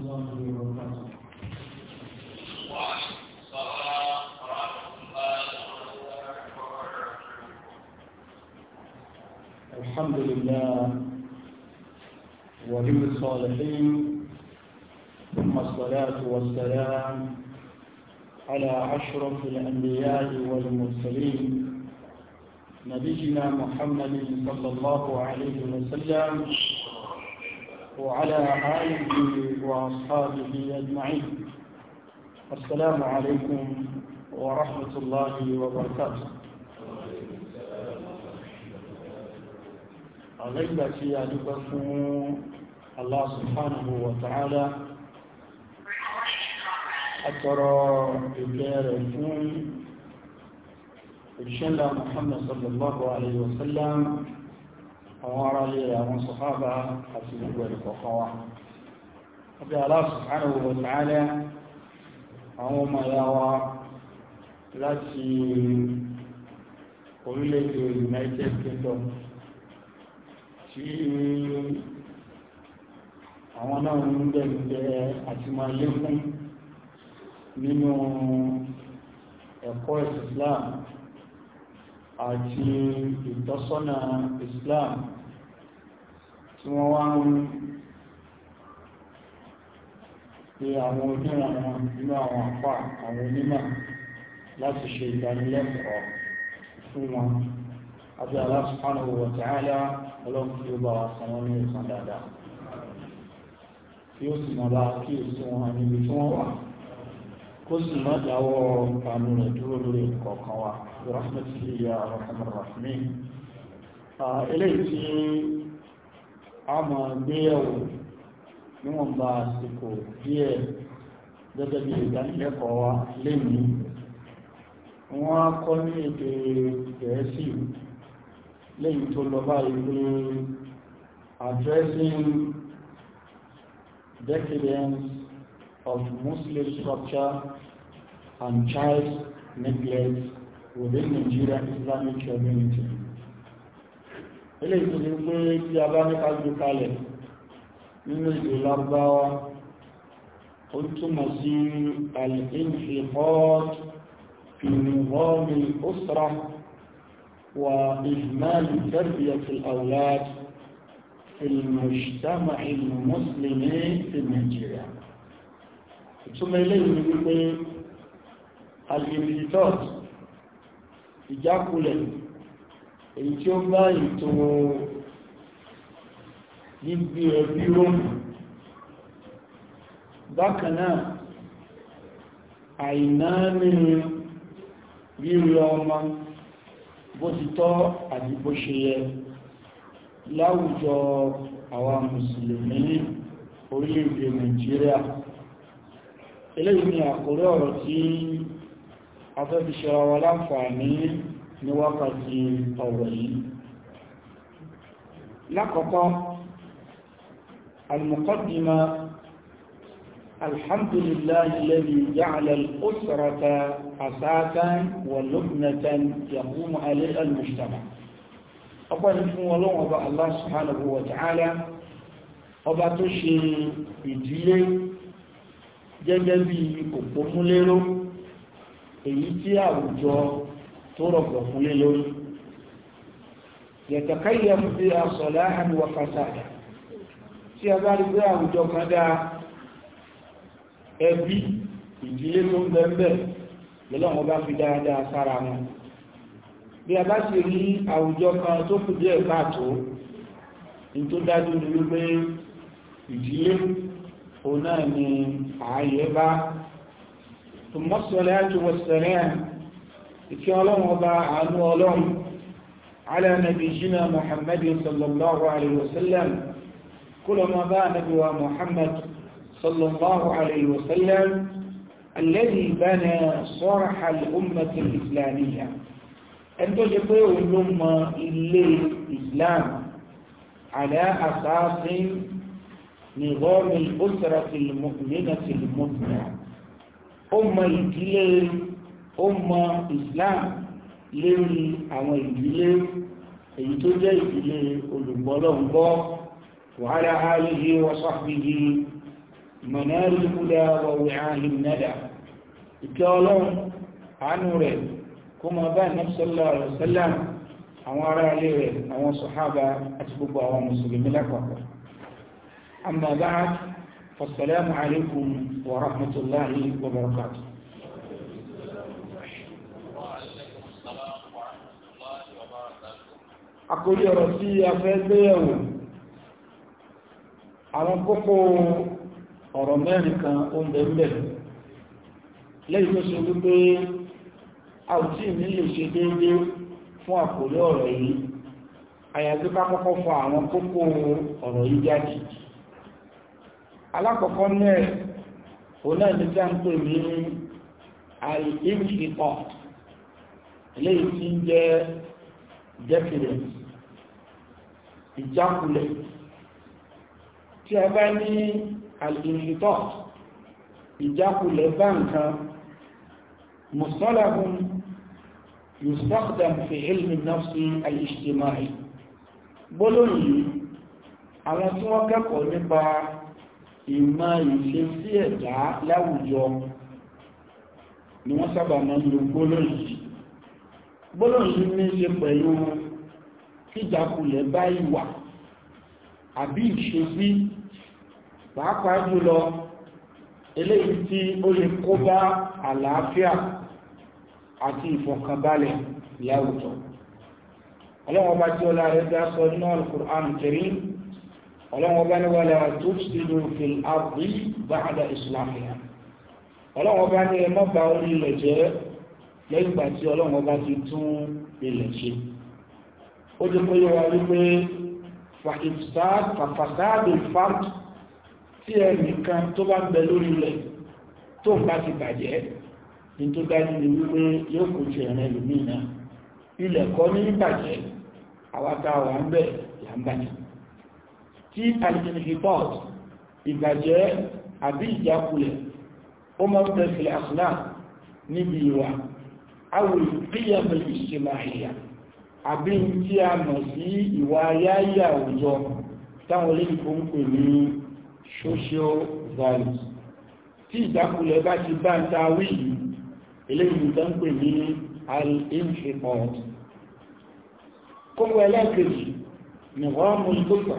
الله وبركاته الحمد لله ولي الصالحين ثم الصلاة والسلام على أشرف الأنبياء والمرسلين نبينا محمد صلى الله عليه وسلم وعلى آله وأصحابه أجمعين السلام عليكم ورحمة الله وبركاته الليلة هي لكم الله سبحانه وتعالى أترى إبلاء الكون إن محمد صلى الله عليه وسلم àwọn ará lè àwọn sọ̀hábà àti gbogbo ẹ̀kọ̀kan wa ọjọ́ Allah subhanahu wa ta'ala àwọn ọmọ ìyá wa láti orílẹ̀-èdè United Kingdom tí àwọn náà ń gbẹ̀gbẹ̀ àti máa lékún nínú ẹ̀kọ́ Islam àti ìtọ́sọ́nà Islam tí wọ́n wá ń pe àwọn onírà wọn nínú àwọn àpá àwọn onímọ̀ láti ṣe ìdánilẹ́kọ̀ọ́ fún wọn àti Allah subhanahu wa ta'ala ọlọ́run tí ó bá wa san wọn ní ìsan dáadáa kó sì má dáwọ́ àánú rẹ̀ dúró lórí kọ̀ọ̀kan wa rahmatulahi ya rahman rahmin eléyìí tí a máa gbéyàwó níwọ̀n bá àsìkò díẹ̀ gẹ́gẹ́ bí ìdánilẹ́kọ̀ọ́ wa lénìí wọ́n á kọ́ ní èdè gẹ̀ẹ́sì lẹ́yìn tó lọ báyìí pé addressing decadence of Muslim structure and child neglect within Nigeria Islamic community. Ilé ìsinmi pé tí a bá nípa gbé kalẹ̀ nínú ìlú Lárúbáwá, ó túnmọ̀ sí al-infiqat wa ijmal tarbiyat al-awlad fi al-mujtama' al Nigeria. ìtumọ̀ eléyìí ni wípé alìrìtọ́t ìjákulẹ̀ èyí tí ó bá ètò gbígbé ẹbí rómù bákanáà àìnáàmì rírí ọmọ bó ti tọ́ àti bó ṣe yẹ láwùjọ àwọn mùsùlùmí orílẹ̀-èdè Nàìjíríà eléyìí ni àkórí ọ̀rọ̀ tí a fẹ́ fi ṣe ọwọ́ láǹfààní ní wákàtí ọ̀rọ̀ yìí lákọ̀ọ́kọ́ المقدمة الحمد لله الذي جعل الأسرة أساسا ولبنة يقوم عليها المجتمع ọpẹ́ ní fún ọlọ́wọ́ ọba Allah subhanahu wa ṣe ìdílé gẹ́gẹ́ bí òpó múléró èyí tí àwùjọ tó rọ̀gbọ̀ múlé lórí yẹ̀tẹ̀kẹ́yẹ mú bí a sọ̀lá àmì wà fásádà tí a bá rí pé àwùjọ kan dá ẹbí ìdílé tó ń bẹ́ẹ̀ lọ́lọ́wọ́ bá fi dáadáa sára wọn bí a bá sì rí àwùjọ kan tó kù díẹ̀ tó ìdílé òun náà ni ààyè bá tùmọ́sọ̀lẹ́ àti wọ̀sẹ̀lẹ́ ìkí ọlọ́run ọba àánú ọlọ́run على نبينا محمد صلى الله عليه وسلم كل ما باع نبوى محمد صلى الله عليه وسلم الذي بنى صرح الأمة الإسلامية أنت جبه الأمة إليه إسلام على أساس nìrọ́m al-usra al-mu'minah al-mutma'inna ó mọ ìdílé ó mọ islam lérí àwọn ìdílé èyí tó jẹ́ ìdílé olùgbọ́lọ́gbọ́ wàhálà alihi wa sahbihi mọ̀nàrí múlẹ̀ wọ̀wẹ̀ ààrin nẹ́dà ìkẹ́ ọlọ́run àánú rẹ̀ kó ma bá nẹ́bṣọ́lá rẹ̀ sẹ́lá àwọn ará alé rẹ̀ àwọn sọ̀hábà àti gbogbo àwọn mùsùlùmí lápapọ̀ أما بعد فالسلام عليكم ورحمة الله وبركاته àkórí ọ̀rọ̀ tí a fẹ́ gbéyẹ̀wò àwọn kókó ọ̀rọ̀ mẹ́rin kan oúnjẹ ń bẹ̀rẹ̀ lẹ́yìn tó ṣe wípé a ní lè ṣe déédé fún àkórí ọ̀rọ̀ yìí àyàtí ká kọ́kọ́ àwọn kókó ọ̀rọ̀ yìí jáde alákọ̀ọ́kọ́ náà òun náà ní sáńpẹ̀ ní àìkíkọ̀ eléyìí tí ń jẹ́ jẹ́kìlẹ̀ ìjákulẹ̀ tí a bá ní àìkíkọ̀ ìjákulẹ̀ bá nǹkan mùsọ́làhùn yustaqdam fi ilmi nafsi àwọn tí wọ́n kẹ́kọ̀ọ́ nípa ìmọ̀ ìṣe sí ẹ̀dá láwùjọ ni wọ́n sábà máa ń lo gbólóyìí gbólóyìí ní ṣe pẹ̀lú kíjàkulẹ̀ bá ìwà àbí ìṣe sí pàápàá jùlọ eléyìí tí ó lè kó bá àlàáfíà àti ìfọ̀kànbalẹ̀ láwùjọ ọlọ́wọ́n bá tí ọlá rẹ̀ dá sọ nínú Al-Qur'an Karim ọlọ́wọ́n bá ní wọlé àtúnṣìlú fil ardi ba'da islamiha ọlọ́wọ́n bá ní ẹmọ́ bá orí ilẹ̀ jẹ́ lẹ́yìn ìgbà tí ọlọ́wọ́n bá ti tún ilẹ̀ ṣe ó ti pé yíwa wípé fàfàsáàdì fàt tí ẹnìkan tó bá ń bẹ lórí ilẹ̀ tó ń bá ti bàjẹ́ ní tó dájú ni wípé yóò kò jẹ ẹ̀rẹ́ lómìnà ilẹ̀ kọ́ ní bàjẹ́ àwátá ń bẹ̀ là ń bàjẹ́ tí alìkìtọ́t ìgbàjẹ́ àbí ìjákulẹ̀ ó máa ń tẹ̀sílẹ̀ àṣìlá níbi ìwà awùl kíyàmù ìṣẹ̀máhìyà àbí tí a mọ̀ sí ìwà ayáyà òjò táwọn olóyìnbó ń pè ní social values tí ìjákulẹ̀ bá ti bá ń ta wíyí eléyìí tó ń pè ní mú ìgbésà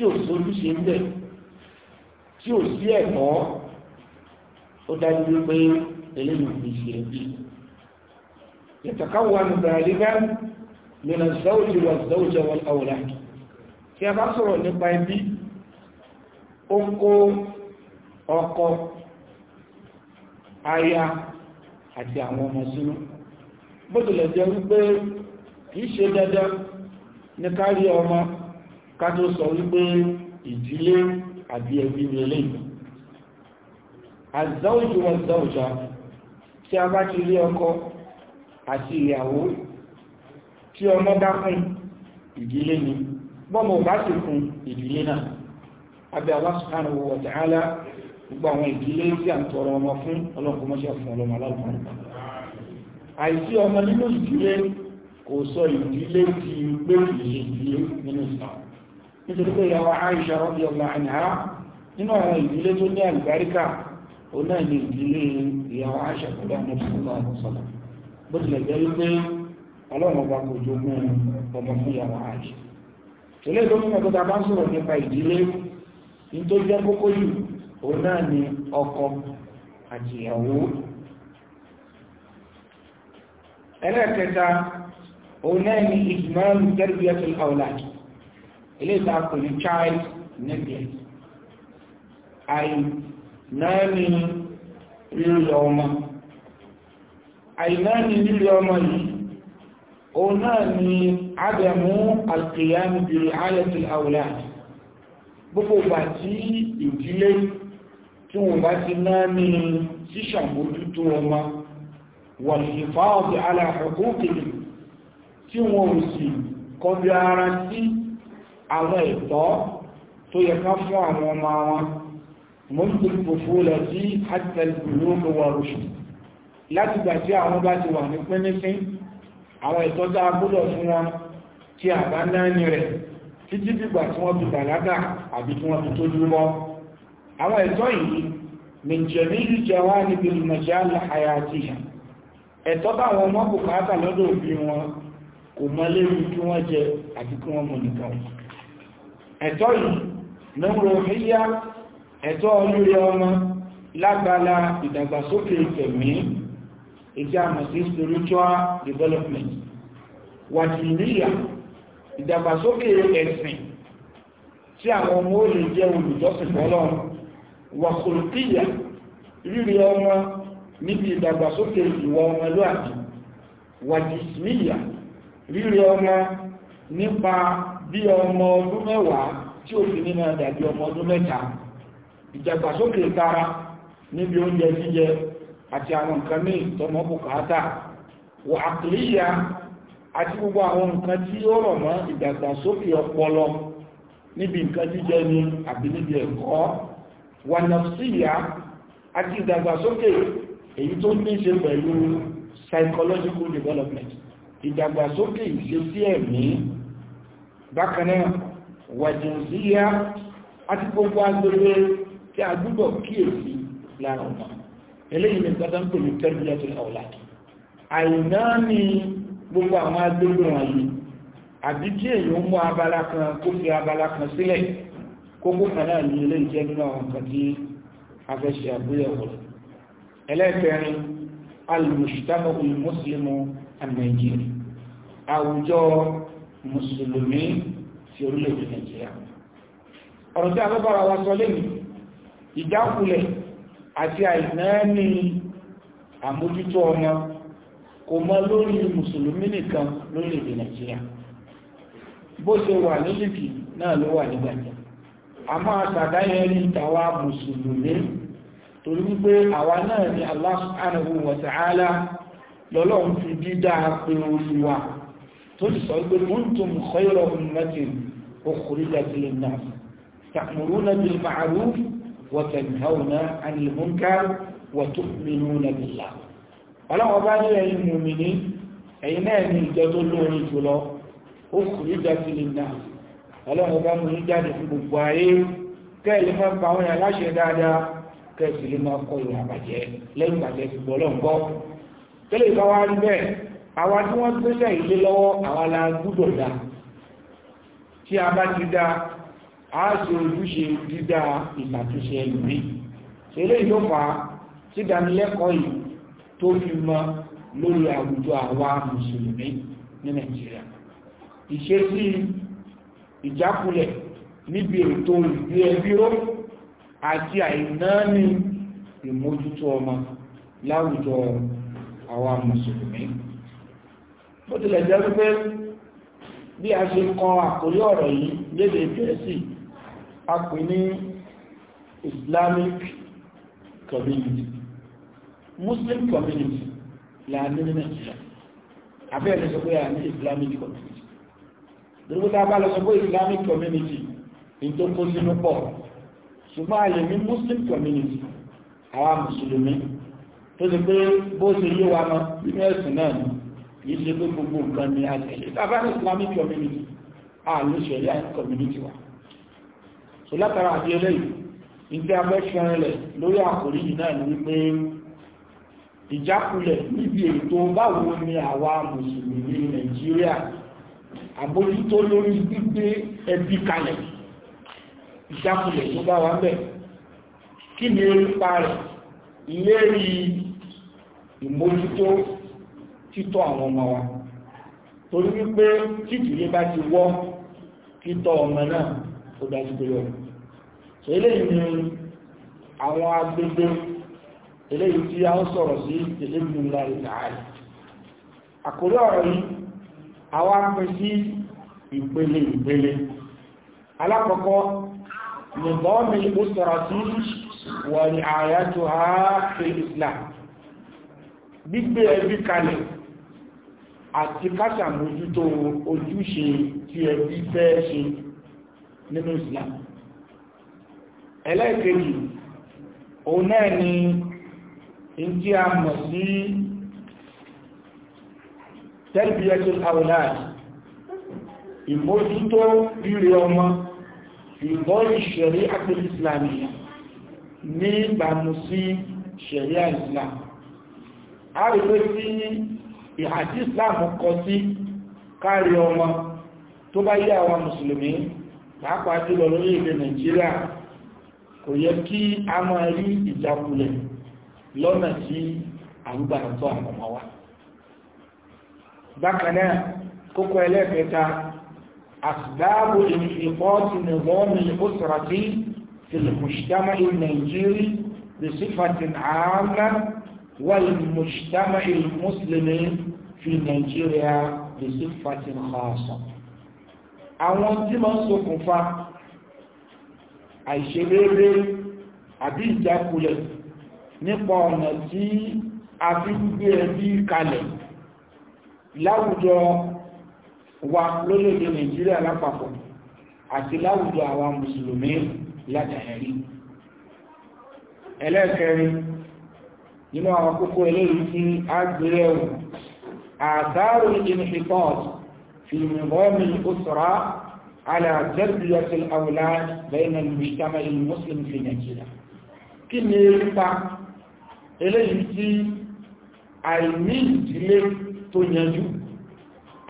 tí ò sójúṣe ń bẹ̀ tí ò sí ẹ̀kọ́ ó dájú wípé eléyìí kì í ṣe bí. ìtàkàwà nígbà rígá mìíràn záwòjì wà záwòjì wọn àwòrá tí a bá sọ̀rọ̀ nípa ẹbí ó kó ọkọ aya àti àwọn ọmọ sínú bó tilẹ̀ jẹ́ wípé kì í ṣe dandan ní kárí ọmọ ká tó sọ wípé ìdílé àbí ẹbí ni eléyìí àzáwùjú wọn záwùjá tí a bá ti rí ọkọ àti ìyàwó tí ọmọ bá fún ìdílé ni bọ́mọ̀ bá sì fún ìdílé náà abẹ́ Allah subhanahu wa ta'ala gbogbo àwọn ìdílé tí a ń tọrọ ọmọ fún ọlọ́pọ̀mọ́ṣẹ́ fún ọlọ́mọ aláàbọ̀n àìsí ọmọ nínú ìdílé kò sọ ìdílé ti gbé ìdílé nínú ìsìlámù nítorí pé ìyàwó Aisha radiyallahu anha nínú àwọn ìdílé tó ní àlùbáríkà ó náà ní ìdílé ìyàwó Aisha pẹ̀lú àwọn ọmọ ọ̀sọ̀lá bó tilẹ̀ jẹ́ wípé ọlọ́run ọba kò jó mú ọmọ fún ìyàwó Aisha tòlẹ́ tó mímọ̀ tó ta bá ń sọ̀rọ̀ nípa ìdílé ní tó jẹ́ kókó jù ó náà ní ọkọ àti ìyàwó ẹlẹ́ẹ̀kẹta ó náà ní ìgbìmọ̀ eléyìí tá a pè ní child neglect àìnáàní lílọ ọmọ àìnáàní lílọ ọmọ yìí òun náà ni àbẹ̀mú alkiyami bíi ayatul aula gbogbo ìgbà tí ìdílé tí wọ́n bá ti náà ní ṣíṣàmójútó ọmọ wọ̀lìfáàbì aláàkókò tí wọ́n sì kọjú ara sí àwọn ẹ̀tọ́ tó yẹ ká fún àwọn ọmọ wọn mọ́sílùkù fúlẹ̀ sí àtẹ̀lùgbòlówọ́rùsù láti gbà tí àwọn bá ti wà ní pínífín àwọn ẹ̀tọ́ tá a gbọ́dọ̀ fún wọn tí a bá náàni rẹ̀ títí dìgbà tí wọ́n ẹ̀tọ́ yìí mìjẹ̀mí ìjẹwà níbi ìmọ̀já lọ́dọ̀ òbí wọn kò mọ́lé kí wọ́n jẹ àti kí wọ́n mọ̀ nìkan wọn ẹ̀tọ́ yìí lọ́rọ̀ híyá ẹ̀tọ́ olórí ọmọ lágbàlá ìdàgbàsókè ìfẹ̀mí ìdí àmọ̀ sí spiritual development wàjìníyà ìdàgbàsókè ẹ̀sìn tí àwọn ọmọ ó lè jẹ́ olùjọ́sìn fọ́lọ́run wàkùlùkìyà rírí ọmọ níbi ìdàgbàsókè bí ọmọ ọdún mẹ́wàá tí ó fi nínú àdàbí ọmọ ọdún mẹ́ta ìjàgbàsókè tara níbi oúnjẹ jíjẹ àti àwọn nǹkan ní ìtọmọ bùkátà wà àkìlíyà àti gbogbo àwọn nǹkan tí ó rọ̀ mọ́ ìdàgbàsókè ọpọlọ níbi jíjẹ ẹ̀kọ́ wà àti èyí tó ní ṣe pẹ̀lú psychological development bákanáà wàjìnsíyá àti gbogbo agbègbè tí a gbúgbọ̀ kíyèsí lára ọmọ eléyìí ní gbọ́dọ̀ ń pè ní tẹ́lifíà tó ọ̀la àìná ni gbogbo àwọn agbègbè wọ̀nyí àbí kí èèyàn mú abala kan kókó kan ní ilé ìjẹ́ nínú àwọn kan tí a fẹ́ ṣe àgbéyẹ̀wò ẹlẹ́ẹ̀kẹrin alùmùsùtámọ́ olùmùsùlùmù àmẹ́jì àwùjọ mùsùlùmí ti orílẹ̀-èdè Nàìjíríà ọ̀rọ̀ tí a fẹ́ bára wa sọ lẹ́nu ìjákulẹ̀ àti àìnáání àmójútó ọmọ kò mọ lórí mùsùlùmí nìkan lórílẹ̀-èdè Nàìjíríà bó wà ní náà ló wà nígbàjẹ́ a máa sàdáyẹ rí tàwa mùsùlùmí torí àwa náà ni Allah tó ti sọ pé kuntum khayra ummatin ukhrijat lin-nas ta'muruna bil ma'ruf wa tanhawna 'anil munkar wa tu'minuna billah ọlọ́wọ́ bá ní ẹ̀yin mùmìnì ẹ̀yin náà ní ìjọ tó lórí jùlọ ó kù ní jáde lè náà ọlọ́wọ́ bá mú ní jáde fún gbogbo ayé kẹ́ẹ̀lì máa pa àwọn aláṣẹ dáadáa kẹ́ẹ̀sì lè máa kọ ìwà àbàjẹ́ lẹ́yìn àbàjẹ́ ìgbọ́lọ́ǹgbọ́ tẹ́lẹ̀ ìbáwá rí bẹ́ẹ̀ àwa tí wọ́n gbéṣẹ́ ìlé lọ́wọ́ àwa la gbúdọ̀ dá tí a bá ti dá a ṣe ojúṣe dídá ìṣàtúnṣe ẹlùmí ṣeré ìlọ́fà tí dánilẹ́kọ̀ọ́ yìí tó fi mọ lórí àwùjọ àwa mùsùlùmí ní nàìjíríà ìṣesí ìjákulẹ̀ níbi ètò ìgbé ẹbí ró àti àìnáání ìmójútó ọmọ láwùjọ àwa mùsùlùmí bó tilẹ̀ jẹ́ wípé bí a ṣe kọ àkórí ọ̀rọ̀ yìí lédè gẹ̀ẹ́sì a pè ní islamic community muslim community la ní ní nàìjíríà abẹ́ ẹ̀lẹ́sọ pé a ní islamic community dúró tá a bá lọ sọ pé islamic community ní tó kó sínú pọ̀ ṣùgbọ́n a ní muslim community àwa mùsùlùmí tó ti pé bó ṣe yé wa mọ́ nínú ẹ̀sìn náà ni kìí ṣe gbogbo nǹkan ni a tẹ̀lé tàbí islamic community a ní community wa so látara àti eléyìí ìgbé abẹ́ṣẹ́rin rẹ̀ lórí àkòrí yìí náà ni wípé ìjákulẹ̀ níbi ètò báwo ni àwa mùsùlùmí nàìjíríà àbójútó lórí gbígbé ẹbí kalẹ̀ ìjákulẹ̀ tó bá wà bẹ̀ kí ni erípa rẹ̀ ìlérí ìmójútó títọ́ àwọn ọmọ wa torí wípé títìlé bá ti wọ́ títọ́ ọmọ náà ó dájú pé yọ so eléyìí ni àwọn agbègbè eléyìí tí a ń sọ̀rọ̀ sí ìlébùn láì tààrí àkórí ọ̀rọ̀ yìí àwọn apẹ sí ìpele ìpele alákọ̀ọ́kọ́ nìbọ́ọ̀mì ó sọ̀rọ̀ sí wọ̀n àyájọ́ ààfẹ́ Islam gbígbé ẹbí kalẹ̀ àti káṣàmójútó ojúṣe tí ẹbí fẹ́ ṣe nínú Islam ẹlẹ́ẹ̀kejì òun náà ni in tí a mọ̀ sí tẹ́lbíyẹ́tò àwòláàdì ìmójútó rírí ọmọ ìgbọ́ ìṣẹ̀rí àpẹẹlú Islam ní ìbàmù sí ṣẹ̀rí Islam a rí pé sí ìhàjí islam kọ sí kárí ọmọ tó bá yẹ àwọn mùsùlùmí pàápàá jùlọ lórílẹ̀-èdè nàìjíríà kò yẹ kí a máa rí ìjákulẹ̀ lọ́nà tí àrúgbà tó àwọn ọmọ wa bákanáà kókó ẹlẹ́ẹ̀kẹta asbáàbò ìfọ́tí nìwọ́mí òsìràtí tìlùmùsítámà ìnàìjírí bí sífàtí àámà wà ìmùsítámà ìmùsùlùmí fi nàìjíríà lèṣe fatin khaasa àwọn tí ma ń ṣokùnfà àìṣeréere àbí ìjákulẹ̀ nípa ọ̀nà tí a fi ń gbé ẹbí kalẹ̀ láwùjọ wa lórílẹ̀-èdè nàìjíríà lápapọ̀ àti láwùjọ àwa mùsùlùmí látàrí ẹlẹ́ẹ̀kẹrin nínú àwọn kókó eléyìí tí a gbé ẹ̀wọ̀n آثار الانحطاط في نظام الأسرة على تربية الأولاد بين المجتمع المسلم في نيجيريا kí ni ipa eléyìí tí àìní ìdílé tó yanjú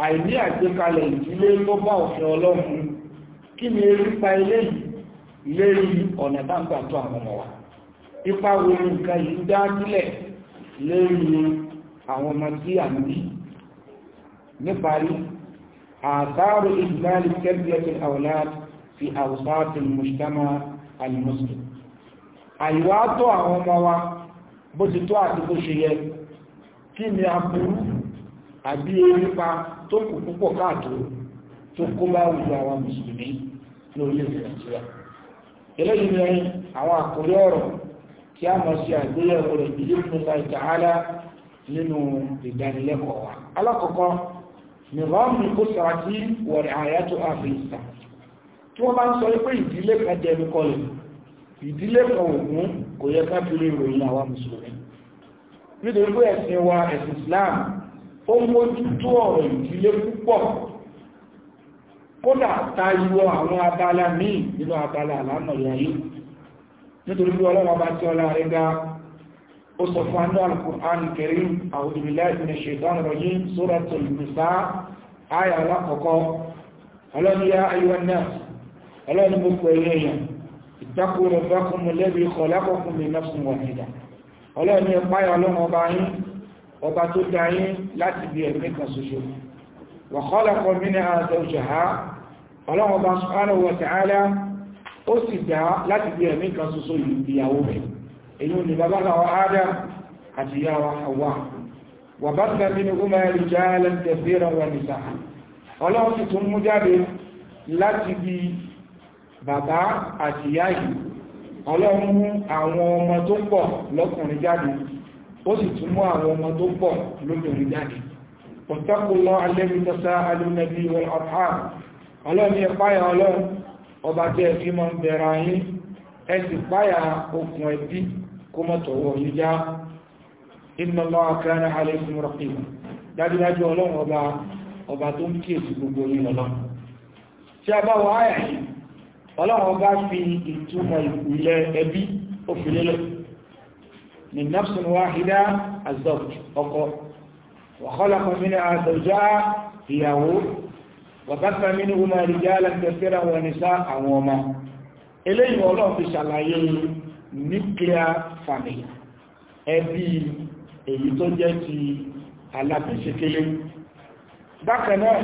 àìní àgbékalẹ̀ ìdílé tó bá òfin ọlọ́run kí ni ipa eléyìí lérí ọ̀nà dáńgbà tó àwọn ọmọ wa ipa wo nǹkan yìí dá sílẹ̀ lérí àwọn ọmọ tí à ń bí níparí àtàrù ìgbàlì tẹ́bíyàtì àwòlá fi àwùsáàtì mùsùlùmá alìmùsùlù àìwá tó àwọn ọmọ wa bó ti tó àti bó ṣe yẹ kí ni aburú àbí erípa tó kù púpọ̀ káàtó tó kó bá wùdó àwọn mùsùlùmí lórílẹ̀-èdè nàìjíríà eléyìí ni àwọn àkórí ọ̀rọ̀ kí ìdánilẹ́kọ̀ọ́ wa alákọ̀ọ́kọ́ nìbámu kó sàràkí wọ̀rẹ̀ àyàtò àfíìsà tí wọ́n bá ń sọ pé ìdílé kan jẹnu kọlù ìdílé kan ògún kò yẹ ká fi lè ròyìn àwa mùsùlùmí nítorí pé ẹ̀sìn wa ẹ̀sìn Islam ó mójú tó ọ̀rọ̀ ìdílé púpọ̀ kódà tayọ àwọn abala míì nínú abala àlámọ̀ ìyáyé nítorí pé ọlọ́wọ́ bá tí ọlá rẹ̀ ga وصفان القرآن الكريم أعوذ بالله من الشيطان الرجيم سورة النساء آية لقاء ألم يا أيها الناس ألم مكوينيا اتقوا ربكم الذي خلقكم من واحدة ألم يقايا لهم وبعين وبتدعين لا تبيع منك سجود وخلق منها زوجها الله سبحانه وتعالى أسدها لا تبيع منك سجود بيهوه èyí ni bàbá àwọn Adam àti ìyá wa Hawa wà bá tẹ̀ nínú ọmọ ẹ̀rì jẹ́ alẹ́tẹ̀ fẹ́rẹ̀ wọn nìta ọlọ́run ti tún mú jáde láti bí bàbá àti ìyá yìí ọlọ́run mú àwọn ọmọ tó pọ̀ lọ́kùnrin jáde ó sì tún mú àwọn ọmọ tó pọ̀ lóbìnrin jáde واتقوا الله الذي تساءلون به ọlọ́run ní ẹ̀páyà ọlọ́run ọba tẹ́ ẹ̀fí mọ́ bẹ̀rẹ̀ ayín ẹ páyà okùn ẹbí kó mọ́ tọ̀wọ́ yìí já inna Allaha kana alaykum raqiba dájúdájú ọlọ́run ọba ọba tó ń kíyèsí gbogbo yìí lọ́lọ́ tí a bá wọ àyà yìí ọlọ́run ọba fi ìtumọ̀ ìpìlẹ̀ ẹbí ó fi lélẹ̀ min wahida azọ́k ọkọ wa khalaqa minha ìyàwó wàbátà mínú ọmọ ìrìyàlá kẹfẹ́ra wọn ní àwọn ọmọ eléyìn ọlọ́run fi ṣàlàyé nuclear family ẹbí èyí tó jẹ́ ti alábẹ̀ṣekélé bákanáà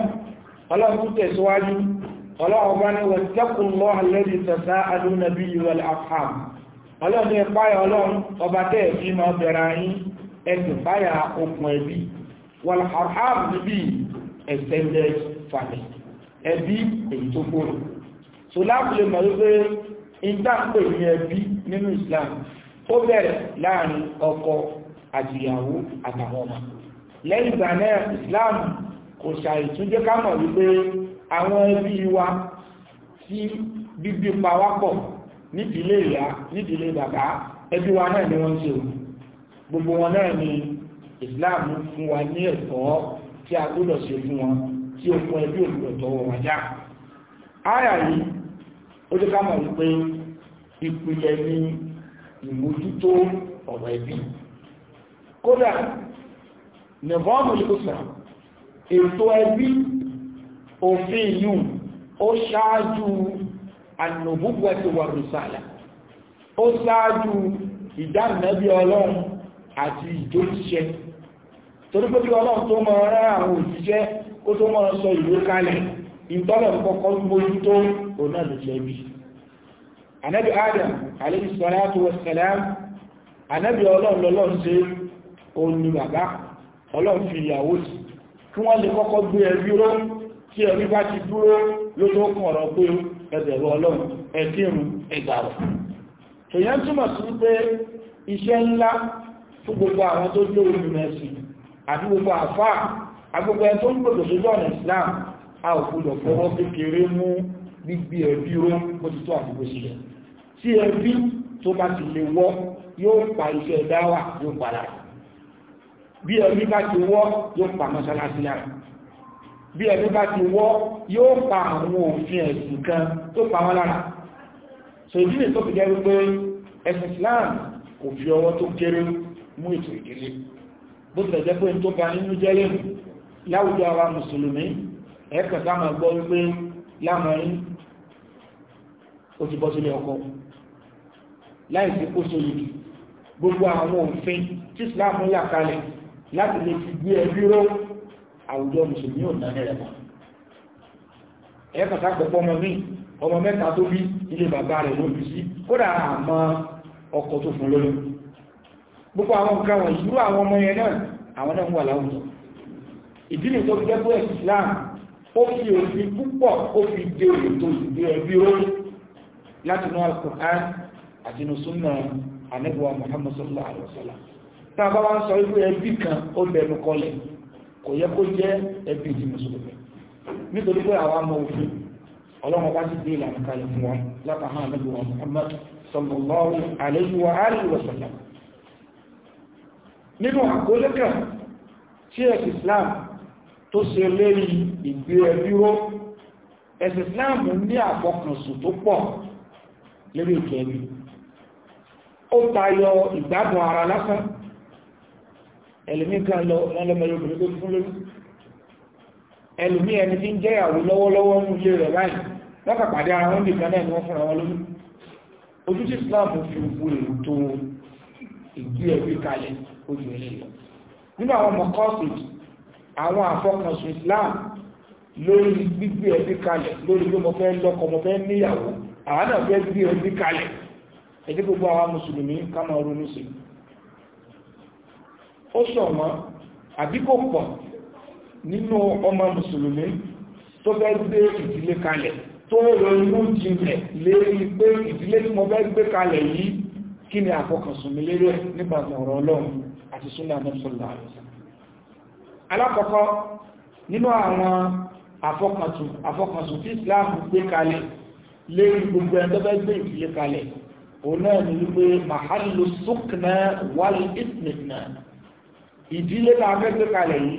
ọlọ́run tẹ̀síwájú ọlọ́run bá ní wọ́n tẹ́kùn lọ́ alẹ́dì tẹ̀sá alúnàbí ìwọ̀l afham ọlọ́run ẹ̀páyà ọlọ́run ọba tẹ́ẹ̀ fi máa bẹ̀rẹ̀ ayín ẹ̀sìn páyà okùn ẹbí wọ́n afham níbi extended ní ẹbí nínú Islam ó bẹ̀rẹ̀ láàrin ọkọ àtìyàwó àtàwọn ọmọ lẹ́yìn ìgbà náà Islam kò ṣàì tún jẹ́ ká mọ̀ wípé àwọn ẹbí wa tí bíbí pa wá pọ̀ nídìílé ìyá nídìílé bàbá ẹbí wa náà ni wọ́n ṣe òun gbogbo wọn náà ni Islam fún wa ní ẹ̀tọ́ tí a gbọ́dọ̀ ṣe fún wọn tí ó fún ẹbí òkúrò wọn já áyà yìí ó jẹ́ ká wípé ìpìlẹ̀ ni ìmójútó ọ̀rọ̀ ẹbí kódà nìbọ́ọ̀mù lókùsà ètò ẹbí òfin yìí ó ṣáájú ànàbúgbẹ̀tì wà rùsàlà ó ṣáájú ìdánilẹ́bí ọlọ́run àti ìdóṣiṣẹ́ torí pé kí ọlọ́run tó mọ rán àwọn òṣìṣẹ́ ó tó mọ sọ ìwé kalẹ̀ ìtọ́lọ̀ kọ́kọ́ mójútó òun náà bíi anabi adam alayhi salatu wa salam anabi ọlọ́run lọ́lọ́run ṣe òun ni bàbá ọlọ́run fi ìyàwó sí kí wọ́n lè kọ́kọ́ gbé ẹbí ró tí ẹbí bá ti dúró ló tó kàn ọ̀rọ̀ pé ẹbẹ̀rù ọlọ́run ẹ̀kírun ẹgbàrọ̀ èyàn túnmọ̀ sí pé iṣẹ́ ńlá fún gbogbo àwọn tó jẹ́ olùmẹ̀sìn àti gbogbo àfáà agbogbo ẹni tó ń gbogbo sójú ọ̀nà Islam a ò gbọdọ̀ fọwọ́ kékeré mú gbígbé ẹbí ró bó ti tó àti bó tí ẹbí tó bá ti lè wọ́ yóò pa iṣẹ́ dáwà yóò padà bí ẹbí bá ti wọ́ yóò pa mọ́sálásí lára bí ẹbí bá ti wọ́ yóò pa àwọn òfin ẹ̀sìn kan tó pa wọ́n lára so ìdí nìtọ́ fi jẹ́ wípé ẹ̀sìn Islam kò fi ọwọ́ tó kéré mú ètò ìdílé bó ti lẹ̀jẹ́ pé tó ba nínú jẹ́ lẹ́nu láwùjọ àwa mùsùlùmí ẹ̀ẹ́kẹ̀ká máa gbọ́ wípé láàmọ́rin ó ti bọ́ sílé ọkọ̀ láì fi kó so yìí gbogbo àwọn òfin tí islam yà kalẹ̀ láti lè fi gbé ẹbí ró àwùjọ mùsùlùmí ò náà rẹ̀ mọ́ ẹ kàtà pẹ̀pọ̀ ọmọ mi ọmọ mẹ́ta tó bí ilé bàbá rẹ̀ ló bí sí kódà àmọ́ ọkọ̀ tó fún lórí gbogbo àwọn nǹkan wọ̀nyí irú àwọn ọmọ yẹn náà àwọn náà ń wà láwùjọ ìdí nìtọ́ fi jẹ́ pé islam ó fi òfin púpọ̀ ó fi dé ètò ìgbé ẹbí ró láti inú àti inú súnà anẹ́bùwà Muhammad sallallahu alaihi wasallam tá a bá wá ń sọ irú ẹbí kan ó lẹnu kọlẹ̀ kò yẹ kó jẹ́ ẹbí ti mùsùlùmí nítorí pé àwa mọ òfin ọlọ́run bá ti gbé ìlànà kalẹ̀ fún wa látàhán anẹ́bùwà Muhammad sallallahu alaihi wa alihi wasallam nínú àkólẹ́kà tí ẹ̀sì Islam tó ṣe lérí ìgbé ẹbí ró Islam ní àfọkànsù tó pọ̀ lérí ìkẹ́ ó tayọ ìgbádùn ara lásán ẹlòmí kan lọ lọ́lọ́mọlẹ́ obìnrin tó fún lórí ẹlòmí ẹni tí ń jẹ́yàwó lọ́wọ́lọ́wọ́ ń lè rẹ̀ báyìí lọ́kàpàdé ara wọn nìkan náà ni wọ́n fúnra wọn lórí ojú tí Islam fi gbogbo èrò tó ìgbé ẹ̀rí kalẹ̀ ojú ilé lọ nínú àwọn mọ̀kọ́sì àwọn àfọkànsùn Islam lórí gbígbé ẹ̀rí kalẹ̀ lórí pé mo fẹ́ lọ́kọ mo fẹ́ níyàwó àwọn náà fẹ́ gbé ẹ̀rí kalẹ̀ ẹ̀dí gbogbo àwọn mùsùlùmí ká máa ronú sí ó ṣọ̀wọ́n àbí kò pọ̀ nínú ọmọ mùsùlùmí tó fẹ́ gbé ìdílé kalẹ̀ tó ronú jinlẹ̀ lérí pé ìdílé tí mo fẹ́ gbé kalẹ̀ yìí kí ni àfọkànsùn mi lérò nípa ọ̀rọ̀ ọlọ́run àti súnlẹ̀ àmọ́sọ̀lá alákọ̀ọ́kọ́ nínú àwọn àfọkànsùn tí Islam gbé kalẹ̀ lérí gbogbo ẹ̀ńtọ́fẹ́ gbé ìdílé kalẹ̀ òun náà ní wípé màhálù sókùnà wàlú ìsìnà ìdílé náà fẹ́ẹ́ kalẹ̀ yìí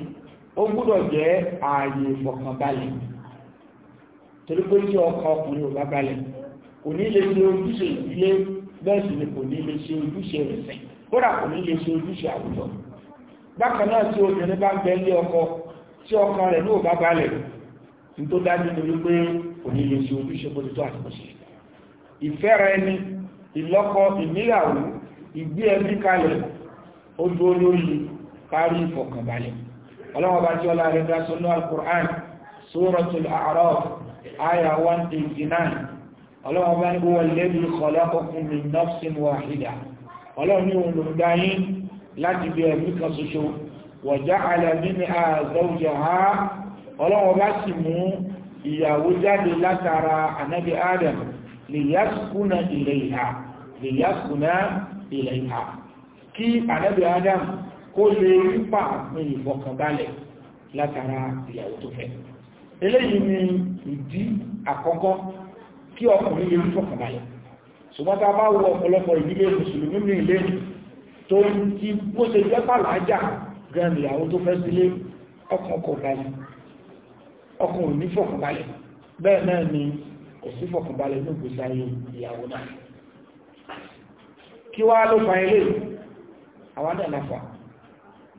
ó gbúdọ̀ jẹ́ ààyè ìfọ̀kànbalẹ̀ torí pé tí ọkọ ọkùnrin ò bá balẹ̀ kò ní lè ṣe ojúṣe ìdílé bẹ́ẹ̀ sì ni kò ní lè ṣe ojúṣe ẹ̀sìn kódà kò ní lè ṣe ojúṣe àwùjọ bákan náà tí obìnrin bá ń bẹ ilé ọkọ tí ọkọ rẹ̀ ní ò bá balẹ̀ ní tó dájú ni wípé kò ní lè ṣe ojúṣe bó ti tó àtúnṣe ìfẹ́ rẹ̀ ni ìlọ́kọ ìgbéyàwó ìgbé ẹbí kalẹ̀ ó dúró lórí kárí ìfọ̀kànbalẹ̀ ọlọ́wọ́ bá tí ọlá rẹ̀ dá sọ ní al-Qur'an Suratul A'raf aya 189 ọlọ́wọ́ bá ní huwa alladhi khalaqakum min nafsin wahida ọlọ́wọ́ ní ìyàwó jáde látara ànábì Adam li yaskuna ilayha lè yásùnà ilẹ̀ ìhà kí ànábì adam kó lè rípa àpín ìfọkànbalẹ̀ látara ìyàwó tó fẹ́ eléyìí ni ìdí àkọ́kọ́ kí ọkùnrin lè rífọkànbalẹ̀ ṣùgbọ́n tá a bá wo ọ̀pọ̀lọpọ̀ ìdílé mùsùlùmí ní ilé tó ń ti bó ṣe jẹ́ pàlájà gan ìyàwó tó fẹ́ sílé ọkàn kò ní fọkànbalẹ̀ bẹ́ẹ̀ náà ni kò sí fọkànbalẹ̀ ní ògbésí ìyàwó náà kí wá ló fa ilé àwọn àdàlàfà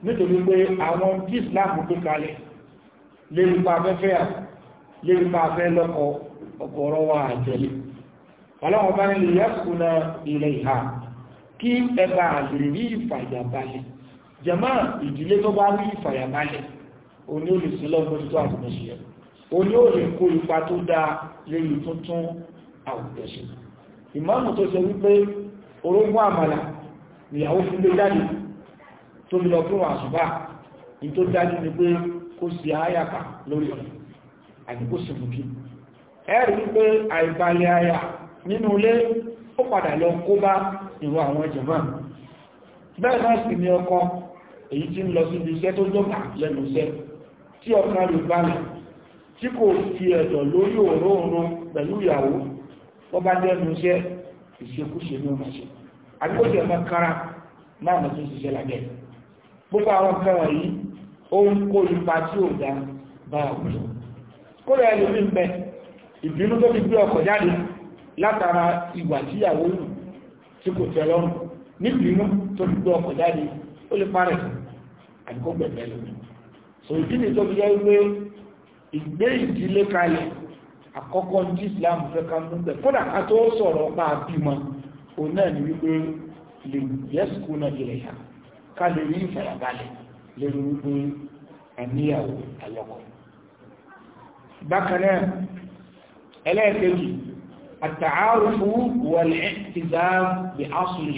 nítorí pé àwọn tí Islam tó kalẹ̀ lérípa afẹ́fẹ́ à lérípa afẹ́ lọ́kọ ọ̀pọ̀rọ̀ wa àjẹ́lé ọlọ́wọ́ bá nílùú yẹ́kùnà ilẹ̀ ìhà kí ẹba àlèrí ìfàyàbalẹ̀ jẹ́mọ́ ìdílé tó bá rí ìfàyàbalẹ̀ oní olùsílọ́gbọ́n tó àtúnṣe oní olè kó ipa tó dáa lérí tuntun àwùjọṣe ìmáàmù tó ṣe wípé orógún àmàlà ìyàwó fún lé jáde tó lọ fún àṣùbà ní tó dájú ni pé kó sì áyàkà lórí ọ̀nà àti kó sì fún kí ẹ̀rí wípé àìbalẹ̀ àyà nínú ilé ó padà lọ kó bá ìwọ àwọn ẹjẹ̀mọ́ bẹ́ẹ̀ náà sì ni ọkọ èyí tí ń lọ sí ibi iṣẹ́ tó jọ́gbà lẹ́nu iṣẹ́ tí ọkàn lè balẹ̀ tí kò fi ẹ̀dọ̀ lórí òróòrùn pẹ̀lú ìyàwó tó bá jẹ́nu iṣẹ́ ìṣekúṣe ní ọmọ ṣe àgbóṣe ọmọ kára náà mọ̀ tó ṣiṣẹ́ lábẹ́ gbogbo àwọn nǹkan wọ̀nyí ó ń kó ipa tí ò dá bá àwùjọ kó rẹ̀ lórí ń bẹ ìbínú tó fi gbé ọkọ̀ jáde látara ìwà tíyàwó lù tí kò tẹ́ lọ́rùn níbínú tó fi gbé ọkọ̀ jáde ó lè parẹ̀ àdúgbò gbẹ̀gbẹ̀ lómi so ìdí ni tó fi jẹ́ wípé ìgbé ìdílé kalẹ̀ àkọ́kọ́ ní islam fẹ́ ká mú bẹ̀ fúnà ká tó sọ̀rọ̀ pa bímọ òun náà ni wípé lè yẹ́sùkú náà ilẹ̀ yà ká lè rí ìfàyàbalẹ̀ lórí wípé àníyàwó àlọ́kọ̀ bákan náà ẹlẹ́ẹ̀kejì àtàárùfù wọlé ìdá bí asùn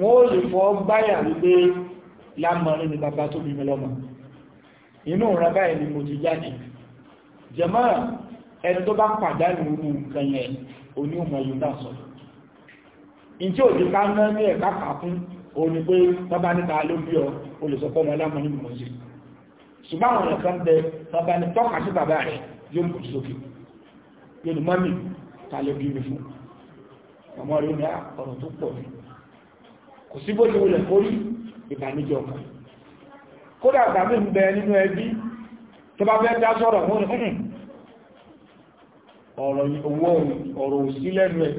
wọ́n ó lè fọ́ báyà wípé lámọ̀rin ni bàbá tó bí mi lọ́mọ inú ìran báyìí ni mo ti jáde jẹmọ́ ẹni tó bá pàdánù irú nǹkan yẹn oní ọmọ yìí sọ in tí òjì ká ná ní ẹ̀ká kà fún òní pé bàbá níta ló bí ọ o lè sọ fọ́mọ lámọ̀rin ni mo ti ṣùgbọ́n àwọn ẹ̀kan bẹ bàbá ní tọ́ka sí bàbá rẹ̀ yóò mú sókè yóò ní mọ́mì ta ló bí mi fún ọmọ kò sí bójú wulẹ̀ kórí ìbànújẹ́ ọkàn kódà àgbàmí ń bẹ nínú ẹbí tó bá fẹ́ dá sọ̀rọ̀ wọn ni ọ̀rọ̀ owó ọ̀rọ̀ òsí lẹ́nu ẹ̀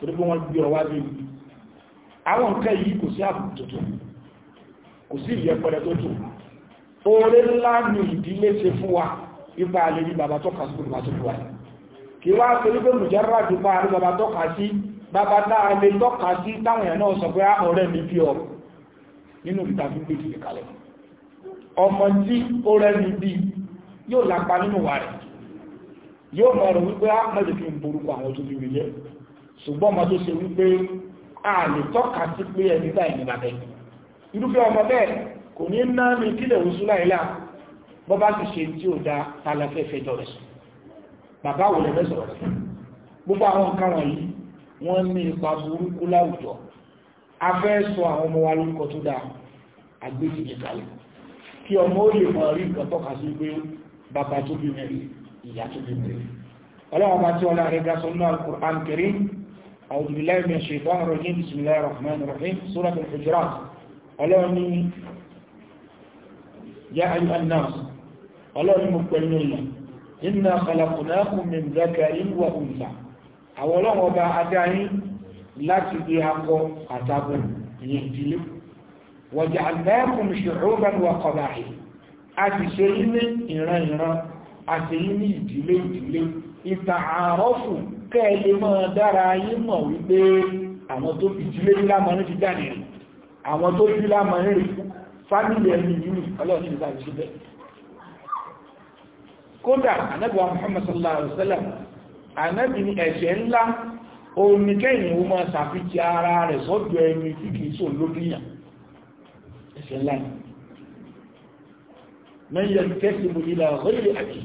torí pé wọ́n gbé ọwá bí àwọn nǹkan yìí kò sí àbùkù tuntun kò sí ìyẹpẹrẹ tó tù oore ńlá ní ìdílé ṣe fún wa ipa àlè ní bàbá tọ́ka sí bàbá tó fún wa kí wá torí pé mùjẹ́rà ti pa àrí bàbá tọ́ka sí bàbá dáa lè tọ́ka sí táwọn èèyàn náà sọ pé á ah, ọ̀rẹ́ mi bí ọ nínú ìta gbígbé ìdílé kalẹ̀ ọmọ tí ó rẹ́ mi bí yóò lápa nínú wa rẹ̀ yóò mọ̀ rẹ̀ wípé á mọ̀ fi ń borúkọ àwọn tó bíbi jẹ́ ṣùgbọ́n ọmọ tó ṣe wípé a lè tọ́ka sí pé ẹni bá ẹni bàbẹ́ irúfẹ́ ọmọ bẹ́ẹ̀ kò ní ná mi kílẹ̀ oṣù láìlá bọ́ bá ti ṣe tí ò da talafẹ́fẹ́ dọ̀rẹ̀ sùn bàbá wò lẹ́fẹ́ sọ̀rọ̀ gbogbo àwọn nǹkan wọ̀nyí wọ́n ní ipa burúkú láwùjọ a fẹ́ sọ àwọn ọmọ wa lórúkọ tó dáa àgbésìyẹ kalẹ̀ kí ọmọ ó lè mọ̀ rí nǹkan tọ́ka sí pé bàbá tó bí mẹ́rin ìyá tó bí mẹ́rin ọlọ́wọ́n bá tí ọlá rẹ̀ ga sọ náà Al-Qur'an Karim أعوذ بالله من الشيطان الرجيم بسم الله الرحمن الرحيم سورة الحجرات ọlọ́run ní yá ayú annáà ọlọ́run mú pẹ̀lú ìlú iná kọlọ̀kùnákùn min zakarin wa unsa àwọn ọlọ́run ọba adá yín láti bí akọ àtàbò ìyẹn ìdílé wọ̀jà àgbáyàkùn ṣùgbọ́n wà kọ̀dà a ti ṣe yí ní ìran ìran a ṣe yí ní ìdílé ìdílé ìtààrọ́fù kẹ́ẹ̀lẹ́ máa dára yí mọ̀ wípé àwọn tó fi ìdílé ní lámọ̀rin ti jáde rẹ̀ àwọn tó fi lámọ̀rin rẹ̀ fámílì ẹni yìí ọlọ́ọ̀ni ìgbà ìṣẹ́bẹ̀ kódà anábíwá Muhammad sallallahu alaihi wasallam ànábì ní ẹ̀ṣẹ̀ ńlá omi kẹ́yìn ó máa sàfíjì ara rẹ̀ sọ́dọ̀ ẹni tí kìí sọ lóbíyàn ẹ̀ṣẹ̀ ńlá ni mẹ́yẹ kẹ́sìmù ilẹ̀ ọ̀rẹ́lẹ̀ àti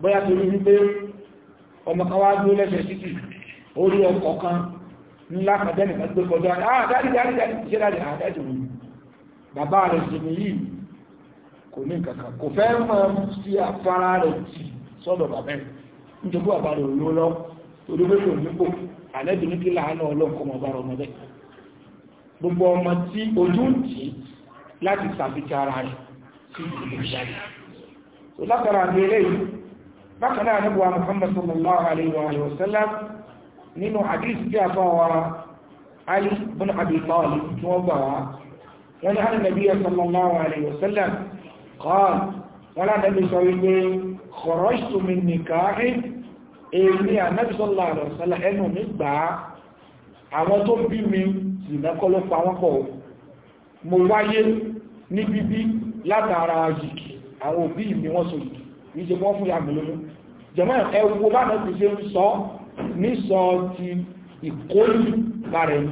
bóyá torí wípé ọmọ kan wá dúró lẹ́sẹ̀ títì orí ọkọ̀ kan ńlá kàdẹ́nì kan gbé kọjá ah, ah sọ́dọ̀ bàbá nítorí bàbá rẹ̀ ò lówó lọ torí pé kò nípò àlẹ́bí ní kí láàánú ọlọ́nkọ́ ọmọ bára ọmọ bẹ́ẹ̀ gbogbo ọmọ tí ojú ń tì láti sàbíkà ara rẹ̀ sí ìlú ìṣàlẹ̀ tó látara àgbélé yìí bákan náà níbo Muhammad sallallahu alaihi wa sallam nínú hadith tí a bá wa Ali bin Abi Talib tí wọ́n gbà wá wọ́n ní Ànábì sallallahu alaihi wa sallam qala wọ́n lánàbí sọ wípé kharajtu min èmi ànábì sallallahu alaihi wasallam ẹnu mi gbà á àwọn tó bí mi ìnákọ́ ló pa wọ́n pọ̀ mo wáyé ní bíbí látara yìí àwọn òbí mi wọ́n so yìí ìjẹ wọ́n fún yàmì lónú jẹmọ́ ẹwọ bá náà ti ṣe ń sọ ní sọ ti ìkóyí bàrẹ̀ ní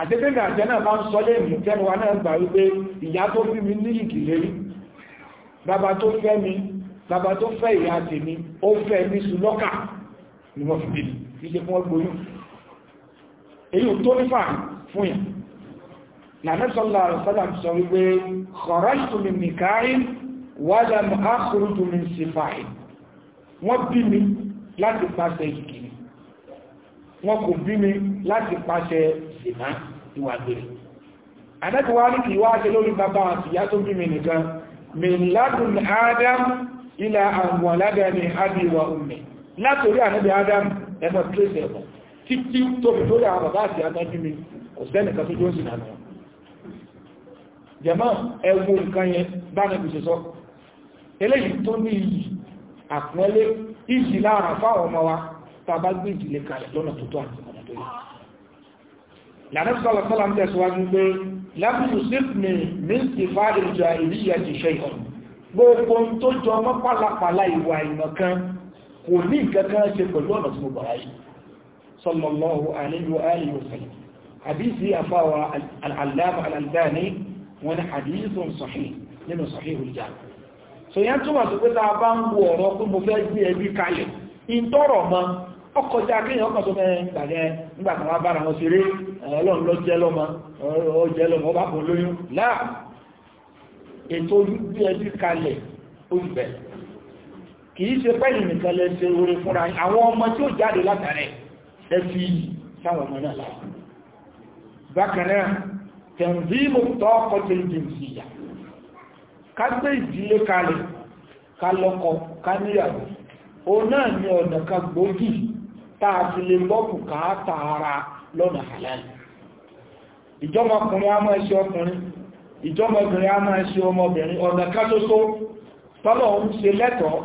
àtẹ́fẹ́mì àjẹ́ náà bá ń sọ lé ìlú wa náà gbà wípé ìyá tó bí mi ní ìgìlérí bàbá tó fẹ́ mi bàbá tó fẹ́ ìyá tèmi ó fẹ́ ní sùlọ́kà ni wọ́n fi bèèrè ìṣe fún ọgbóyún èyí ò tó nífà fún yà nàmẹ́sọ́lá àrùsọ́lá sọ wípé kharajtu min nikahin wa lam akhruju min sifahin wọ́n bí mi láti pàṣẹ ìkìní wọ́n kò bí mi láti pàṣẹ ìná ìwàgbèrè àdẹ́kùnwá ní kìí wá ṣe lórí bàbá àti ìyá tó bí mi nìkan min ladun adam ilá àwọn aládàáni àbíwà omi látorí ànábì adam ẹmọ trace ẹ̀bọ̀ títí tó fi tó yàwó bá àti àtọ́jú mi kò sẹ́nì kan tó jọ́sì náà jẹmọ́ ẹwọ nǹkan yẹn bá nàbì ṣe sọ eléyìí tó ní iyì àpọ́nlé iyì lára fáwọn ọmọ wa tá bá gbé ìdílé kalẹ̀ lọ́nà tó tọ́ àti ọ̀nà tó yẹ gbogbo tó jọ mọ́ pálapàla ìwà ìmọ̀kan kò ní ìkankan ṣe pẹ̀lú ọ̀nà tí mo bàrá yìí sallallahu alaihi wa alihi wa sallam hadisi afawa al'allama al'albani wani hadisun sahih nínú sahihul jami so yẹn túnmọ̀ sí pé tàà bá ń wo ọ̀rọ̀ pé mo fẹ́ gbé ẹbí kalẹ̀ ìtọ́rọ̀ mọ́ ọkọjá kéèyàn ọkọ̀ tó mẹ́rin gbàgẹ́ nígbàtàwà bára wọn ètò olúgbé ẹbí kalẹ̀ olùbẹ̀ kìí ṣe pẹ́lú nìkan lẹ ṣe orin fúnra àwọn ọmọ tí ó jáde látàrẹ ẹ fi sáwọn ọmọ náà lára bákanáà tẹ̀ǹdí mo tọ́ ọkọ̀ tí ó jìn sí ìyá ká gbé ìdílé kalẹ̀ ká lọ́kọ ká níyàwó o náà ní ọ̀nà kan gbòógì táà fi lè lọ́kù ká tààrà lọ́nà àlàyé ìjọba ọkùnrin a máa ṣe ọkùnrin ìjọmọbìnrin a máa ṣe ọmọbìnrin ọ̀nà kátótó tọ́lọ̀ ń ṣe lẹ́tọ̀ọ́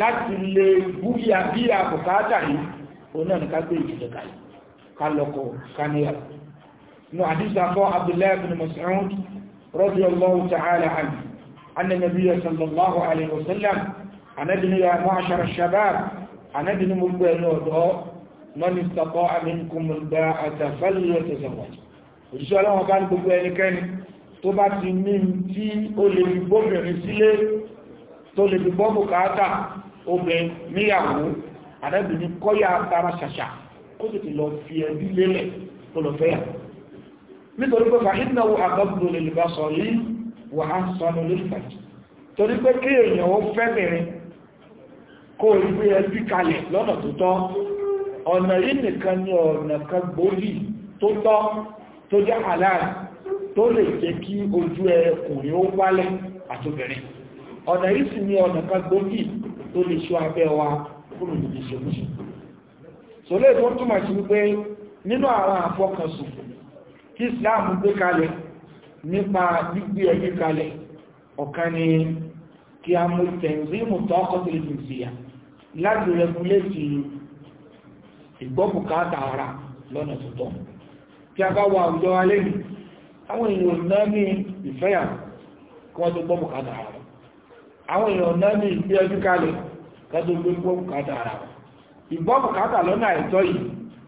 láti lè búyà bí àbùkátà yìí oná ní kágbé ìjìnlẹ̀ kalẹ̀ kálọ̀kọ̀ kaníyà nù àdísà fọ́ Abdullahi bin Mas'ud radiyallahu ta'ala anhu anna nabiyya sallallahu alaihi wasallam anabini ya ma'ashara shabab anabini gbogbo ẹni ọ̀dọ́ man òṣìṣẹ́ ọlọ́wọ́ bá ní gbogbo ẹnikẹ́ni tó bá ti ní tí ó lè fi bóbìnrin sílé tó lè fi bọ́bù káàkà obìnrin níyàwó àrẹ́bìnrin kọ́yà tara ṣàṣà kó sì ti lọ fi ẹbí lélẹ̀ kó lọ fẹ́ nítorí pé fàhínàwó àgbàgbò lè lè bá sọ yìí wà á sọnù lórí fàájì torí pé kí èèyàn ó fẹ́ bẹ̀rẹ̀ kó ìgbé ẹbí kalẹ̀ lọ́nà tó tọ́ ọ̀nà yìí nìkan ni ọ̀nà kan gbòógì tó tọ́ tó jẹ́ àláàrí tó lè jẹ́ kí ojú ẹkùnrin ó wálẹ̀ àtòbìnrin ọ̀nà yìí sì ni ọ̀nà kan gbòógì tó lè ṣọ́ abẹ́ wa kúrò níbi ìṣòmùsùn sọlẹ́ tó túmọ̀ sí wípé nínú àwọn àfọkànsùn tí Islam gbé kalẹ̀ nípa gbígbé ẹbí kalẹ̀ ọ̀kan ni kí a mú tẹ̀síìmù tọ́kọ̀tì ìjìyà láti rẹguléètì ìgbọ́bùkátà ara lọ́nà tuntun kí a bá wà àwùjọ àwọn èèyàn náà ní ìfẹ́yà kí wọ́n tó gbọ́ bùkátà ara wọn àwọn èèyàn náà ní ìgbé ẹjú kalẹ̀ kí wọ́n tó gbọ́ bùkátà ara wọn ìgbọ́ bùkátà lọ́nà àìtọ́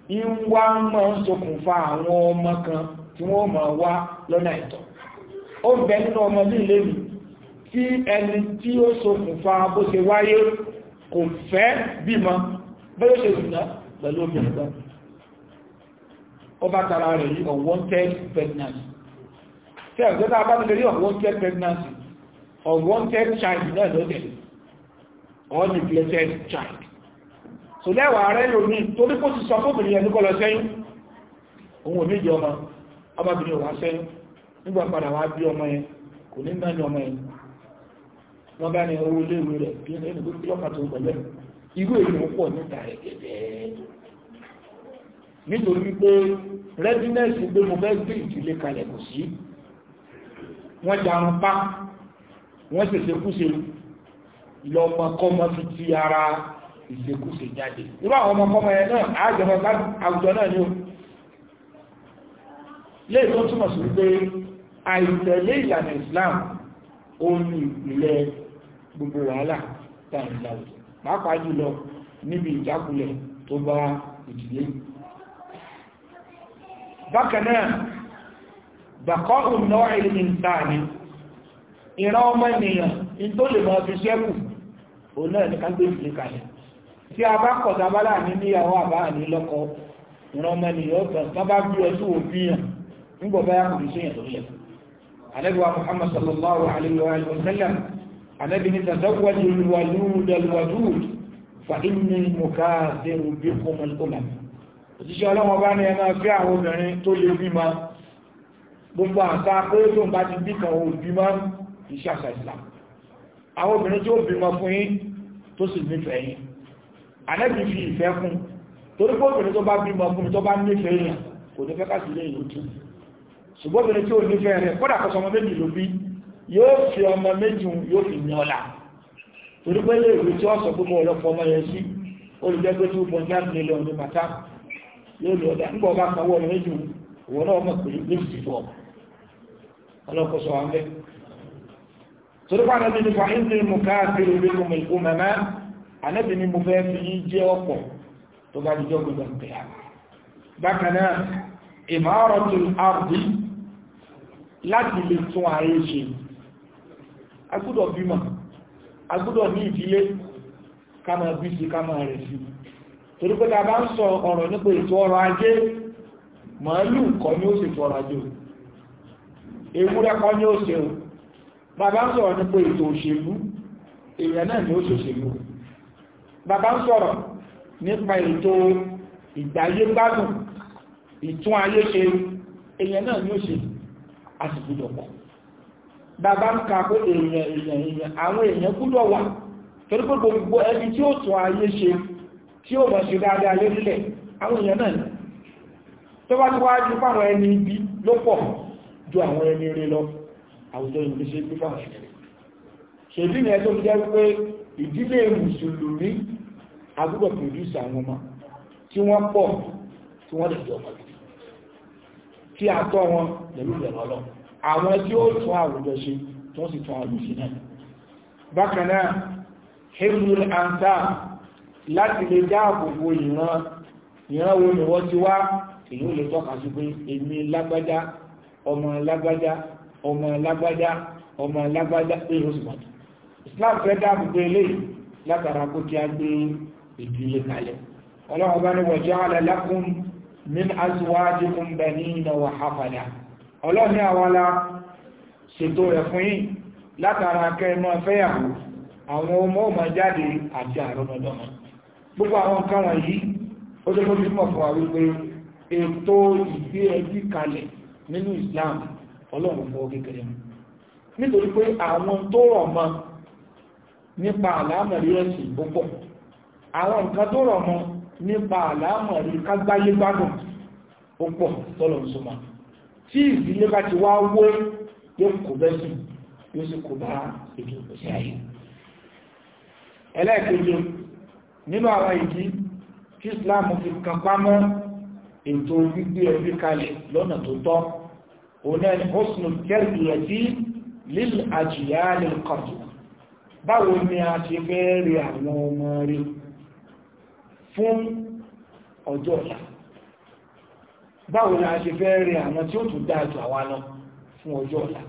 yìí ń wá máa ń ṣokùnfà àwọn ọmọ kan tí wọ́n máa wá lọ́nà àìtọ́ ó bẹ nínú ọmọ ní ilé mi tí ẹni tí ó ṣokùnfà bó ṣe wáyé kò fẹ́ bímọ bẹ́ẹ̀ ṣe sùn náà pẹ̀lú obìnrin náà ó bá tara rẹ̀ yí unwanted pregnancy tí ẹ̀gbẹ́ tá a bá nílẹ̀ unwanted pregnancy unwanted child náà ló tẹ̀lé or neglected child so lẹ́wàá rẹ̀ lómi torí kó ti sọ fóbìnrin ẹni kọ́ lọ sẹ́yìn òun ò níjẹ ọmọ ọmọbìnrin wà sẹ́yìn nígbà padà wá bí ọmọ yẹn kò ní mẹ́ni ọmọ yẹn wọ́n bá ní owó ilé ìwé rẹ̀ bí ẹni tó fi ọkà tó ń pẹ̀lẹ́ irú èyí pọ̀ níta rẹ̀ gẹ́gẹ́ nítorí pé readiness gbé mo fẹ́ gbé ìdílé kalẹ̀ kò sí wọ́n jarun pa wọ́n ṣèṣekúṣe lọ́mọkọ́mọ fi ti ara ìṣekúṣe jáde irú àwọn ọmọkọ́mọ ẹ̀ náà àájọmọ àwùjọ náà ni ó lè tó túnmọ̀ sí wípé àìtẹ̀lé ìlànà Islam ó ní ìpìlẹ̀ gbogbo wàhálà táàrin láwùjọ pàápàá jùlọ níbi ìjákulẹ̀ tó bá ìdílé bákan náà bàkọ́ ìnáwà ilẹ̀ ìntàní ìran ọmọ ènìyàn in tó lè máa fi ṣẹ́kù òun náà ní kágbé ìdílé kalẹ̀ tí a bá kọ̀ tábálà ní níyàwó àbá àní lọ́kọ ìran ọmọ ènìyàn ọ̀tàn tó bá bí ẹtù òbí yàn bá yà ní ṣèyàn tó lè gbogbo àǹká pé tó ń bá ti bí kan òun bímọ iṣẹ́ àṣà islam àwọn obìnrin tí ó bímọ fún yín tó sì nífẹ̀ẹ́ yín ànẹ́bì fi ìfẹ́ fún torí pé obìnrin tó bá bímọ fún tó bá nífẹ̀ẹ́ yín kò ní fẹ́ káàkiri èyí ojú ṣùgbọ́n obìnrin tí ó nífẹ̀ẹ́ rẹ̀ kódà kọsọ ọmọ méjì ló bí yóò fi ọmọ méjì yóò fi ní ọlá torí pé lè rí tí ó sọ gbogbo ọlọ́pọ̀ ọmọ yẹn sí olùdẹ́gbẹ́ tí ó bọ̀ jáde nílẹ̀ ọdún bàtà yóò lọ dá nígbà ọba kan wọ́n méjì òun náà mọ̀ pé méjì ti fọ́ ọmọ ọlọ́kọ̀ọ́sọ wa ń bẹ́ torí pa anábì ní fa ìdí mú káàkiri bí mo mú mẹ́mẹ́ anábì ní mo fẹ́ fi yí jẹ́ ọ̀pọ̀ tó bá jíjọ́ gbogbo ń tẹ̀yà bákan náà ìmọ̀ọ́rọ̀tù àrùdí láti lè tún ayé ṣe agbúdọ̀ bímọ agbúdọ̀ ní ìdílé kama bí sí kama rẹ̀ sí torí pé ta bá ń sọ ọ̀rọ̀ nípa ètò ọrọ̀ ajé màálù kọ́ ni ó ṣètò ọrọ̀ ajé òun ewúrẹ́ kọ́ ní ó ṣe o bàbá ń sọ̀rọ̀ nípa ètò òṣèlú èèyàn náà ni ó ṣòṣèlú bàbá ń sọ̀rọ̀ nípa ètò ìgbàyégbádùn ìtún ayé ṣe èèyàn náà ni ó ṣe àsìkúdọ̀pọ̀ bàbá ń ka pé èèyàn èèyàn èèyàn àwọn èèyàn kúdọ̀ wà ju àwọn ẹni rí lọ àwùjọ ìgbésẹ̀ pípà ṣèlú ni ẹjọ́ jẹ́ pé ìdílé mùsùlùmí agbúgbọ̀ pẹ̀lúsì àwọn ọmọ tí wọ́n pọ̀ tí wọ́n lè jọ tí a tọ́ wọn pẹ̀lú ìrẹ̀lọ́ lọ àwọn tí ó tún àwùjọ ṣe tí wọ́n sì tún àwùjọ ṣe náà bákan náà hebrew ansa láti lè dáàbò bo ìran ìran wo ni wọ́n ti wá èyí ò lè tọ́ka sí pé èmi lágbájá ọmọ lágbájá ọmọ lágbájá ọmọ lágbájá èrò ìsìnkú islam fẹ́ dáàbò pé eléyìí látara kó kí a gbé ìdílé kalẹ̀ ọlọ́run bá ní wọ̀já alẹ́lákún min azwajikum banina wa hafada ọlọ́run ní àwọlá ṣètò rẹ̀ fún yín látara kẹmọ fẹ́yàwó àwọn ọmọ ọmọ jáde àti àrọmọdọ́mọ gbogbo àwọn nǹkan wọ̀nyí ó tó tó fi mọ̀ fún wa wípé ètò ìgbé ẹbí kalẹ̀ nínú Islam ọlọ́run fọ́ kékeré mu nítorí pé àwọn tó rọ̀ mọ́ nípa àlámọ̀rí ẹ̀sìn púpọ̀ àwọn nǹkan tó rọ̀ mọ́ nípa àlámọ̀rí kágbáyé gbádùn púpọ̀ tọ́lọ̀ ń súnmọ́ tí ìdílé bá ti wá wó yóò kò bẹ́sùn yóò sì kò bá ètò òsì ayé ẹlẹ́ẹ̀kejì nínú àwọn ìdí tí Islam fi kan pamọ́ ètò gbígbé ẹbí kalẹ̀ lọ́nà tó tọ́ onáni husnul tarbiyati lil ajyalil qadima báwo ni a ti fẹ́ rí àwọn ọmọ rí fún ọjọ́ ọ̀la báwo ni a ti fẹ́ rí àwọn tí ó tún dájú àwa lọ fún ọjọ́ ọ̀la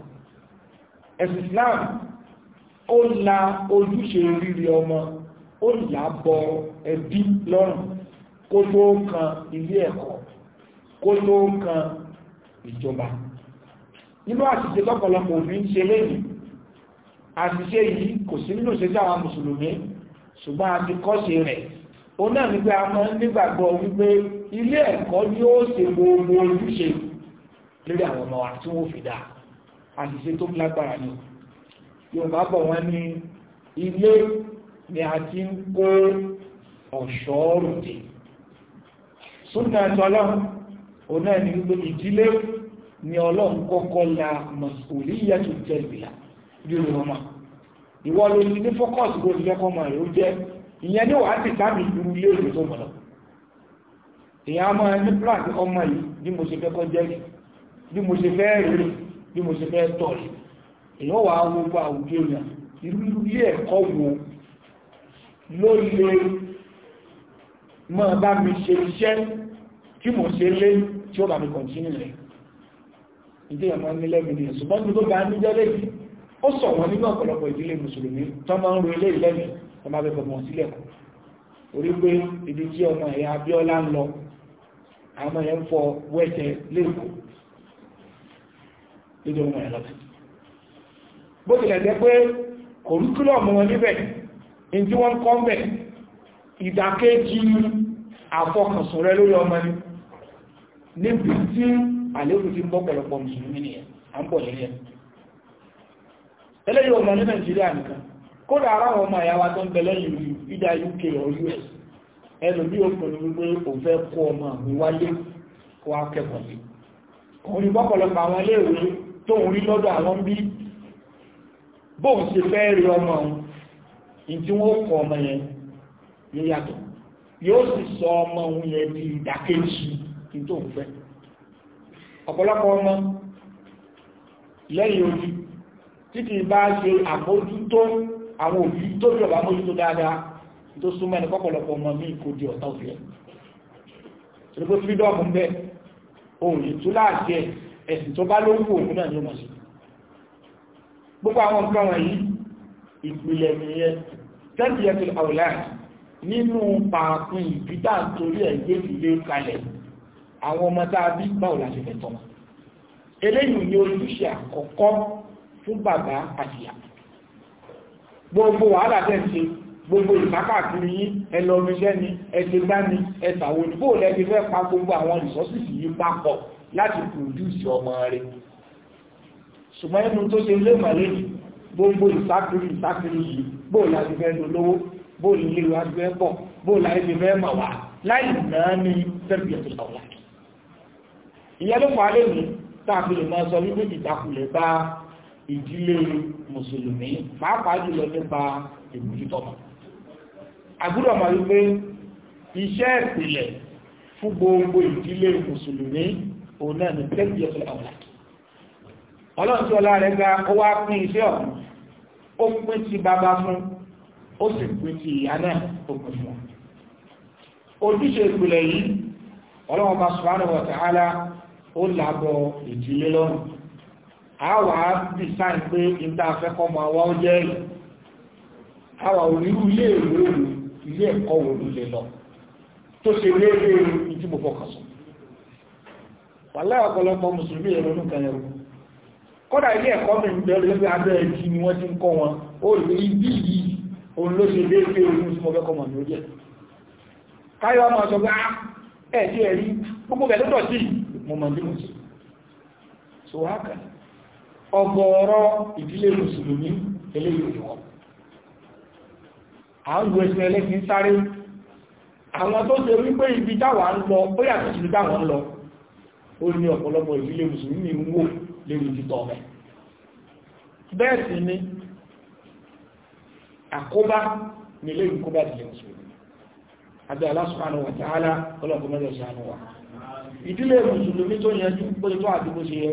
Islam ó la ojúṣe rírí ọmọ ó là ẹbí lọ́rùn kó tó kan ilé ẹ̀kọ́ kó tó kan ìjọba nínú àṣìṣe lọ́pọ̀lọpọ̀ òfin ṣe lẹ́yìn àṣìṣe yìí kò sí nínú ṣe sáwọn mùsùlùmí ṣùgbọ́n a ti kọ́ṣe rẹ̀ ó náà ní a máa ń nígbàgbọ́ wípé ilé ẹ̀kọ́ ni ó ṣe gbogbo ojúṣe lórí àwọn ọmọ wa tí wọ́n fi dáa àṣìṣe tó lágbára ni yorùbá bọ̀ wọ́n ní ilé ni a ti ń kó ọ̀ṣọ́ rùdì súnà tọ́lọ́run ona ni wípé ìdílé ni ọlọ́run kọ́kọ́ la mọ̀sùlùmíyà tó jẹ́ ìgbìlá lórí ọmọ ìwọ ló ní ní fọ́kọ̀sì kó jẹ́ kọ́mọ rẹ̀ ó jẹ́ ìyẹn ní wàá ti sáàmì irú ilé ìlú tó mọ̀ lọ èèyàn máa ní plant ọmọ yìí bí mo ṣe fẹ́ kọ́ jẹ́ rí bí mo ṣe fẹ́ rí bí mo ṣe fẹ́ tọ̀ rí èèyàn wàá wo gbogbo àwùjọ yẹn irú ilé ẹ̀kọ́ wo ló lè máa bá mi ṣe iṣẹ́ tí mo ṣe lé tí ó làbí kọ̀ntínú rẹ̀ ìdí ẹ̀mọ́ nílẹ̀ mi nìyẹn ṣùgbọ́n ní gbogbo àmì jẹ́ lẹ́yìn ó sọ wọn nínú ọ̀pọ̀lọpọ̀ ìdílé mùsùlùmí tó máa ń ro ilé ìlẹ́mì tó máa bẹ̀bẹ̀ mọ̀ sílẹ̀ orí pé ibi tí ọmọ ẹ̀yà Abíọ́lá ń lọ àwọn ẹ̀yà ń fọ wẹ́tẹ̀ lẹ́kọ̀ọ́ lédè ọmọ ẹ̀yà lọ́tẹ̀ bó tilẹ̀ jẹ́ pé kòrúkúlọ̀mù wọn níbẹ̀ níbi tí àlékù ti ń bọ́ pẹ̀lọpọ̀ mùsùlùmí nìyẹn à ń bọ̀ lórí ẹ̀ eléyìí ọmọ ní nàìjíríà nìkan kódà ara àwọn ọmọ àyàwó tó ń bẹ lẹ́yìn ìdá uk or us ẹnu bí o pẹ̀lú wípé òun fẹ́ kó ọmọ mi wáyé kó wá kẹ́kọ̀ọ́ sí òun ni bọ́pọ̀lọpọ̀ àwọn iléèwé tó ń rí lọ́dọ̀ àwọn bí bóun ṣe fẹ́ rí ọmọ òun ní tí wọ́n kọ ọmọ yóò sì sọ ọmọ òun yẹn di ìdàkejì kí tó ń fẹ́ ọ̀pọ̀lọpọ̀ ọmọ lẹ́yìn ojú tí kì bá ṣe àmójútó àwọn òbí tó bí ọ̀bá mójútó dáadáa tó súnmọ́ ẹni pọ̀pọ̀lọpọ̀ ọmọ ní kò di ọ̀tá òfin ẹ̀ ṣùgbọ́n fídọ́ọ̀mù ń bẹ́ òun lè tú láàṣẹ ẹ̀sìn tó bá lóhùn òun náà ní ọmọ sí gbogbo àwọn nǹkan wọ̀nyí ìpìlẹ̀ nìyẹn tẹ́tì ẹ̀sìn àwòlá nínú pàápín ìbítà torí ẹ̀gbẹ́ ìlé kalẹ̀ àwọn ọmọ tá a bí báwo la ṣe fẹ́ tọ́ wọn eléyìí ni ojúṣe àkọ́kọ́ fún bàbá àti ìyá gbogbo wàhálà tẹ́ ṣe gbogbo ìpákàkiri yí ẹlọmiṣẹ́ ni ẹgbẹ́gbá ni ẹ̀sàwò olùgbò lẹ́gbẹ́ fẹ́ pa gbogbo àwọn resources yìí papọ̀ láti produce ọmọ rẹ̀ ṣùgbọ́n ẹnu tó ṣe lé mọ̀lẹ́ gbogbo ìsákiri ìsákiri yìí bóò láti fẹ́ lo lówó bóò nílé wa fẹ́ pọ̀ bóò láti fẹ́ mọ̀ wá láì náà ní tẹ́lifíẹ̀tì ọ̀la ìyẹn ló fàá lèmi tàbí lè máa sọ wípé ìtakùlẹ̀ bá ìdílé mùsùlùmí pàápàá jùlọ nípa ìbójútọ́mọ àgbúrọ̀ máa wípé iṣẹ́ ìpìlẹ̀ fún gbogbo ìdílé mùsùlùmí òun náà ní tẹ́lifí ọ̀sẹ̀ àwọn ọlọ́run tí ọlá rẹ̀ ga ó wá pín iṣẹ́ ọ̀hún ó pín ti bàbá fún ó sì pín ti ìyá náà ó pín fún ojúṣe ìpìlẹ̀ yìí ọlọ́run bá subhanahu wa ta'ala ó làbọ̀ ìdílé lọ́nà àwà design pé ìdáfẹ́kọ́ ma wá ó jẹ́ rí àwà onírú ilé ìwé òun ilé ẹ̀kọ́ wò ló lè lọ tó ṣe léèrè ìdí mo fọkàn sọ wàlẹ́ ọ̀pọ̀lọpọ̀ mùsùlùmí ẹ̀rọ ní kan ẹ̀rọ kódà ilé ẹ̀kọ́ mi ń bẹ̀rẹ̀ lẹ́gbẹ̀ẹ́ abẹ́ ẹ̀jì ni wọ́n ti ń kọ́ wọn ó lè ibi yìí òun ló ṣe léèrè òun tí mo fẹ́ kọ́ mọ̀ ní sí mo mọ̀ bí mo so haka ọgbọ̀ọ̀rọ̀ ìdílé mùsùlùmí eléyìí ọ̀rọ̀ à ń lo ẹsẹ̀ ẹlẹ́sìn sáré àwọn tó ṣe wípé ibi táwa ń lọ ó yàtọ̀ sí táwọn ń lọ ó ní ọ̀pọ̀lọpọ̀ ìdílé mùsùlùmí ń wò lérí títọ́ rẹ̀ bẹ́ẹ̀ sì ni àkóbá nílé ìkóbá ìdílé mùsùlùmí àbẹ́ Allah subhanahu wa ta'ala ọlọ́pọ̀ mẹ́jọ ìdílé mùsùlùmí tó yẹn tó tó àdúgbò ṣe yẹ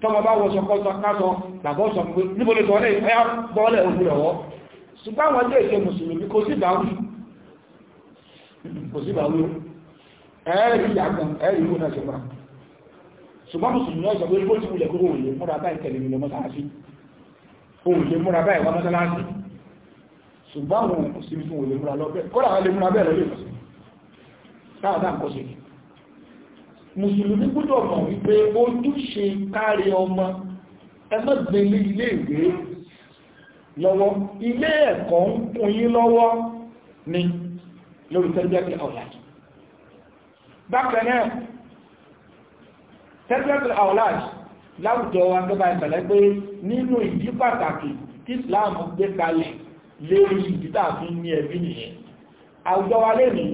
tọ́mọ bá wọ́sọ kọ́sọ kásọ bàbọ́ sọ pé níbole tọ́ lẹ́yìn ọyá bọ́ọ̀lẹ̀ òkú rẹ̀ wọ́ ṣùgbọ́n àwọn ilé ìṣe mùsùlùmí kò sí báwí kò sí báwí ẹ̀ẹ́rì yàgbọ̀n ẹ̀ẹ́rì ìwò náà ṣùgbọ́n ṣùgbọ́n mùsùlùmí ọ̀sọ̀ pé bó ti wulẹ̀ kó òun lè múra báyìí tẹ̀lé ìlú mọ́sálásí òun lè múra báyìí wá mọ́sálásí ṣùgbọ́n àwọn òsì fún mùsùlùmí gbọ́dọ̀ mọ̀ wípé ojúṣe kárí ọmọ ẹmọ́gbẹ̀lé ilé ìwé lọ́wọ́ ilé ẹ̀kọ́ ń kún yín lọ́wọ́ ni lórí tẹ́lẹ̀tẹ́lẹ̀ àwòláàdì bákan náà tẹ́lẹ̀tẹ́lẹ̀ àwòláàdì láwùjọ agbẹ́bà ìbẹ̀lẹ́ pé nínú ìdí pàtàkì tí Islam gbé kalẹ̀ lérí ìdí tààfin ní ẹbí nìyẹn àwùjọ wa lè ní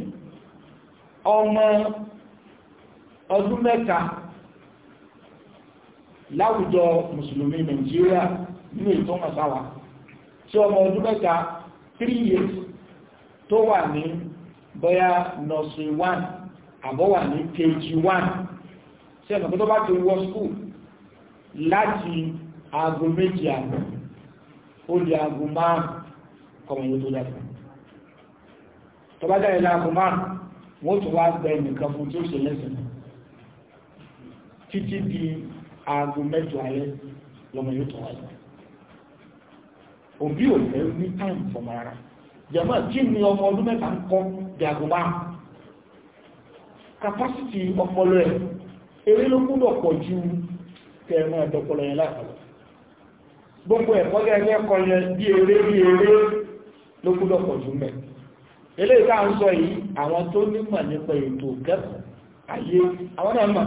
ọmọ ọdún mẹ́ta láwùjọ mùsùlùmí nàìjíríà nínú ètò ọmọsáwà tí ọmọ ọdún mẹ́ta 3 years tó wà ní bóyá nursery 1 àbọ́ wà ní kg 1 tí ẹ̀nà tó bá ti wọ skúl láti aago méjì àgbà ó lè aago márùn kọmọ̀yẹ tó dájú tọ́bájá ilẹ̀ márùn wọ́n tó wá gbẹ nìkan fún tí ó ṣe lẹ́sìn títí di aago mẹ́jọ alẹ́ lọ́mọ yóò tọ́ wáyé òbí ò fẹ́ ní táìmù fọmọ ara jẹ̀mọ́ kí ni ọmọ ọdún mẹ́ta ń kọ́ di aago bá kapásítì ọpọlọ ẹ̀ eré ló kúndọ̀ pọ̀ ju kẹrin ẹ̀dọ́pọlọ yẹn láàpọ̀lọ gbogbo ẹ̀kọ́ yẹn ẹ̀kọ́ yẹn bí eré bí eré ló kúndọ̀ pọ̀ ju mẹ́ eléyìí ká ń sọ yìí àwọn tó nímọ̀ nípa ètò ìkẹ́kọ̀ọ́ ayé àwọn náà mọ̀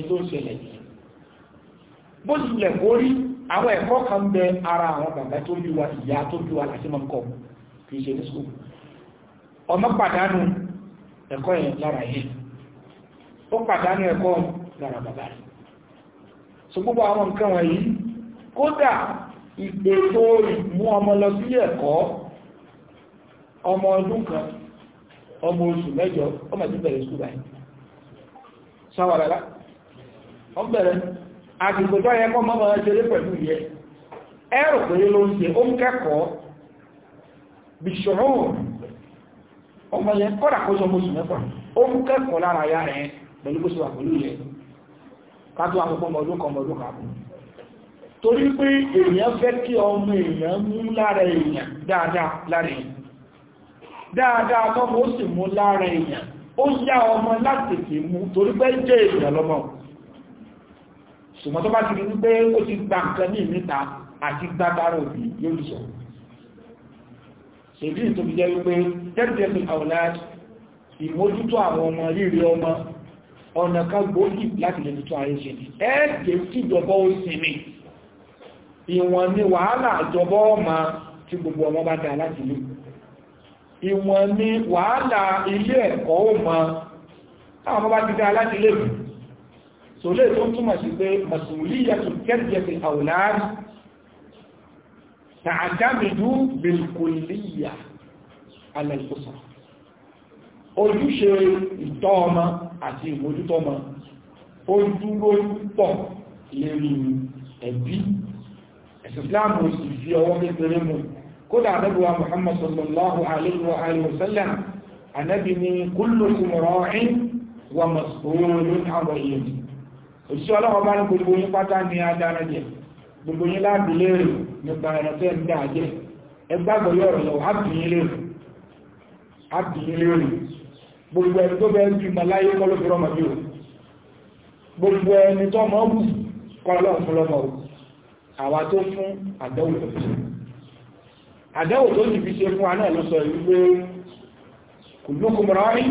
ètò ìṣẹ̀lẹ̀ yìí bó tilẹ̀ borí àwọn ẹ̀kọ́ kan bẹ ara àwọn bàbá tó bí wa ìyá tó bí wa láti máa ń kọ́ kì í ṣe ní skul ọmọ pàdánù ẹ̀kọ́ yẹn lára yìí ó pàdánù ẹ̀kọ́ lára bàbá rẹ̀ so gbogbo àwọn nǹkan wọ̀nyí kódà ìgbètò ìmú ọmọ lọ sí ẹ̀kọ́ ọmọ ọdún kan ọmọ oṣù mẹ́jọ ọmọ ìbẹ̀rẹ̀ skul báyìí ọbẹ̀rẹ̀ àgbègbè tó yẹ kọ́ mọ́mọ́ ṣeré pẹ̀lú yẹ ẹ̀rù pẹ̀lú ló ń ṣe ó ń kẹ́kọ̀ọ́ ọmọ yẹn kọ́dà mọ́sù mẹ́fà ó ń lára ya rẹ̀ pẹ̀lú bó ṣe pẹ̀lú yẹ kájú kan torí pé èèyàn fẹ́ kí ọmọ èèyàn mú lára èèyàn dáadáa lára èèyàn dáadáa ó sì mú lára èèyàn ó yá ọmọ láti fi mú torí pé ṣùgbọ́n tó bá ti rí wípé ó ti gba nǹkan ní ìmíta àti gbágbára òbí yóò sọ ṣèbí tó fi jẹ́ wípé tẹ́rìtẹ́sì àwòláàdì ìmójútó àwọn ọmọ rírí ọmọ ọ̀nà kan gbòógì láti lè tuntun ayé ṣe ní ẹ́ẹ̀kẹ́ tí ìjọba ó sinmi ìwọ̀n ni wàhálà ìjọba ọmọ tí gbogbo ọmọ bá dá láti lè ìwọ̀n ni wàhálà ilé ẹ̀kọ́ ọmọ táwọn ọmọ bá ti dá láti lè fún sòlé tó túnmọ̀ sí pé masuliya tó kẹ́rìyà ti àwòlán tààdámìdú bilkuliya alẹ́kùsà ojúṣe ìtọ́ ọmọ àti ìmójútọ́ ọmọ ojúló pọ̀ lérí ẹbí ẹ̀sìsìláàmù sì fi ọwọ́ kékeré mú kódà anábíwa muhammad sallallahu alaihi wa alihi wasallam anábi ni kullu imra'in wa mas'ulun 'an òṣìṣẹ́ ọlọ́wọ́ bá ní gbogbo yín pátá ní adára jẹ gbogbo yín láàbí léèrè nípa ẹ̀rọ̀tẹ́ ń dá jẹ ẹgbàgbọ́ yọ̀rọ̀ lọ ábìyín léèrè gbogbo ẹni tó bẹ́ẹ̀ bí màláyé kọ́lọ́ fi rọmọ bí o gbogbo ẹni tó mọ́ wù kọ́lọ́ fún lọ́mọ o àwa tó fún àdẹ́wò tó fi àdẹ́wò ti fi ṣe fún aná lọ́sọ̀ ìwé kùlùkùn rọ́rí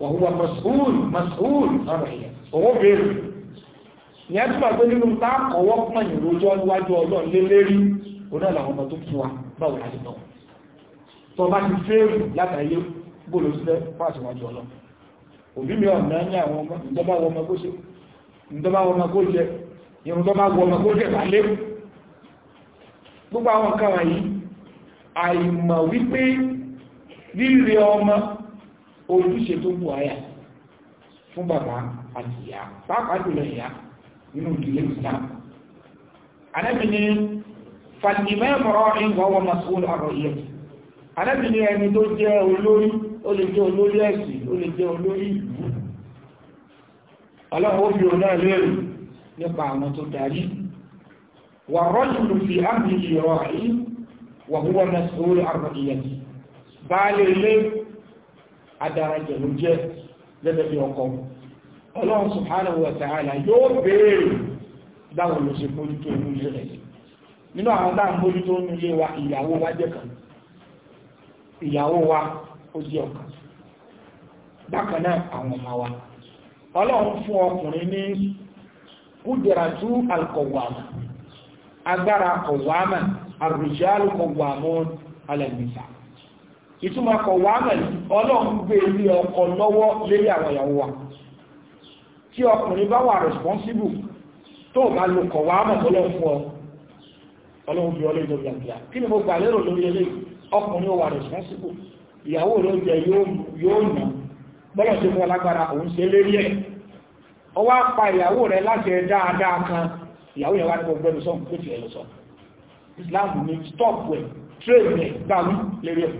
wàhúwà mas'ul mas'ul ọ̀rọ̀ ìyẹn owó bèèrè ní ẹ́tùmà pé nínú tá kọ̀wọ́ pọ̀nyìn lójọ́ níwájú ọlọ́run lé lérí oná làwọn ọmọ tó fún wa báwo láti tọ́ tó bá ti fèèrè látàyé bóòlù sílẹ̀ fáàtì wájú ọlọ́run òbí mi ọ̀nà ní àwọn ọmọ ìjọba ọmọ kó ṣe ìjọba ọmọ kó jẹ irun tó bá wọ ọmọ kó jẹ fún bàbá àti ìyá pàápàá jùlọ ìyá nínú ìdílé islam anábìnrin falimẹ́ mọ̀rọ̀ ìwọ̀wọ̀ masool ọ̀rọ̀ yẹ anábìnrin ẹni tó jẹ́ olórí ó lè jẹ́ olórí ẹ̀sìn ó lè jẹ́ olórí ìlú ọlọ́run ó fi òun náà lérò nípa àwọn tó darí wà rọ́jùlù fi ámì ìrọ̀ yìí wà wúwọ́ masool ọ̀rọ̀ yẹ baálé ilé adarajẹ̀ ló jẹ́ gẹ́gẹ́ bí ọkọ̀ ọlọ́run subhanahu wa ta'ala yóò béèrè dáwọn ló ṣe mójútó inú ilé rẹ̀ nínú àwọn dáa mójútó inú ilé wa ìyàwó wa jẹ́ kan ìyàwó wa ó jẹ́ ọ̀kan bákan náà àwọn ọmọ wa ọlọ́run fún ọkùnrin ní kúdìràtú alkọ̀wàmà agbára kọ̀wàmà àrùjálù kọ̀wàmà alẹ́mìsà ìtumọ̀ ọlọ́run gbé ilé ọkọ lọ́wọ́ lórí tí ọkùnrin bá wà responsible tó bá lo kọ̀wá mọ̀ ọlọ́run fún ọ ọlọ́run bí ọlọ́run tó gbàgbà kí ni mo gbà lérò lórí eléyìí ọkùnrin wà responsible ìyàwó olóúnjẹ yóò nà bọ́lọ̀ tí mo lágbára òun ṣe lérí ẹ̀ ọ wá pa ìyàwó rẹ láti ẹ dáadáa kan ìyàwó yẹn wá ní gbogbo ẹnu sọ́n kó tiẹ̀ lọ sọ Islam ni stop ẹ̀ trade ẹ̀ gbàmú lérí ẹ̀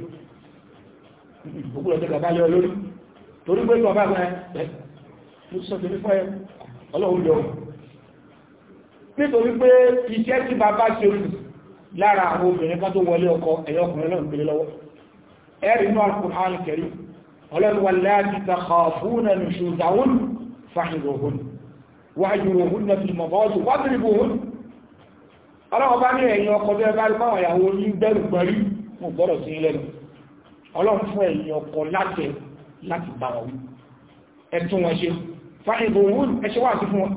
òkú rẹ̀ tẹ́gbà bá yọ lórí torí pé ìgbà bá tó sọ tó ní fún ẹ ọlọ́run yọ nítorí pé iṣẹ́ tí bàbá ṣe rù lára àwọn obìnrin kan tó wọlé ọkọ ẹ̀yọ ọkùnrin náà ń gbé lọ́wọ́ ẹ̀rì inú Al-Qur'an Al-Karim ọlọ́run wà láti takhafuna nushuzahun fahidohun wahjuruhunna fil madaji wadribuhun ọlọ́run bá ní fún ẹ̀yìn ọkọ láti láti bá fàìbò òun ẹṣẹ́ wà sí fún wọn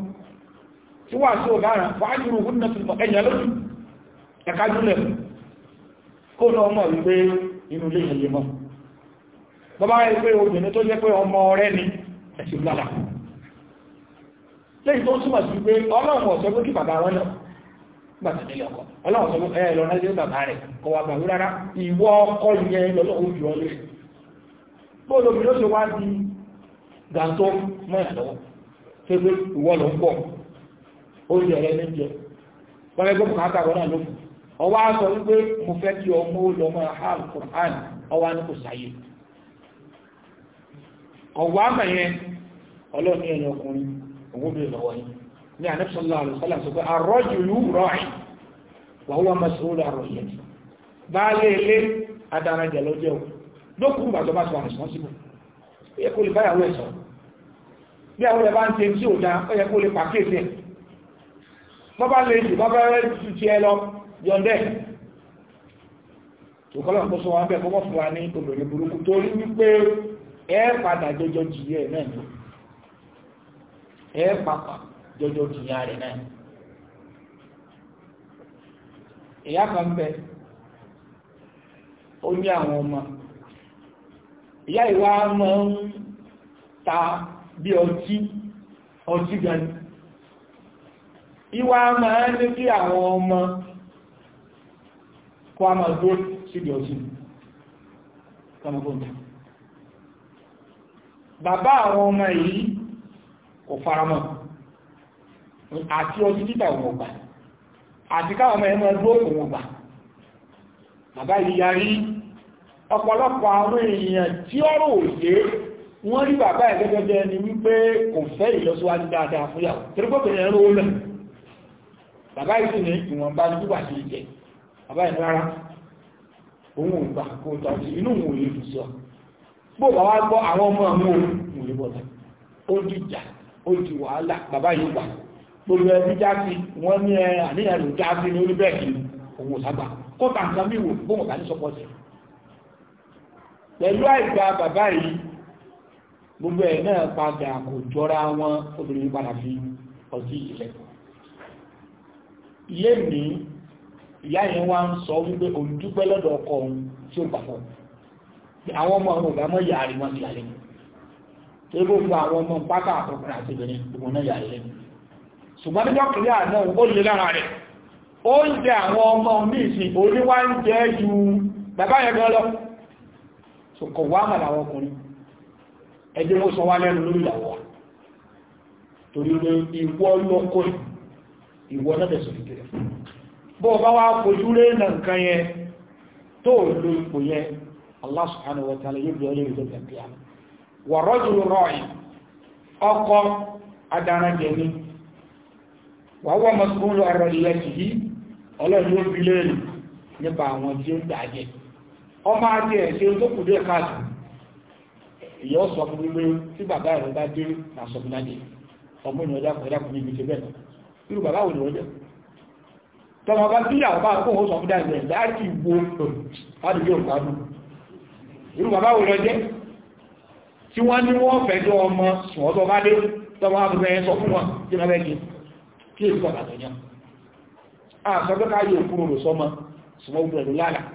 tí wà sí ọ̀gára fàájúrù òun náà tún ẹ̀yà lójú ẹ̀ká jùlẹ̀ kó lọ ọmọ wípé inú ilé ìyẹ̀ mọ́ bọ́bá ẹgbẹ́ obìnrin tó jẹ́ pé ọmọ rẹ̀ ni ẹ̀sì lára lẹ́yìn tó túnmọ̀ sí pé ọlọ́run ọ̀sọ́ pé kí bàbá wọn lọ gbàtí nílé ọkọ ọlọ́run ọ̀sọ́ pé ẹ lọ náà sí bàbá rẹ̀ kọ wà gbàgbé rárá ìwọ ọkọ yẹn lọ́lọ́run jù ọ lé gàǹtó mọ́yà lọ́wọ́ tẹ́gbẹ́ ìwọ́ ló ń pọ̀ oúnjẹ rẹ ní jẹ wọ́n ẹgbẹ́ mọ̀ káàkà rọ́nà ló kù ọwọ́ á sọ wípé mo fẹ́ kí ọmọ ó lọ mọ́ àhàl Qur'an ọwọ́ á ní kò sáyé ọwọ́ àmà yẹn ọlọ́ọ̀ni ẹ̀yìn ọkùnrin owó mi lọ́wọ́ yìí ní àníṣọ́lá àlùsọ́lá sọ pé ar-rajulu ra'i wa huwa mas'ulun ar-ra'iyati bá yẹ kó lè báyàwó ẹ̀sọ́ bí àwọn ẹ̀bá ń ṣe tí ò dá ó yẹ kó lè pàkíyèsí ẹ̀ bọ́bá lè jù bọ́bá rẹ̀ jù ti ẹ lọ yọ̀ndẹ̀ òkọ́lọ̀ kó sọ wọn bẹ́ẹ̀ kọ́kọ́ fún wa ní obìnrin burúkú torí wípé ẹ padà jọjọ jìyà ẹ̀ náà ni ẹ pàpà jọjọ jìyà rẹ̀ náà ìyá kan bẹ ó ní àwọn ọmọ ìyá ìwá mọ́ ń ta bí ọtí ọtí gan ìwá máa ń ní kí àwọn ọmọ kó a máa tó síbi ọtí kọmọkọta bàbá àwọn ọmọ yìí kò faramọ́ àti ọtí títà òun ọgbà àti káwọn ọmọ ẹmọ ẹgbẹ́ òun ọgbà bàbá yìí yarí ọ̀pọ̀lọpọ̀ àwọn èèyàn tí ọ̀rọ̀ òye wọ́n rí bàbá ẹ̀ ẹni wípé kò fẹ́ ìlọsíwájú dáadáa fún yàwó tẹ́lẹ̀gbọ́bìnrin ẹ̀rọ olè bàbá yìí ní ìwọ̀nba ní wíwà sí ìjẹ bàbá yìí rárá òun ò gbà tọ́ sí inú òun òye fi sọ bó bàbá gbọ́ àwọn ọmọ àwọn òun òye bọ̀ ó di ìjà ó di wàhálà bàbá yìí gbà gbogbo ẹbí jáfi wọ́n ní àníyàn ló jáfi ní orí bẹ́ẹ̀ kì kó tàǹkà mí wò bó wọn bá ní pẹ̀lú àìgbà bàbá yìí gbogbo ẹ̀ náà padà kò jọra wọn obìnrin padà fi ọtí ìlẹ̀ lẹ́ni ìyá yẹn wá ń sọ wípé olùdúpẹ́ lọ́dọ̀ ọkọ òun tí ó gbàgbọ́ àwọn ọmọ ọmọ ọ̀gá mọ́ yàrá wọn ti yàrá tó gbogbo àwọn ọmọ pátá àtọkùnrin àti obìnrin gbogbo náà yàrá lẹ́nu ṣùgbọ́n nígbà kìlẹ̀ àná ó lè lára rẹ̀ ó ń jẹ àwọn ọmọ ní ìsìn oníwá ju bàbá yẹn gan lọ so kọ̀ wá mà láwọn ọkùnrin ẹjẹ́ wọ́n sọ wá lẹ́nu lórí ìyàwó torí pé ìwọ lọ́kọ́ ìwọ náà tẹ̀sọ̀ ìgbẹ̀rẹ̀ bọ́ bá wá kojú rẹ̀ nà nǹkan yẹn tó lo ipò yẹn ìjọ wà rọ́jù rọ́ì ọkọ adarajẹni wà wọ́n mọ́sùn lọ ẹ̀rọ ọmọ àti ẹ̀ṣẹ́ tó kù dé káàdù ìyọ́ sọ fún wípé tí bàbá rẹ̀ bá dé àṣọ̀bùnádé ọmọ ìrìn bẹ́ẹ̀ irú bàbá wò ọjọ́ tọmọ bá bí bá kó sọ fún láti irú bàbá wò tí wọ́n ní wọ́n ọmọ sọ̀ọ́tọ̀ bá dé tọmọ àbúrẹ́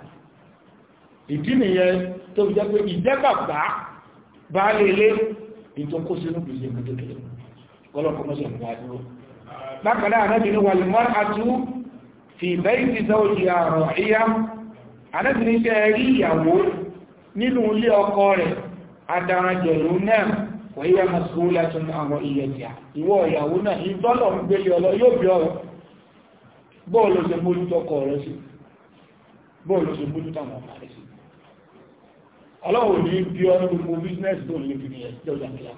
ìdí nìyẹn tó fi jẹ́ pé ìjẹ́gbàgbà bá lè lé ìtòkó sínú gbèsè kékeré ọlọ́kọ̀ọ́sọ̀ ìgbà dúró lákàlá ànábìnrin wà lè mọ́ra àtú fi bẹ́ẹ̀sì sọ́ọ̀dì àrọ̀ ìyá anábìnrin jẹ́ rí ìyàwó nínú ilé ọkọ rẹ̀ adarajẹ̀lú náà wọ́yí ya masúlá tún àwọn ìyẹ̀jà bọ́ọ̀lù ṣe mójútọ́ àwọn ọmọ rẹ̀ ọlọ́wọ̀ ní bí ọ ní gbogbo business tó lè fi yẹn jẹ́ ọjà kíá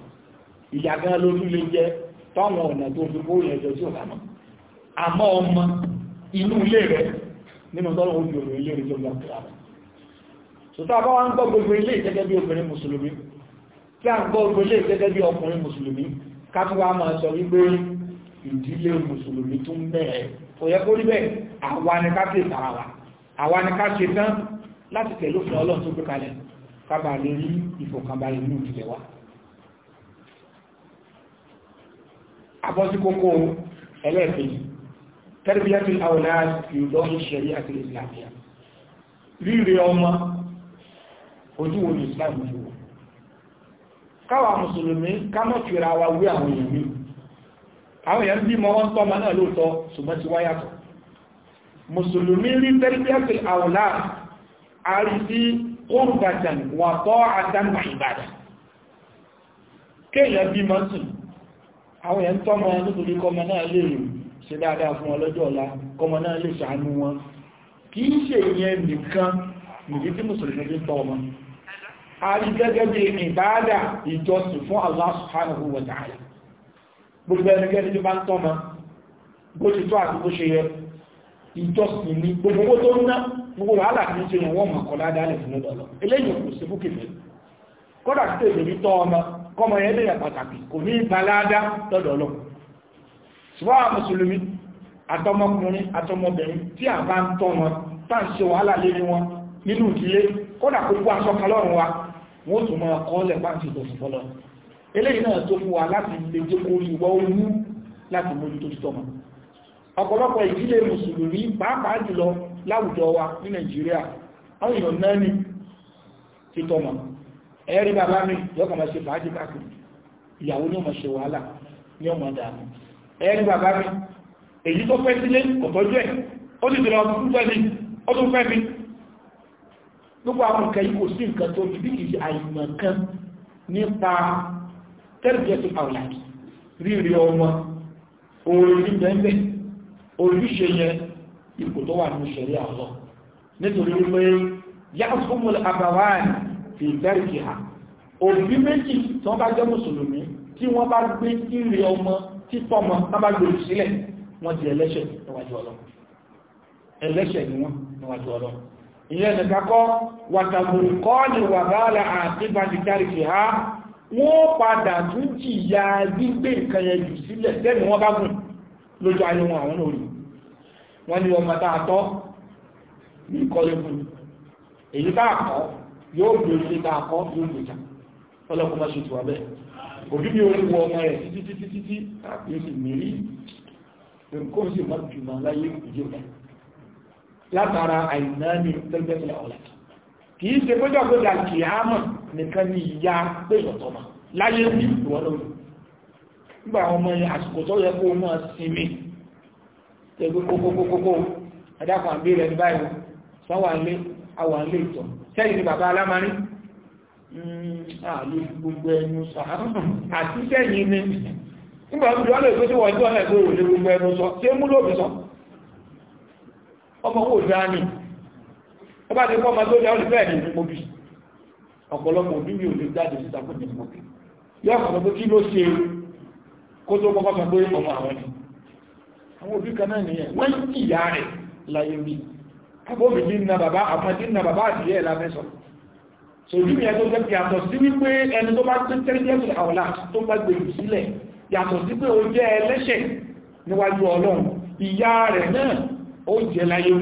ìyá gan lójú lè jẹ́ tọ́wọ̀n ọ̀nà tó fi kó yẹn jọ sí ọ̀gá náà àmọ́ ọmọ inú ilé rẹ̀ nínú tọ́lọ̀ ojú ọ̀rọ̀ ilé rẹ̀ jọba kìláàmù sọ́tọ́ àbá wá ń gbọ́ gbogbo ilé gẹ́gẹ́ bí obìnrin mùsùlùmí tí a ń gbọ́ gbogbo ilé gẹ́gẹ́ bí ọkùnrin mùsùlùmí kápúwá máa sọ wípé ìdílé mùsùlùmí tún bẹ̀rẹ̀ kò yẹ kó rí bẹ́ẹ̀ àwa ni ká ṣe tààrà àwa ni ká ṣe tán láti tẹ̀lé òfin ọlọ́run tó gbé kalẹ̀ kábà lè rí ìfọ̀kànbalẹ̀ nínú ìpìlẹ̀ wa abọ́sí kókó ẹlẹ́ẹ̀kejì tẹ́rìbíyàtì àwòrán ìrùdọ́ ìṣẹ̀rí àti ìsìláàmìyà ríire ọmọ ojú wo ní ìsìláàmù yìí káwà mùsùlùmí ká mọ́ fìra wa wí àwọn èèyàn mi àwọn èèyàn bí mọ́ wọ́n tọ́mọ náà lóòótọ́ ṣùgbọ́n ti wáyàtọ̀ mùsùlùmí rí tẹ́rìbíyàtì àwòrán àrí kórbatan wà tọ́ àtàmà ìbàdà kéèyàn bí mọ́ sí àwọn èèyàn tọ́mọ nítorí kọmọ náà lè rò ṣe dáadáa fún ọlọ́jọ́ ọ̀la kọmọ náà lè ṣàánú wọn kì í ṣe ìyẹn nìkan nìdí tí mùsùlùmí fi tọ́ ọmọ a rí gẹ́gẹ́ bí ìbáadà ìjọsìn fún Allah subhanahu wa ta'ala gbogbo ẹnikẹ́ni tí bá ń tọ́mọ bó ti tó àti bó ṣe yẹ ìjọsìn ní gbogbo tó ń ná gbogbo wàhálà kí ní ṣe yẹn wọ́n mọ̀ kọ́lá dálẹ̀ fún ọdọ̀ lọ eléyìí kò sí fún kèfèrí kódà tí tèmi ní tọ́ ọmọ kọmọ yẹn lèyàn pàtàkì kò ní ìgbàládá lọ́dọ̀ lọ ṣùgbọ́n àwọn mùsùlùmí àtọmọkùnrin àtọmọbìnrin tí a bá ń tọ́ wọn tá ń ṣe wàhálà lérí wọn nínú ìdílé kódà kó gbọ́ aṣọ kan lọ́rùn wa wọ́n tún máa kọ́ lẹ̀ lè jẹ́ kó láwùjọ wa ní Nàìjíríà àwọn èèyàn náà ní títọ́mọ̀ ẹ̀rí bàbá mi yọ́ kàmà ṣe fàájì káàkiri ìyàwó ní ọmọ ṣe wàhálà ní ọmọ dàmú ẹ̀rí bàbá mi èyí tó fẹ́ sílé ọ̀tọ́jú ẹ̀ ó ti dìrọ̀ ọdún fẹ́ mi ó tún fẹ́ mi ipò tó wà ní ìṣẹ̀rí àlọ́ nítorí wípé yásùmù àbàwáàní fi bẹ́ẹ̀kì ha òbí méjì tí wọ́n bá jẹ́ mùsùlùmí tí wọ́n bá gbé ìrì ọmọ tí tọ́mọ tá bá gbèrú sílẹ̀ wọ́n di ẹlẹ́ṣẹ̀ níwájú ọlọ́run ẹlẹ́ṣẹ̀ ni wọ́n níwájú ọlọ́run ìyẹn nìkan kọ́ wàtàbùrù kọ́ ni wàhálà àti bàtìkárìkì ha wọ́n padà tún jìyà gbígbé nǹkan yẹn jù sílẹ̀ tẹ́lẹ̀ wọ́n bá gùn lójú ayé wọn àwọn náà wọ́n ní ọmọ tá a tọ́ ní ìkọ́lé fún èyí tá a kọ́ yóò gbé oṣù tá a kọ́ yóò gbèjà ọlọ́kùnrin máa ṣe tù wá bẹ́ẹ̀ òbí mi ò ní wọ ọmọ rẹ̀ títí títí títí àbí ó sì mìírí nǹkan ó sì má jùmọ̀ láyé ìjọba látara àìná ní tẹ́lẹ̀tẹ́lẹ̀ ọ̀la kìí ṣe pẹ́jọ́ pé ga kìí ámọ̀ nìkan ní ìyá pé ìyọ̀tọ̀mà láyé ní ìwọ̀lọ́rùn nígbà àwọn ọmọ àsìkò tó yẹ kó mọ́ sinmi tẹ̀gbẹ́ kókókókó ẹ̀dàkùn àbílẹ̀ ẹni báyìí sọ́n wà ìtọ̀ sẹ́yìn ni bàbá alámarí hmm, àlè gbogbo ẹnu sọ àti sẹ́yìn ni nígbà tó wọ́n lè gbé sí wọ́n tí wọ́n ọ̀pọ̀lọpọ̀ kí ló ṣe kó tó kọ́kọ́ sọ ọmọ àwọn ni àwọn òbí kan náà nìyẹn wọ́n kí ìyá rẹ̀ láyé mi kábọ́bì ní na bàbá àpàdé na bàbá àdìyẹ lábẹ́sọ̀ so ojú yẹn tó jẹ́ pé yàtọ̀ sí wípé ẹni tó bá tó tẹ́lẹ̀ àwọ̀lá tó bá gbèrú sílẹ̀ yàtọ̀ sí pé ó jẹ́ ẹlẹ́ṣẹ̀ níwájú ọlọ́run ìyá rẹ̀ náà ó jẹ́ láyé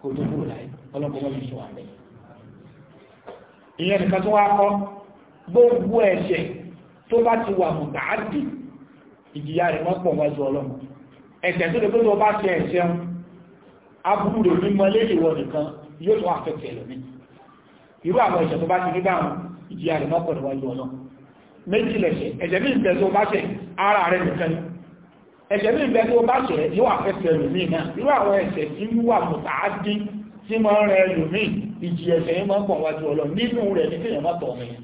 kò tó kúrò láyé ọlọ́pọ̀ mọ́ ìṣọ́ àmì ìyẹn nìkan tó wá gbogbo ẹ̀ṣẹ̀ tó bá ti wà mùtàádì ìjìyà rẹ̀ mọ́pọ̀ wájú ọlọ́run ẹ̀ṣẹ̀ tó lè pé tó bá ṣe ẹ̀ṣẹ̀ aburú rẹ̀ ní mọ́lé ìwọ nìkan yóò tó àfẹ́kẹ̀ ẹlòmí irú àwọn ẹ̀ṣẹ̀ tó bá ti nígbà wọn ìjìyà rẹ̀ mọ́pọ̀ níwájú ọlọ́ méjì lẹ̀ṣẹ̀ ẹ̀ṣẹ̀ bí ìbẹ̀ tó bá ṣẹ̀ ara rẹ̀ nìkan ni ẹ̀ṣẹ̀ bí ìbẹ̀ tó bá ṣẹ̀ yóò àfẹ́kẹ̀ ẹlòmí náà irú àwọn ẹ̀ṣẹ̀ tí wà mùtàádí tí mọ́ rẹ̀ ẹlòmí ìjì ẹ̀ṣẹ̀ yìí mọ́ pọ̀ wájú ọlọ́ nínú rẹ̀ ní kéèyàn mọ́tọ̀ ọmọ yẹn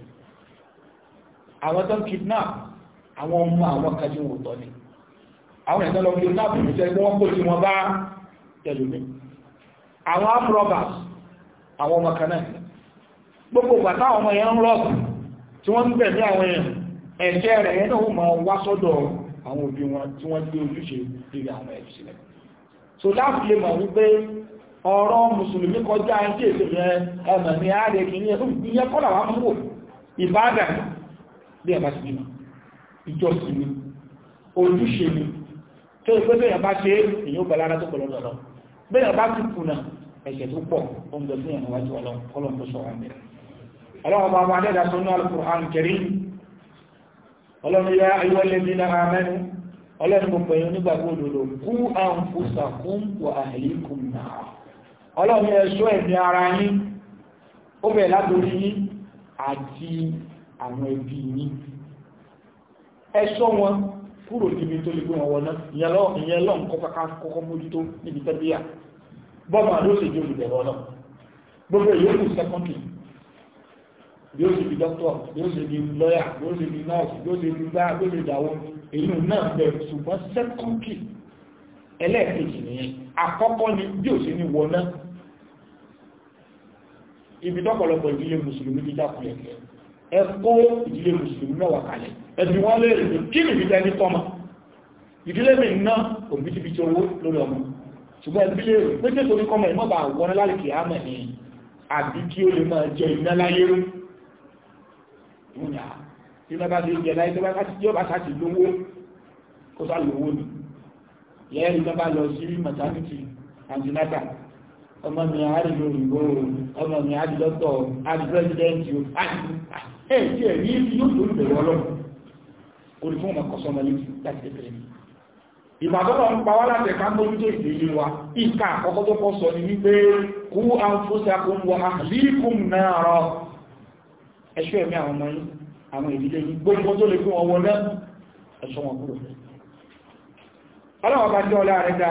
àwọn tó ń kidnap àwọn ọmọ àwọn kájú wò ni àwọn ẹ̀dọ́ lọ kìdínápù ní sẹ́gbẹ́ wọ́n kò tí wọ́n bá tẹ̀lùmí àwọn afrobas àwọn ọmọ kan náà gbogbo bàtà ọmọ èèyàn ń rọ́ọ̀bù tí wọ́n ń bẹ̀ ní àwọn èèyàn ẹ̀jẹ́ rẹ̀ yẹn náà ma wá sọ́dọ̀ àwọn òbí wọn tí wọ́n gbé ojúṣe lórí àwọn ẹ̀jù sílẹ̀ so láti lè mọ̀ wípé ọ̀rọ̀ mùsùlùmí kọjá ẹjẹ́ èdè yẹn ẹ̀mọ̀ ní ààrẹ kìíní ìyẹn kọ́ làwọn mú wò ìbádà ojúṣe ni tó ìpé tó yàn bá ṣe èyàn gbà lára tó pẹ̀lú ọ̀dọ̀ bẹ́ẹ̀ bá ti kùnà ẹ̀ṣẹ̀ tó pọ̀ oúnjẹ sí ẹ̀nà wájú ọlọ́run tó sọ̀rọ̀ al-Qur'an Karim ọlọ́run yá ayúwọ́ lẹ́bí náà amẹ́nu ọlọ́run gbogbo èèyàn nígbàgbọ́ òdòdó kú anfusakum wa ahlikum náà ọlọ́run ẹ̀ṣọ́ ẹ̀mí ara yín ó bẹ̀ látòrí yín àti kúrò níbi tó lè gbé wọn wọná ìyẹn lọ́n kọ́kọ́ kọ́kọ́ mójútó níbi tẹ́bíyà bọ́ọ̀mù àdó sì jẹ́ olùbẹ̀rẹ̀ ọlọ́ gbogbo ìyókù sẹ́kọ́ndì yóò ṣe di dókítọ̀ yóò ṣe di lọ́yà yóò ṣe di nọ́ọ̀sì yóò ṣe di gbá yóò ṣe dàwọ́ èyí náà bẹ̀rẹ̀ ṣùgbọ́n sẹ́kọ́ndì ẹlẹ́ẹ̀kejì nìyẹn àkọ́kọ́ ni bí ò ṣe ní wọná ibi dọ́pọ̀lọpọ̀ ìdílé mùsùlùmí ti dákulẹ̀ ẹkọ́ ìdílé mùsùlùmí mẹ́wàá kalẹ̀ ẹbí wọ́n lè rí kí ní ìdílé ní tọ́mà ìdílé mi ná òbítíbitì owó lórí ọmọ ṣùgbọ́n ẹbí lè rí pété torí kọ́mọ ìmọ́bà wọn lálẹ́kì àmà ní àbí kí ó lè máa jẹ iná láyé rú tí wọ́n bá ti jẹ láyé tó bá ti yọ́ bá ti lówó kó sá lówó ni yẹ́rì tó bá lọ sí maternity antinata ọmọ mi àárí lóyìnbó ọmọ mi àárí lọ́tọ̀ àárí pírẹ́sidẹ́ntì ẹ̀ ah, eh, tí ẹ̀ ní yóò tó ń bẹ̀rẹ̀ ọlọ́run orí fún ọmọ kọsọ ọmọ létí láti kékeré ní ìbàdọ́lọ̀ ń pa wá láti ẹ̀ka mójútó ìdílé wa ìka àkọ́kọ́ tó kọ́ sọ ní wípé kú àǹfóṣàkún wa àríkùn náà ẹ̀ṣọ́ ẹ̀mí àwọn ọmọ yìí àwọn ìdílé yìí gbogbo tó lè fún ọwọ́ náà ẹ̀ṣọ́ wọn kúrò ọlọ́wọ́ bá jẹ́ ọlá rẹ̀ dá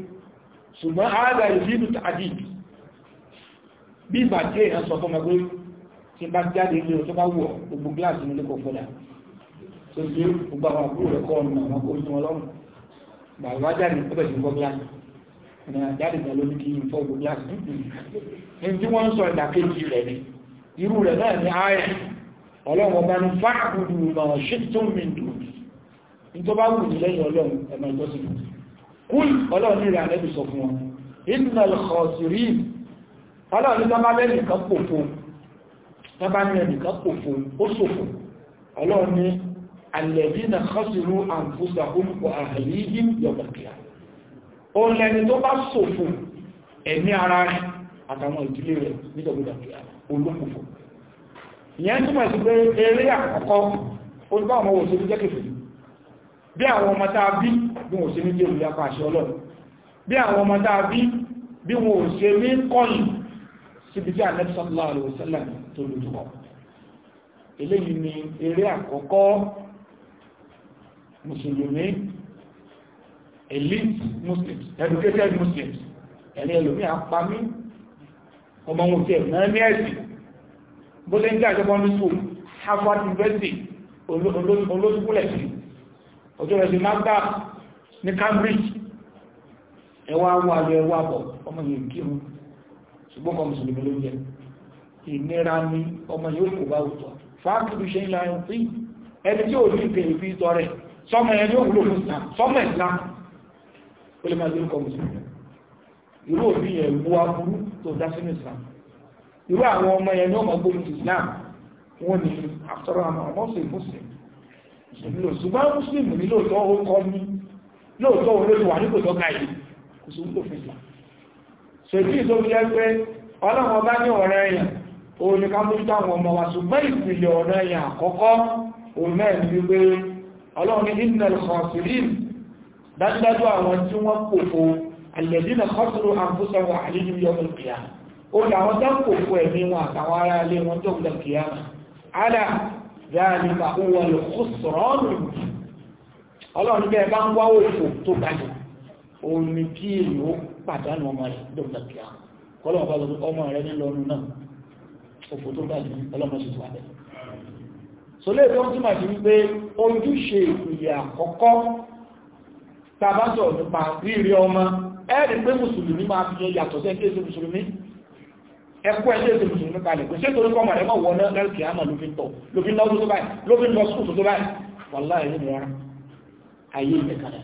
ṣùgbọ́n ààrẹ ìlú tàbí bí ìgbà tí èèyàn sọ fún ọgbẹ́ tí bá jáde ilé tó bá wọ̀ gbogbo gíláàsì nílé kò fọ́dà tó ṣe gbogbo àwọn àbúrò rẹ̀ kọ́ ọ̀nà àwọn kò yún ọlọ́run bàbá jáde ó bẹ̀ sí gbọ́ gíláàsì ọ̀nà jáde ìgbà ló ní kí n fọ́ gbogbo gíláàsì dúdú ní ni irú rẹ̀ náà ni kúl ọlọ́ọ̀ní rẹ̀ àlẹ́bì sọ fún wọn innal khasirin ọlọ́ọ̀ní tọ́bá lẹ́nìkan pòfo tọ́bá ní ẹnìkan pòfo ó ṣòfò ọlọ́ọ̀ní alladhina khasiru anfusahum wa ahlihim yọ̀bọ̀kìá ó lẹ́ni tó bá ṣòfò ẹ̀mí ara rẹ̀ àtàwọn ìdílé rẹ̀ nígbàgbọ́dàkìá olókùfò bí àwọn ọmọ tàà bí bí wọ́n ṣe ní jẹ́ ìlú apàṣẹ ọlọ́run bí àwọn ọmọ tàà bí bí wọ́n ṣe ní kọ́yìn síbi tí Ànábì sallallahu alaihi wasallam tó lójúkọ eléyìí ni eré àkọ́kọ́ mùsùlùmí elite muslims educated muslims ẹni ẹlòmí àpamí ọmọ wọn tẹ mẹ́rin ẹ̀sìn bó lè ń jẹ́ àjọpọ̀ ní school Harvard University olóṣùkúlẹ̀ sí ọjọ́ rẹ̀ sí magba ní Cambridge ẹwà wà lọ ẹwà bọ̀ ọmọ yìí kírun ṣùgbọ́n kan mùsùlùmí ló jẹ ìnira ni ọmọ yóò kò bá òtọ́ fáàkìlú ṣe ńlá ẹni tí ẹni tí ò ní ìpè ìfi ìtọ́ rẹ̀ sọmọ ẹni ò wúlò fún sọmọ ìlà ó lè máa lórí kan mùsùlùmí irú òbí yẹn wú aburú tó dá sínú Islam irú àwọn ọmọ yẹn ní ọmọ gbóhùn Islam wọn ni àtọrọ àmọ́ ọmọ sí Muslim mùsùlùmí lò ṣùgbọ́n mùsùlùmí ní lóòótọ́ ó kọ́ ní lóòótọ́ olóòtú wà nípò tó ga yìí kò sí wúlò fún ìgbà ṣètí tó fi jẹ́ pé ọlọ́run ọba ní ọ̀rẹ́ ẹ̀yàn òun ni ká mójú táwọn ọmọ wa ṣùgbọ́n ìpìlẹ̀ ọ̀rẹ́ ẹ̀yàn àkọ́kọ́ òun náà ní wípé ọlọ́run ní innal khasirin dáadìbà ó wà lọ kó sọ̀rọ̀ ọ̀nà ọlọ́run bẹ́ẹ̀ bá ń wá òfò tó gbàjọ òun ni kí èlò pàdánù ọmọ rẹ̀ lọ́gbà kí á kọ́lọ̀ bá lọ ọmọ rẹ̀ ní lọ́nu náà òfò tó gbàjọ ọlọ́mọ sì wà bẹ́ẹ̀ so tó ń túmọ̀ sí wípé ojúṣe ìpìlẹ̀ àkọ́kọ́ tá a bá sọ̀rọ̀ nípa rírí ọmọ ẹ̀rí mùsùlùmí máa fi yàtọ̀ sẹ́ńkéṣe mùsùlùmí ẹkọ́ ẹgbẹ́ ètò ìṣòro kalẹ̀ kò ṣètò orí kọmọ̀ ẹ̀mọ́ wọlé lẹ́lẹ́kì àmà ló fi tọ̀ ló fi náwó tó báyìí ló fi lọ sùkúù tó báyìí wàlá ẹ̀yẹ ni ara ayé ilẹ̀ kalẹ̀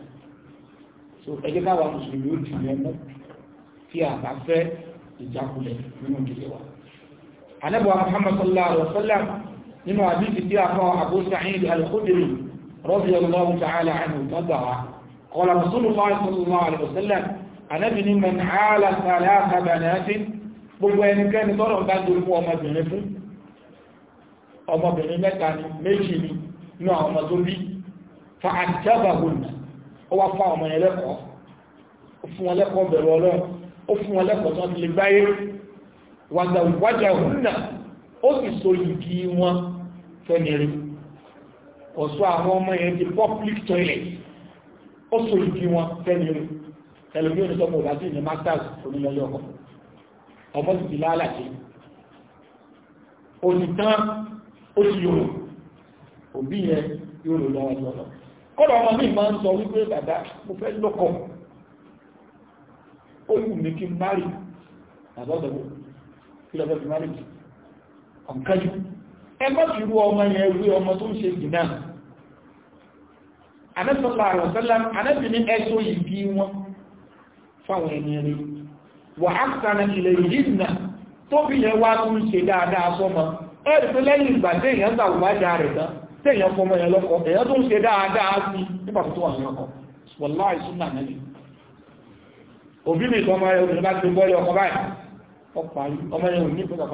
so ẹgbẹ́ káwa mùsùlùmí ó dìbò ẹmú tí a bá fẹ́ ìjákulẹ̀ nínú ìdílé wa anábọ̀ Muhammad sallallahu alaihi Wasallam sallam nínú àdìsí Abu Sa'id al-Khudri radiyallahu alaihi wa sallam anábì ni man ala gbogbo ẹnikẹ́ni tọ́rọ̀ bá dorí fún ọmọbìnrin fún ọmọbìnrin mẹ́ta ni méjì ni inú àwọn ọmọ tó bí fa àjábàgbò nà ó wá fún ọmọ yẹn lẹ́kọ̀ọ́ ó fún wọn lẹ́kọ̀ọ́ bẹ̀rù ọlọ́run ó fún wọn lẹ́kọ̀ọ́ tó ti lè gbáyé wàjàwájà húnà ó sì so yìí wọn fẹ́nìrí ọ̀sọ́ àwọn ọmọ yẹn di public toilet ó so yìí wọn fẹ́nìrí ẹlòmí onítọ́pọ̀ òdásí ní masters onílẹ̀ ọkọ̀ ọmọ sì ti lálàjé onìtán ó ti yòrò òbí yẹn yòrò lọ́wọ́ lọ́wọ́ kọ́lọ̀ ọmọ mi máa ń sọ wípé bàbá mo fẹ́ lọ́kọ̀ ó wù mí kí n márì bàbá ọ̀dọ̀gbọ̀ kí lọ́fẹ́ fi márì ọ̀nkájú ẹ má fi rú ọmọ yẹn wí ọmọ tó ń ṣe jìnnà anẹ́sọ̀lá àrọ̀sẹ́lá anẹ́bìnrin ẹ̀ṣọ́ yìí bí wọn fáwọn ẹni rí wàhásánà ilẹ̀ yìí nà tó fi yẹn wá tún ṣe dáadáa sọ́mọ ẹ̀rì tó lẹ́yìn ìgbà tí èèyàn gbà wà dáa rẹ̀ tán tí èèyàn fọmọ yẹn lọ́kọ èèyàn tó ń ṣe dáadáa sí nígbà tó wà ní ọkọ wọláì súnà nẹ́lì òbí mi sọmọ ẹ obìnrin bá ti bọ́ọ̀lì ọkọ báyìí ọkọ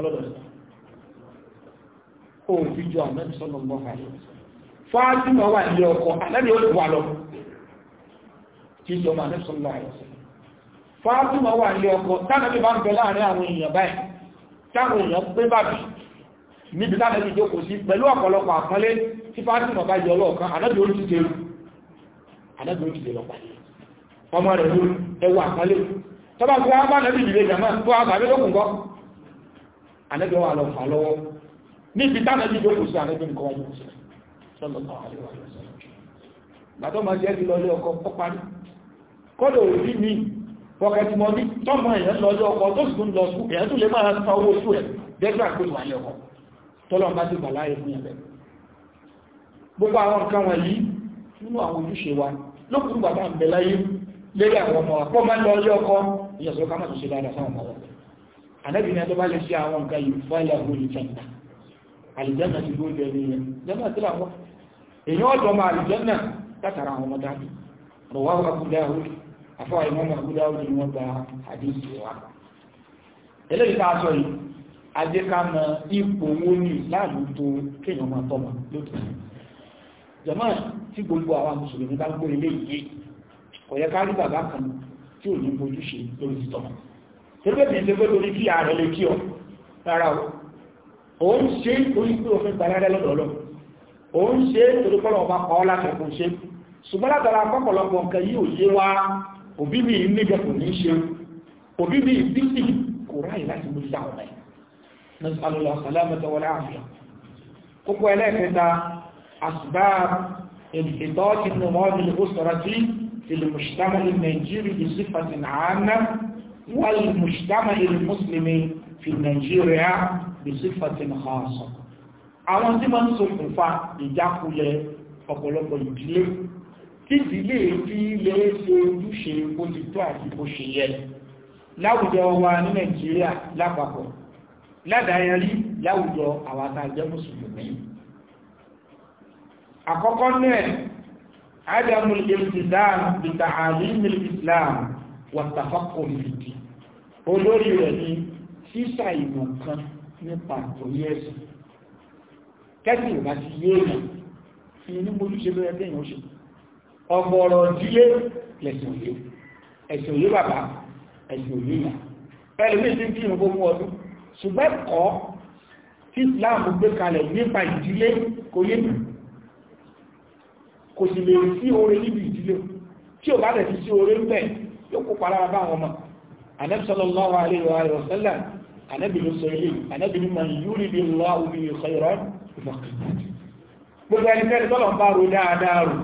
ayé fáátùmá wà ní ọkọ̀ tánàbí bá ń bẹ láàrin àwọn èèyàn báyìí táwọn èèyàn pé bàbí níbi tánàbí jókòó sí pẹ̀lú ọ̀pọ̀lọpọ̀ àpọ́nlé tí fáátùmá bá yọ lọ́ọ̀kan ànábì ó ti dèrú ànábì ó ti dèrú pàdé ọmọ rẹ̀ ló ẹwà àpọ́nlé tọ́bá tó wá bá nàbí ìdílé jàmá tó wá bàbí lókùn kọ́ ànábì wà lọ fà lọ́wọ́ níbi tánàbí jókòó sí ànábì nǹkan ọmọ sọ́lọ́tọ̀ àríwá gbàtọ́ máa jẹ́ ti lọ lé ọkọ̀ kọ́parí kọ́dọ̀ òbí pocket money tọ́mọ èèyàn lọ ilé ọkọ̀ tó sì tún lọ sùn èèyàn tún lè máa san owó oṣù ẹ̀ dẹ́gbà pé wà ní ọkọ̀ tọ́lọ́n bá ti gbà láàyè fún ẹ̀bẹ̀ gbogbo àwọn nǹkan wọn yìí nínú àwọn ojúṣe wa lókùn gbà bá ń bẹ láyé lérí àwọn ọmọ wa pọ́ máa lọ ọkọ̀ ìyẹn ni ẹjọ́ bá lè ṣe àwọn nǹkan yìí fún ilẹ̀ òun ìjẹta àlìjẹ́nà ti gbó jẹ nìyẹn jẹ́nà sí afọ́ ìmọ́mọ̀ àbúdá òjò wọn gba àdíṣì wa eléyìí ká sọ yìí ajé ká mọ ipò owó ní ìsìláàmù tó kéèyàn máa tọ́mọ lótú jọmọ́ tí gbogbo àwọn mùsùlùmí bá gbọ́ eléyìí kò yẹ ká rí bàbá kan tí ò ní bojú ṣe lórí títọ́ tẹ́lẹ̀ tí ń ṣe pé lórí kí ààrẹ lè kí ọ rárá o òun ṣe orí pé òfin gbalẹ́ lọ́dọọlọ́ òun ṣe torí pọ́lọ̀ ọba kọ́ láti ẹ̀kọ́ ṣe ṣùgbọ́n látara pọ́pọ̀lọpọ̀ nǹkan yìí ò yé wa òbí mi níbẹ̀ kò ní ṣe òbí mi bíbí kò ráyè láti mú sáà ọ̀la yìí nasalula salamata wala afiya kókó ẹlẹ́ẹ̀kẹta asbab انحطاط بصفة عامة والمجتمع المسلم في نيجيريا بصفة خاصة àwọn tí wọ́n ṣokùnfà ìjákulẹ̀ ọ̀pọ̀lọpọ̀ ìdílé tí ìdílé fi lè ṣe ojúṣe bó ti tó àti bó ṣe yẹ láwùjọ wa ní nàìjíríà lápapọ̀ ládàáyẹrí láwùjọ àwọn àtàjẹ́ mùsùlùmí àkọ́kọ́ náà adamu al-iltizam bi ta'alim al-islam wa tafaqquh fi olórí rẹ̀ ni sísà ìmọ̀ kan nípa àtòyí ẹ̀sìn kẹ́sì ìbá ti yé èèyàn fi ní mo ṣe lóyẹ tẹ́yìn ó ṣe ọgbọ̀rọ̀ dílé lẹ̀sùn òye ẹ̀sùn òye bàbá ẹ̀sùn òye ìyà pẹ̀lú ní ti ń kírun gbogbo ọdún ṣùgbọ́n ẹ̀kọ́ tí Islam gbé kalẹ̀ nípa ìdílé kò yé mi kò sì lè sí oore níbi ìdílé tí ò bá lè fi sí oore ń bẹ̀ yóò kó palára bá àwọn ọmọ Ànábì sallallahu alaihi wa ilé Ànábì ní man yuridu Allahu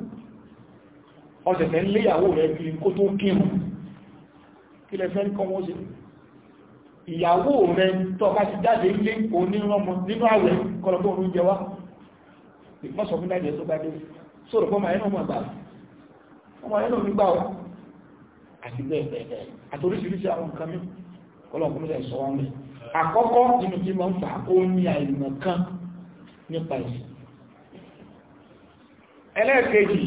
ọ̀sẹ̀sẹ̀ ń léyàwó rẹ̀ bí kó tó kírun kí lẹ fẹ́ kọ́ wọ́n ṣe ìyàwó rẹ̀ tó bá ti jáde ilé onírànmọ́ nínú àwẹ̀ kọlọ̀kọ́ orun jẹ wá ìfọ́sọ̀ fún láìjẹ́ tó bá dé sóòrò pọ́ màá ẹnà gbà ọmọ ẹnà mi gbà wá àti bẹ́ẹ̀ bẹ́ẹ̀ àti oríṣiríṣi àwọn nǹkan mi kọlọ̀kọ́ mi lẹ̀ sọ wọn lẹ̀ àkọ́kọ́ nínú tí máa ń fà ó ní àìmọ̀ kan nípa ìsìn ẹlẹ́ẹ̀kejì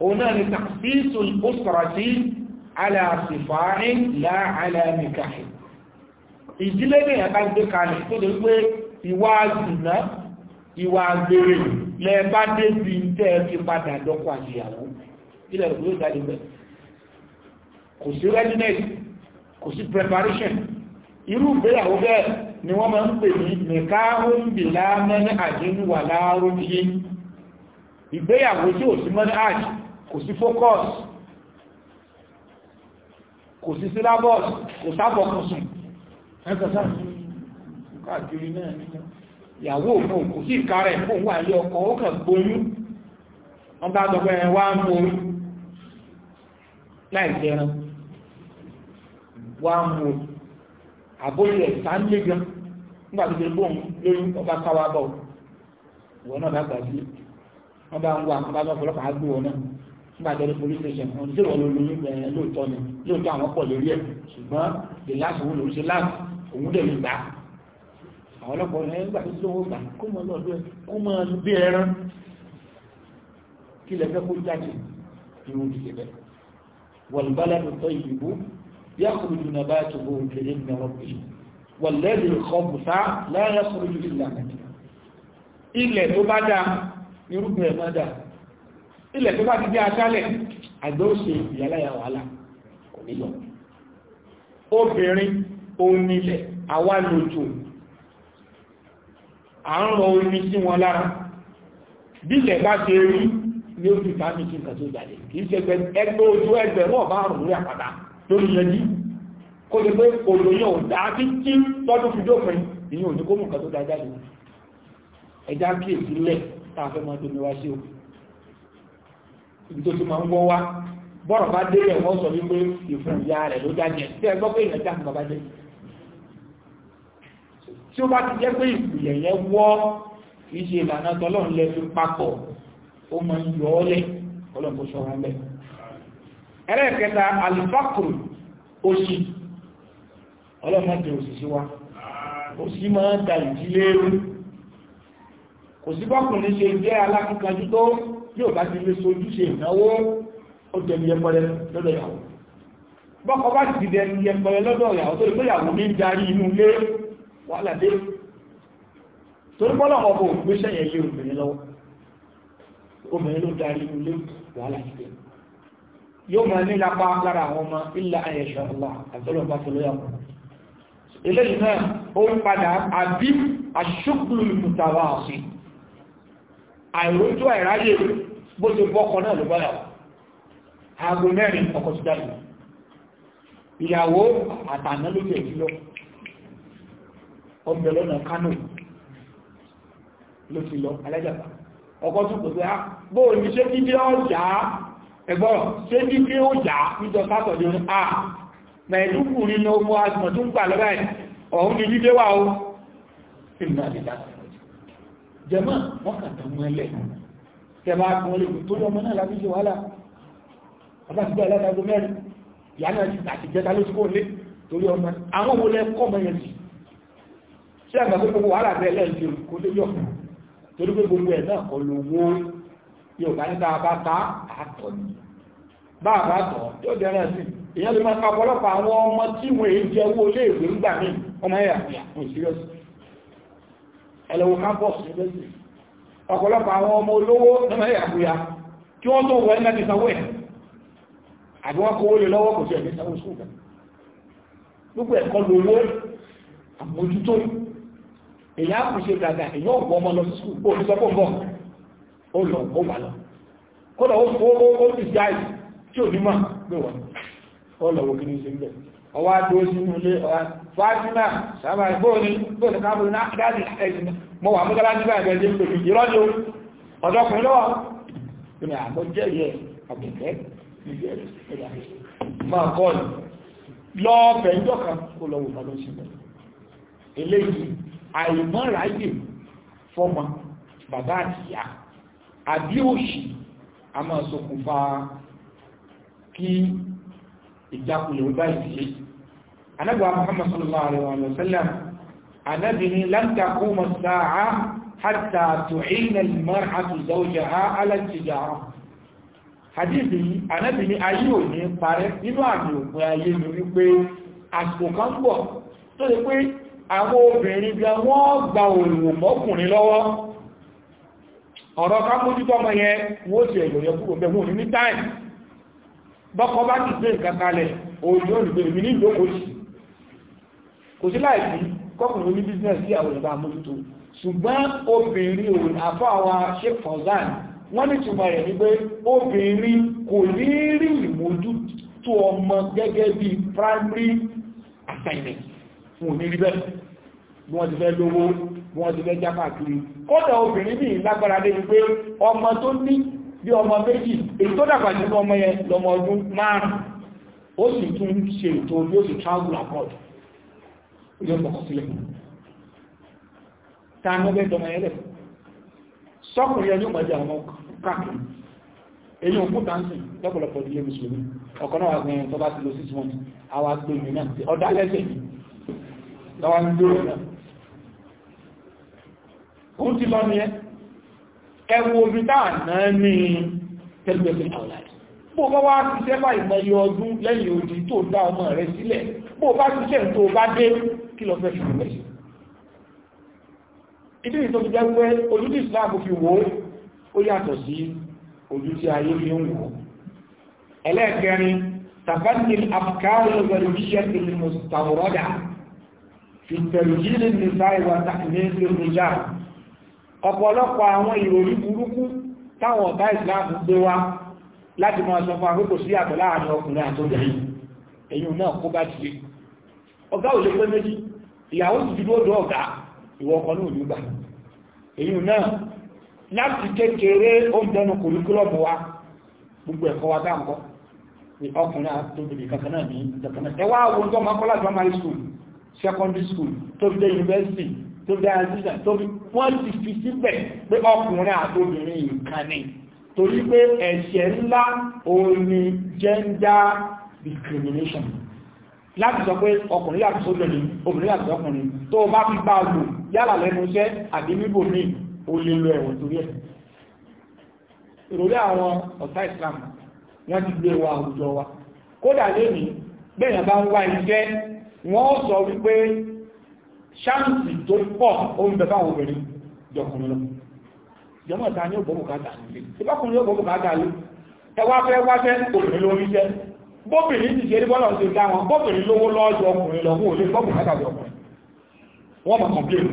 òun náà ni tàbísù òsùrọ̀tí aláàsìfàárín láàálàmìkàhì ìdílé ní ẹ̀bá gbé tó lè pé ìwà àzìnà ìwà débi tẹ́ fi padà dọ́kọ̀ àjíyàwó ilẹ̀ ìgbé ìdájú kò sí readiness kò sí preparation irú ìgbéyàwó bẹ́ẹ̀ ni wọ́n máa ń pè ní nìkáhùn bìlá mẹ́rin kò sí focus kò sí syllabus kò sábọ̀kùnsùn ẹgbẹ̀sán káàkiri náà nígbà ìyàwó òun kò sí ìkárẹ̀ fún wà ilé ọkọ̀ ó kàn gbóyún wọ́n bá sọ pé ẹ̀ wá ń mú láì jẹran wá ń mú àbórí ẹ̀ gan nígbà ṣe gbóhùn lóyún ọba káwá wọ́n náà bá gbà wọ́n bá ń wà wọ́n bá fọlọ́pàá gbó náà gbàdọ̀rẹ̀ police station wọn tí wọ́n lórí ẹ̀ lóòótọ́ ni lóòótọ́ àwọn pọ̀ lórí ẹ̀ ṣùgbọ́n the last one lórí ṣe last òun dẹ̀ ló gbà àwọn ọlọ́pàá ọ̀rẹ́ ẹgbà tó lówó gbà kó mọ lọ́dọ̀ ẹ̀ kó mọ ilẹ̀ tó bá ti dé aṣálẹ̀ àgbẹ̀ ó ṣe ìyàláyà wàhálà kò nílọ obìnrin onílẹ̀ àwa lójò à ń rọ omi sí wọn lára bí ilẹ̀ bá ṣe rí ní ó fi tàbí kí nǹkan tó jáde kì í ṣe ẹgbẹ́ ojú ẹgbẹ́ wọ́n bá rùn lórí àpáta lórí yẹjí kí èsì lẹ̀ fẹ́ máa tó ní sí òkú ibi tó ti máa ń wọ́ wá bọ́rọ̀ bá dé ẹ̀ wọ́n sọ wípé ìfún ìyá rẹ̀ ló já jẹ tí ẹ gbọ́ pé ìyẹn já fún bàbá jẹ tí ó bá ti jẹ́ pé ìpìlẹ̀ yẹn wọ́ kì í ṣe ìlànà tọ́lọ́run lẹ fi papọ̀ ó máa ń yọ ọ́ lẹ̀ ọlọ́run kò ṣọ́ra lẹ̀ ẹlẹ́ẹ̀kẹta alifakuru òṣì ọlọ́run máa jẹ òṣìṣẹ́ wa òṣì máa ń da ìdílé rú kò sí bọ́kùnrin ṣe jẹ́ alákùnkanjú tó yóò bá ti lè sojúṣe ìnáwó ó jẹni yẹpẹrẹ lọ́dọ̀ ìyàwó bọ́kọ bá ti dẹni yẹpẹrẹ lọ́dọ̀ ìyàwó tó ìgbéyàwó ní darí inú ilé wàhálà dé torí ọkọ̀ ògbéṣẹ́ yẹn obìnrin lọ́wọ́ ilé wàhálà ó ń padà àbí aṣọ́kùnrin mùtàwá ọ̀sìn àìrójú àìráyè bó ṣe bọ́kọ náà ló báyàwó aago mẹ́rin ọkọ ti dájú ìyàwó àtàná ló tẹ̀ sí lọ ọmọ ẹlọ́nà kánò ló ti lọ alájàbá ọkọ tún kò sí á bóò ní ṣé kí dé ọjà ẹgbọ́n ṣé kí dé ọjà níjọ sátọ̀dé a ah, mẹ̀ẹ́dúkùnrin ní ọmọ asùnmọ̀ tún gbà lọ́bàá ọ̀hún ni dídé wà ó ìrìnàjò jẹmọ́ wọ́n kà tán mọ́lẹ̀ tẹbà kan lè tó lọ́mọ náà láti ṣe wàhálà bàbá ti bẹ́ẹ̀ látago mẹ́rin ìyá náà ti àti jẹta ló ti kó lé torí ọmọ àwọn wo lẹ kọ́ mọ́ yẹn sí ṣé àgbà pé gbogbo wàhálà bẹ́ẹ̀ lẹ́yìn kó lé yọ̀ torí pé gbogbo ẹ̀ náà kọ lówó yóò bá ní ta bá ta àtọ̀ ni bá a bá tọ̀ yóò dẹ́rẹ́ sí i èyàn máa ka ọ̀pọ̀lọpọ̀ àwọn ọmọ tí wọ́n èyí jẹ́ owó ilé ìwé ń gbà mí ọmọ ẹ̀yà fún ẹlẹ́wọ̀n campus university ọ̀pọ̀lọpọ̀ àwọn ọmọ olówó lọ́mọdé àkúyà kí wọ́n tó wọ ẹ̀ náà ti sanwó ẹ̀ àbí wọ́n kó lè lọ́wọ́ kò sí ẹ̀mí sanwó sùn kan gbogbo ẹ̀kọ́ lówó àmójútó èyí á kù ṣe gàgà èyí ò gbọ́ ọmọ lọ sí sùn òní sọ fún bọ́ ó lọ ó wà lọ kódà ó fún ó já ì tí ò ní mà gbé wọn ó lọ wọ kí ni Fátímà sábà ìgbóòní gbóòní káàbùrù náà dáàdì ẹ̀sìn mọ́ wà mọ́gá láti bá ẹgbẹ̀rẹ̀ jẹ́ pẹ̀lú ìrọ́jò ọ̀dọ́kùnrin lọ́wọ́ ìrìn àgbọ́jẹ́ yẹ àgbẹ̀kẹ́ máa kọ́ ni lọ́ọ̀bẹ̀ ìjọ kan kó lọ wò bá lọ́sí mẹ́ eléyìí àìmọ́ráyè fọ́mọ bàbá àtìyà àbí òṣì a máa ṣokùnfà kí ìjákulẹ̀ ó bá ìdílé anábìwá muhammad sallallahu alaihi wa sallam anábì ní lan taquma as-sa'ah hatta tu'ina al-mar'atu zawjaha 'ala al-tijara hadithi anábì ní ayé ò ní parẹ́ nínú àmì òpin ayé mi wípé àsìkò kan bọ̀ tó lè pé àwọn obìnrin bí wọ́n gba òrùn mọ́kùnrin lọ́wọ́ ọ̀rọ̀ ká mójútọ́ ọmọ yẹn wọ́n ti yẹ kúrò bẹ̀ wọ́n ní táìmù bọ́kọ bá ti gbé nǹkan òjò olùgbé mi ní kò sí láì sí kọkùnrin ní business sí àwọn ìbá mójútó ṣùgbọ́n obìnrin ò àfọ́ àwọn ṣe fọ̀zán wọ́n ní túnmọ̀ rẹ̀ wípé obìnrin kò ní rí ìmójútó ọmọ gẹ́gẹ́ bí primary assignment fún onírí bẹ́ẹ̀ bí wọ́n ti fẹ́ lówó bí wọ́n ti fẹ́ jápà kiri kódà obìnrin ní lágbára dé wípé ọmọ tó ní bí ọmọ méjì èyí tó dàgbà nínú ọmọ yẹn lọmọ ọdún márùn-ún ó sì tún ṣe ètò bí ó sì travel abroad yóò fọkọ sílẹ̀ ta ni wọ́n bẹ́ dọmọ ẹlẹ̀ sọ́kùnrin ẹni ọmọdé àwọn káàkiri èyí òkú dáńsì lọ́pọ̀lọpọ̀ ilé mùsùlùmí ọ̀kan náà wà ní ẹni tó bá ti lo six months àwọn agbó ìlú náà ti ọ̀dá lẹ́sẹ̀ yìí lọ́wọ́ ń dúró náà ó ti lọ ní ẹ ẹwọ omi táà náà ní tẹ́lẹ̀mẹ́lẹ́ àwọ̀lá bó bá wá ṣiṣẹ́ báyìí mọ iye ọdún lẹ́yìn odi tó dá ọmọ rẹ̀ sílẹ̀ bó bá ṣiṣẹ́ tó bá dé kí lọ fẹ́ fi rẹ̀ ṣe ìdí ìtọ́ ti jẹ́ pé ojú tí Islam fi wò ó yàtọ̀ sí ojú tí ayé fi ń wò ẹlẹ́ẹ̀kẹrin tàbátì afkari ọgbẹ̀rẹ̀ ìmọ̀sàwọ̀rọ̀dà fi tẹ̀lùjílì nìta ìwà tàbílẹ̀ ìjà ọ̀pọ̀lọpọ̀ àwọn ìròrí burúkú táwọn ọ̀tá Islam gbé wá láti máa sọ fún sí àtọ̀ láàrin ọkùnrin àtọ́jẹ́ èyí náà kó bá ti ọgá òṣèpẹ́ méjì ìyàwó ti dúró dọ́ ọ̀gá ìwọ ọkọ náà nígbà èyí náà láti kékeré oúnjẹnu kòríkúlọ̀mù wa gbogbo ẹ̀kọ́ wa dáǹkọ́ ọkùnrin àtòbìnrin kankan náà ní ìjọkaná ẹwà àwọn tó máa kọ́lá primary school secondary school tó fi dé university tó fi dé àìsíṣàn tó fi wọ́n ti fi síbẹ̀ pé ọkùnrin àtòbìnrin nǹkan ni torí pé ẹ̀ṣẹ̀ ńlá òun ni gender discrimination láti sọ pé ọkùnrin yàtọ̀ sóbìnrin obìnrin yàtọ̀ ọkùnrin tó bá fi bá lò yálà lẹ́nu iṣẹ́ àti níbò ní o lè lo ẹ̀wọ̀n torí ẹ̀ ìròlé àwọn ọ̀tá Islam wọ́n ti gbé wa àwùjọ wa kódà lẹ́ni bẹ́yàn bá ń wá iṣẹ́ wọ́n sọ wípé ṣáǹsì tó pọ̀ ó ń bẹ fáwọn obìnrin jọkùnrin lọ jọmọ̀ ta ní òbọ̀bùkátà lé ẹwà fẹ́ wáṣẹ́ obìnrin lórí bóbìnrin ti ṣe ríbọ́lọ̀ ti dá wọn bóbìnrin lówó lọ́jọ́ ọkùnrin lọ́wọ́ olè gbọ́bù látàrí ọkùnrin wọ́n ma kọ̀m̀plẹ̀mù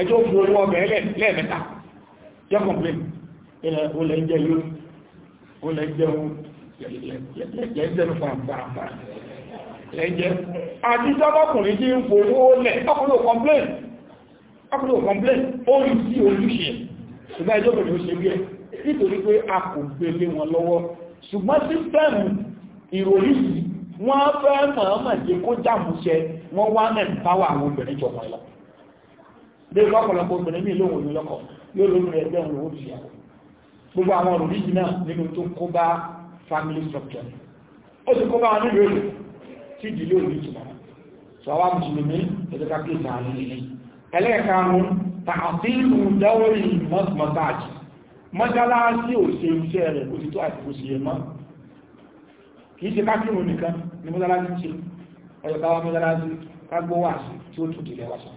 ẹjọ́ fún orí wọn lẹ́ẹ̀mẹ́ta jẹ́ kọ̀m̀plẹ̀mù ilẹ̀ olè jẹ́ yóò olè jẹ́ ohun lẹ́jẹ́ sí ojúṣe ìròyìn yìí wọ́n fẹ́ mọ̀ọ́mọ̀ jẹ́ kó jàmúṣẹ wọ́n wá mẹ́rin báwà àwọn obìnrin jọ wọn lọ lè lọ́pọ̀lọpọ̀ obìnrin mi lóhun ní lọ́kọ̀ yóò lóhun rẹ̀ bẹ́ẹ̀ lówó ti yàwó gbogbo àwọn ìròyìn yìí náà nínú tó kó bá family structure ó ti kó bá wọn nílò èlò tí ìdílé òní ìtumọ̀ sọ àwọn mùsùlùmí ẹ̀dẹ́ká pé ìtààrí ẹlẹ́ẹ̀karùn-ún tààbílù dáwọ́rì mọ́tàjì mọ́tàlá sí òṣèlú iṣẹ́ rẹ̀ kò àti kò sí kìí ṣe kákìrún nìkan ní mọ́sálásí ń ṣe ọ̀yọ̀ káwà mọ́sálásí kágbó wà sí tí ó tún tilẹ̀ wà sọ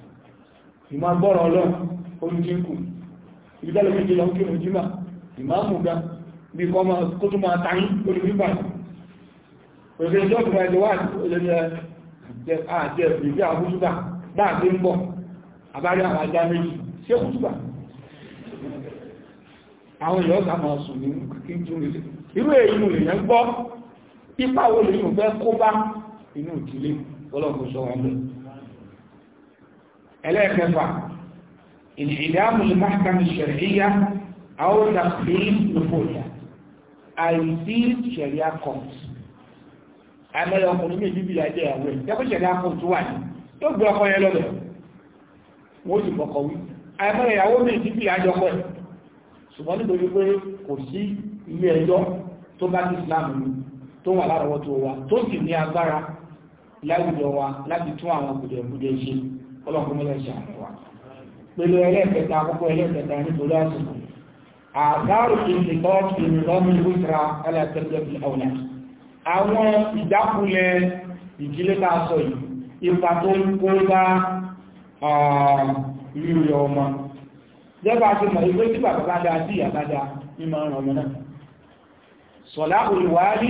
ìmọ̀ gbọ́rọ̀ ọlọ́run olùdínkù ìdílẹ̀ méjì lọ kírun jímà ìmáàmù ga bí kọ́ máa kó tó máa tayín olùdínkù òṣèré ìjọba ìwà ìjọba àti ẹ̀bùn ìgbé àbúṣúgbà bá àti ń bọ̀ àbárí àwọn ajá méjì sí òkúṣúgbà àwọn ìyọ́ ipa wo lè yùn fẹ́ kó bá inú ìdílé ọlọ́run sọ wọn lọ ẹlẹ́ẹ̀kẹfà ìdílámùlù mákàmì ṣẹ̀ríyá àwọn ìdàkùnlé lófòyà àìsí ṣẹ̀ríyá court àmẹ́lẹ̀ ọkùnrin méjì bí ìyá jẹ́ ìyàwó ẹ̀ jẹ́kọ́ ṣẹ̀ríyá court wà ní tó gbé ọkọ yẹn lọ́dọ̀ wọ́n sì kọ́kọ́ wí àmẹ́lẹ̀ ìyàwó méjì bí ìyá jọkọ́ ẹ̀ ṣùgbọ́n nítorí pé kò sí ilé ẹjọ́ tó bá ní Islam ní tó wà lárọ̀wọ́tó wa tó sì ní agbára láwùjọ wa láti tún àwọn kùdẹ̀kùdẹ̀ ṣe ọlọ́kùnmọ́lẹ̀ ṣàfihàn pẹ̀lú ẹlẹ́ẹ̀kẹta àkọ́kọ́ ẹlẹ́ẹ̀kẹta nítorí àsìkò àgbárò ìlẹ̀kọ́ ìrìnlọ́mí wítra alátẹ́lẹ́bí ọ̀nà àwọn ìdákulẹ̀ ìdílé ta sọ yìí ipa tó ń kó bá rírí ọmọ lẹ́bà ti mọ̀ ìgbé tí bàbá dáadáa sí ìyà dáadáa ní máa náà sọ̀lá olùwárí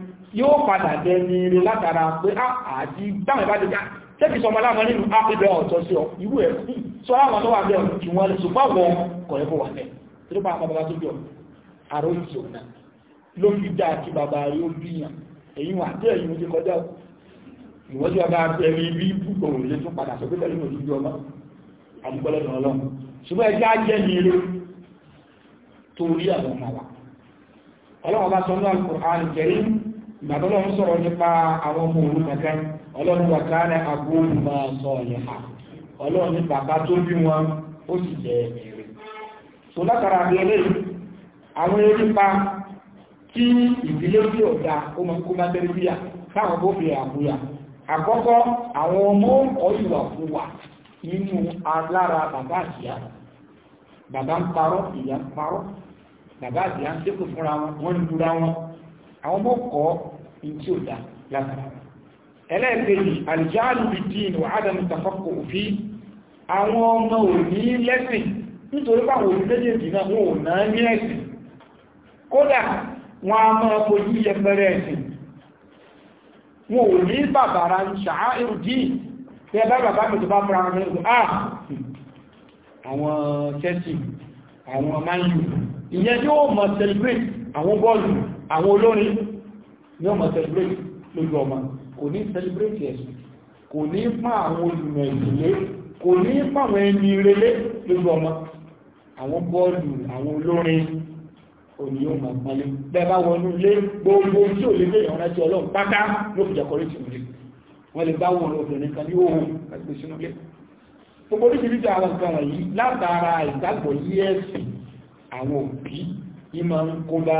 yóò padà jẹ ní ilé látara pé ah, àti dáwọn ìbá dẹjá tẹ́kì sọmọ aláàmọ́ nínú ápẹ́bẹ̀ ah, ọ̀tọ́ sí ọ ìwú ẹ̀ sọ aláàmọ́ tó wà bẹ́ ọ̀rọ̀ jù wọ́n lè ṣùgbọ́n wọn kọ̀ ẹ̀kọ́ wà bẹ́ tí ó bá bàbá tó bíọ̀ àróyìnṣò náà ló fi dá kí bàbá rí ó bíyàn èyí wà tí ẹ̀yìn ti kọjá ìwọ́n tí ẹ̀rí bí púpọ̀ lè tún padà sọ pé pẹ̀lú òjijì ọlọ́run gbàtọ́lọ́ ń sọ̀rọ̀ nípa àwọn ọmọ òun kankan ọlọ́run wà káàrẹ agbóhùn bá sọ ìhà ọlọ́run ní bàbá tó bí wọn ó sì jẹ èrè so látara pa ìdílé tí ó kó máa káwọn bó fi àkọ́kọ́ àwọn ọmọ ọ̀yùwà fún wa nínú alára bàbá bàbá àwọn ọmọ kọ́ in tí ó dá látara ẹlẹ́ẹ̀kejì àlìjáàlù bí dín wà ádàm ìtàfọ́kù òfin àwọn ọmọ ò ní lẹ́sìn nítorí pàwọn òní méjèèjì náà wọn ò náà ní ẹ̀sìn kódà wọn a máa fojú yẹpẹrẹ ẹ̀sìn wọn ò ní bàbára ń ṣàá irú dín tí ẹ bá bàbá mi tó bá múra wọn lẹ́sìn ah àwọn chelsea àwọn man ìyẹn yóò mọ̀ celebrate àwọn bọ́ọ̀lù àwọn olórin ní ọmọ celebrate lójú ọmọ kò ní celebrate ẹ̀sùn kò ní fún àwọn olùmọ̀ ìdílé kò ní fún àwọn ẹni relé lójú ọmọ àwọn bọ́ọ̀lù àwọn olórin òníyàn máa pálé bẹ́ẹ̀bá wọnú ilé gbogbo tí ò lè lè ọ̀rẹ́ tí ọlọ́run pátá ló fi jẹ́kọ̀ọ́ létí ìwé wọ́n lè bá wọn kan ní òun àgbè sínú ilé gbogbo oríṣiríṣi àwọn nǹkan wọ̀nyí látara ìgbàgbọ́ yí àwọn òbí ìmọ̀ ń kó bá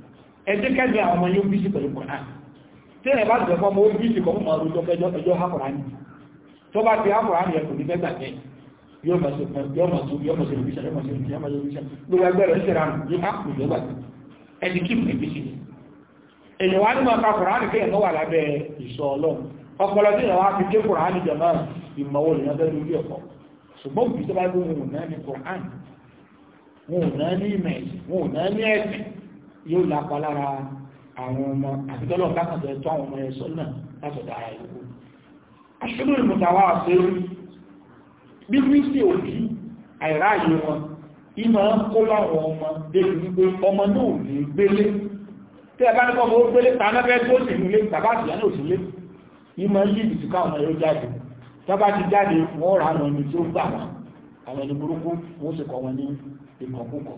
ẹjẹ́ kẹ́jọ àwọn ọmọ yóò bíṣì pẹ̀lú kọ̀rán tí ẹ̀ bá jẹ́ fọ́mọ ó bíṣì kọ́ mọ̀ ọdún ọjọ́ ẹjọ́ hapùrán ní tó bá ti hapùrán ní ẹkùn ní fẹ́ gbàgbẹ́ yóò mọ̀ sí yóò mọ̀ sí yóò mọ̀ sí ìrìnṣẹ́ yóò mọ̀ sí ìrìnṣẹ́ gbogbo ẹgbẹ́rẹ̀ ṣe ra ní hapù yóò gbàgbẹ́ ẹni kí mú ìbíṣì èèyàn wá ní mọ̀ ká kùrán kí ẹ̀nà wà lábẹ́ ìṣọ́ ọlọ́run ọpọlọ tí ìyàwó ṣùgbọ́n òbí tó bá gbé náà ní kùrán wọn náà ní ìmẹ̀ wọn náà ní ẹ̀sìn yóò lápa lára àwọn ọmọ àbítọ́lọ̀ kákàtọ̀ ẹ̀tọ́ àwọn ọmọ ẹ̀sọ́ náà látọ̀dá ara ìlú aṣọ́lù ìmọ̀tàwà àṣẹ́rú bí kristi òbí àìráàyè wọn ìmọ̀ kó láwọn ọmọ débi wípé ọmọ náà ò gbélé tí ẹ bá ní kọ́mọ gbélé tàná tó sì nílé bàbá àtìyá náà sì lé yí ìbìtì káwọn ẹ̀rọ jáde tọ́ba ti jáde wọ́n rà àwọn ẹni tó gbà wọn àwọn ẹni burúkú wọ́n sì kọ́ wọn ní ìmọ̀kúkọ̀ọ́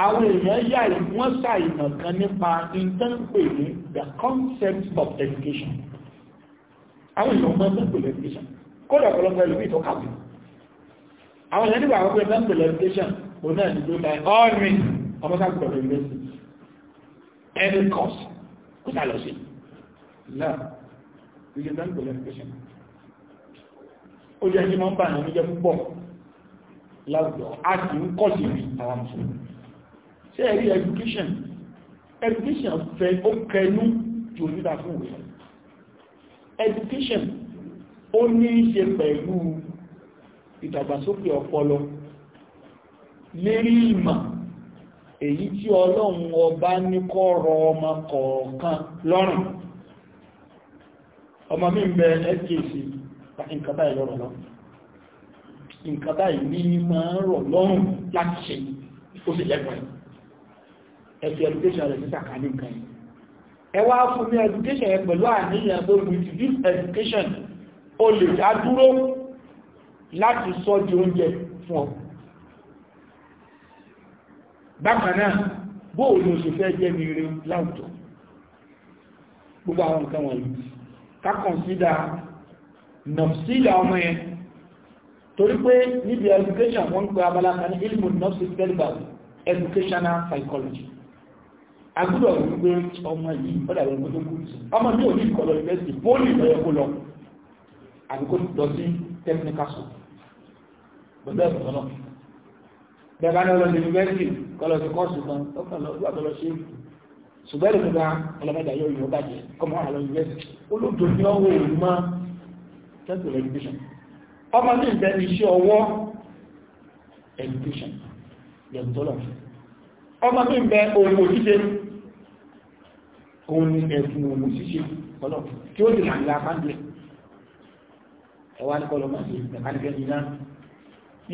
àwọn èèyàn yà wọ́n ṣàìmọ̀ kan nípa ìtànpè ní the concept of education àwọn èèyàn mọ́ ìtànpè ní education kódà ọ̀pọ̀lọpọ̀ ẹlòmí ìtọ́kàwé àwọn èèyàn nígbà àwọn ìtànpè ní education òun náà nígbó by all means ọmọ sáà gbọdọ̀ university every course kó sá lọ sí náà education ó jẹ́ ẹni mọ́ ń bá àwọn oníjẹ́ púpọ̀ láwùjọ a sì ń kọ́ sí àwọn ṣe ẹ̀rí education education fẹ́ ó kẹnu jù nígbà fún ìwé education ó ní í ṣe pẹ̀lú ìdàgbàsókè ọpọlọ lérí ìmọ̀ èyí tí ọlọ́run ọba ní kọ́ rọ ọmọ kọ̀ọ̀kan lọ́rùn ọmọ mi ń bẹ fkc nǹkan báyìí lọ́rọ̀ lọ nǹkan báyìí ní máa ń rọ̀ lọ́rùn láti ṣe ó sì lẹ́gbẹ̀ẹ́ ẹ̀fì education rẹ̀ títà kà ní nǹkan yìí fún ní education yẹn pẹ̀lú àníyàn pé with this education o lè dá dúró láti sọ di oúnjẹ fún ọ bákan náà bóò ni o ṣe fẹ́ jẹ́ ní ire láwùjọ gbogbo àwọn nǹkan wọ̀nyí ká kọ̀nsídà nọ̀sílẹ̀ ọmọ yẹn torí pé níbi education wọ́n ń pe abala kan ní ilmu nọ́ọ̀sì tẹ́lifà educational psychology agbúrò wípé ọmọ yìí ọ̀dà rẹ̀ mọ́tò kú ọmọ mi ò ní ìkọlọ yunifásitì pólì lọ́yẹ̀ kó lọ àbí kó lọ sí technical school bẹ̀rẹ̀ ẹ̀sọ̀ náà bẹ̀rẹ̀ bá ní ọlọ́dún yunifásitì kọlọ sí kọ́ọ̀sì kan ọkọ̀ lọ sí àtọ́lọ sí ṣùgbọ́n ẹ̀rọ gbogbo ọlọ́mọdé yóò yọ bàjẹ́ kọmọ àlọ́ yunifásitì olóògbé ní ọwọ́ òun mọ́ technical education ọmọ ní ìfẹ́ ní iṣẹ́ ọwọ́ education yẹn tọ́lọ̀ ọmọ mi ń bẹ òun òjíṣẹ́ òun ni ẹ̀sùn òun ṣíṣe kọlọ̀ tí ó lè máa nílá pàdé ẹwà ní kọlọ̀ máa ṣe mẹkáníkẹ́ ní náà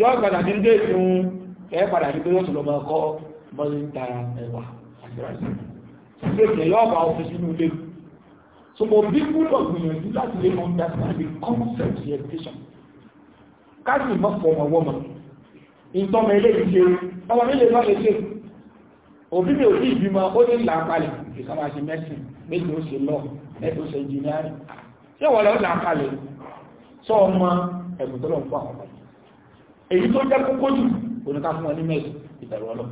yọ́ padà ní dé ìfún ẹ padà ní pé yóò tún lọ máa kọ́ bọ́lí ń ta ẹ̀wà àti ráìsì ṣe kẹ̀ yọ́ bá ọ̀fẹ́ sínú ilé so mo bí gbúdọ̀ gbìyànjú láti lè understand the concept of education káàkiri mọ́ fọmọ wọ́mọ ìtọ́mọ ilé ìṣe ọmọ mi lè má ìkàmà ṣe mẹ́sìn méjì ó ṣe lọ méjì ó ṣe engineering ṣé wọ́n lọ là kalẹ̀ sọ ọmọ ẹ̀bùn tó lọ fún àwọn ọmọ èyí tó jẹ́ kókó jù oníkà fún wọn ní mẹ́sìn ìbẹ̀rù ọlọ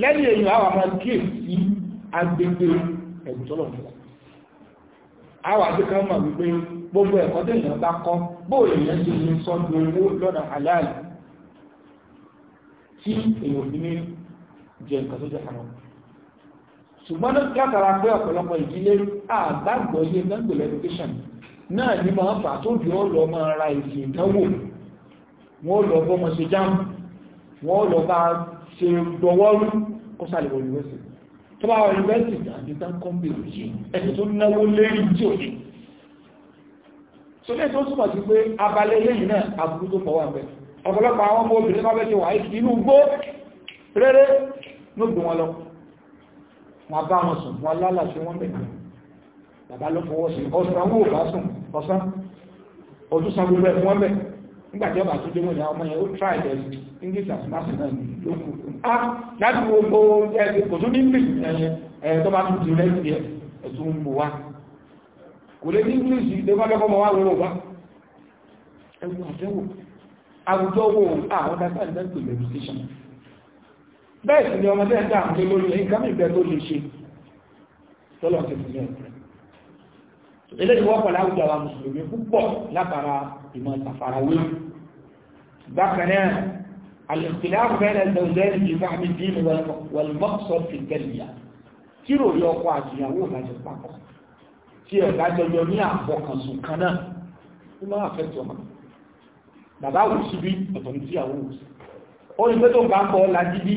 lẹ́yìn èyí àwọn ọmọ kíè sí agbègbè ẹ̀bùn tó lọ fún wọn àwọn àgbékan mọ̀ wípé gbogbo ẹ̀kọ́ tó èèyàn bá kọ́ bóò èèyàn ti ní sọ́dún owó lọ́nà halal tí èèyàn fi ní jẹ nǹkan tó jẹ́ àwọn ọmọ ṣùgbọ́n látara pé ọ̀pọ̀lọpọ̀ ìdílé àgbàgbọ́ iye gbẹ́gbẹ̀lú education náà ní máa fà tó bí ó lọ máa ra èsì ìdánwò wọ́n lọ bọ́mọ ṣe jam wọ́n lọ bá ṣe gbọwọ́rú kó sàlẹ̀wọ̀ university tó bá university àti tán kọ́mbìlì yìí ẹni tó náwó lérí tí ò ní sọlẹ́ tó túnmọ̀ sí pé abalẹ̀ lẹ́yìn náà aburú tó pọ̀wà bẹ̀ ọ̀pọ̀lọpọ̀ àwọn ọmọ obìnrin máa ló gbé lọ wọn bá wọn sùn wọn lálà sí wọn bẹ̀rẹ̀ bàbá ló fọwọ́ sí ọ̀sán owó ò bá sùn ọ̀sán ojú san gbogbo ẹ̀fún wọn bẹ̀ nígbà tí ọba tó dé wọn ni ọmọ yẹn ó try their English as master náà ní ló kù ah láti gbogbo ẹgbẹ́ kò tún ní English ẹ̀yẹ tó bá tún ti rẹ́ sí ẹ̀ ẹ̀tún mú wa kò lè ní English lẹ́gbàgbọ́ mọ́ wá lọ́wọ́ wa ẹ̀wọ̀n àdẹ́wò àwùjọ wo àwọn dáadáa ń bẹ́ẹ̀ sì ni ọmọdé ń dáàmù lé lórí nǹkan ìgbẹ́ tó lè ṣe tọ́lọ̀ ti fi yẹn ilé ìwọ́pọ̀ láwùjọ àwọn mùsùlùmí púpọ̀ látara ìmọ̀ ìtàfarawé bákan náà الاختلاف بين الزوجين في فهم الدين والمقصد في التربية tí ròyìn ọkọ àtìyàwó ìdájọ́ papọ̀ tí ẹ̀dájọ́ yọ ní àfọkànsùn kan náà ó máa fẹ́ tí ọmọ bàbá wù síbí ọ̀tọ̀ ní tíyàwó wù sí ó ní pé tó bá ń kọ́ lajú bí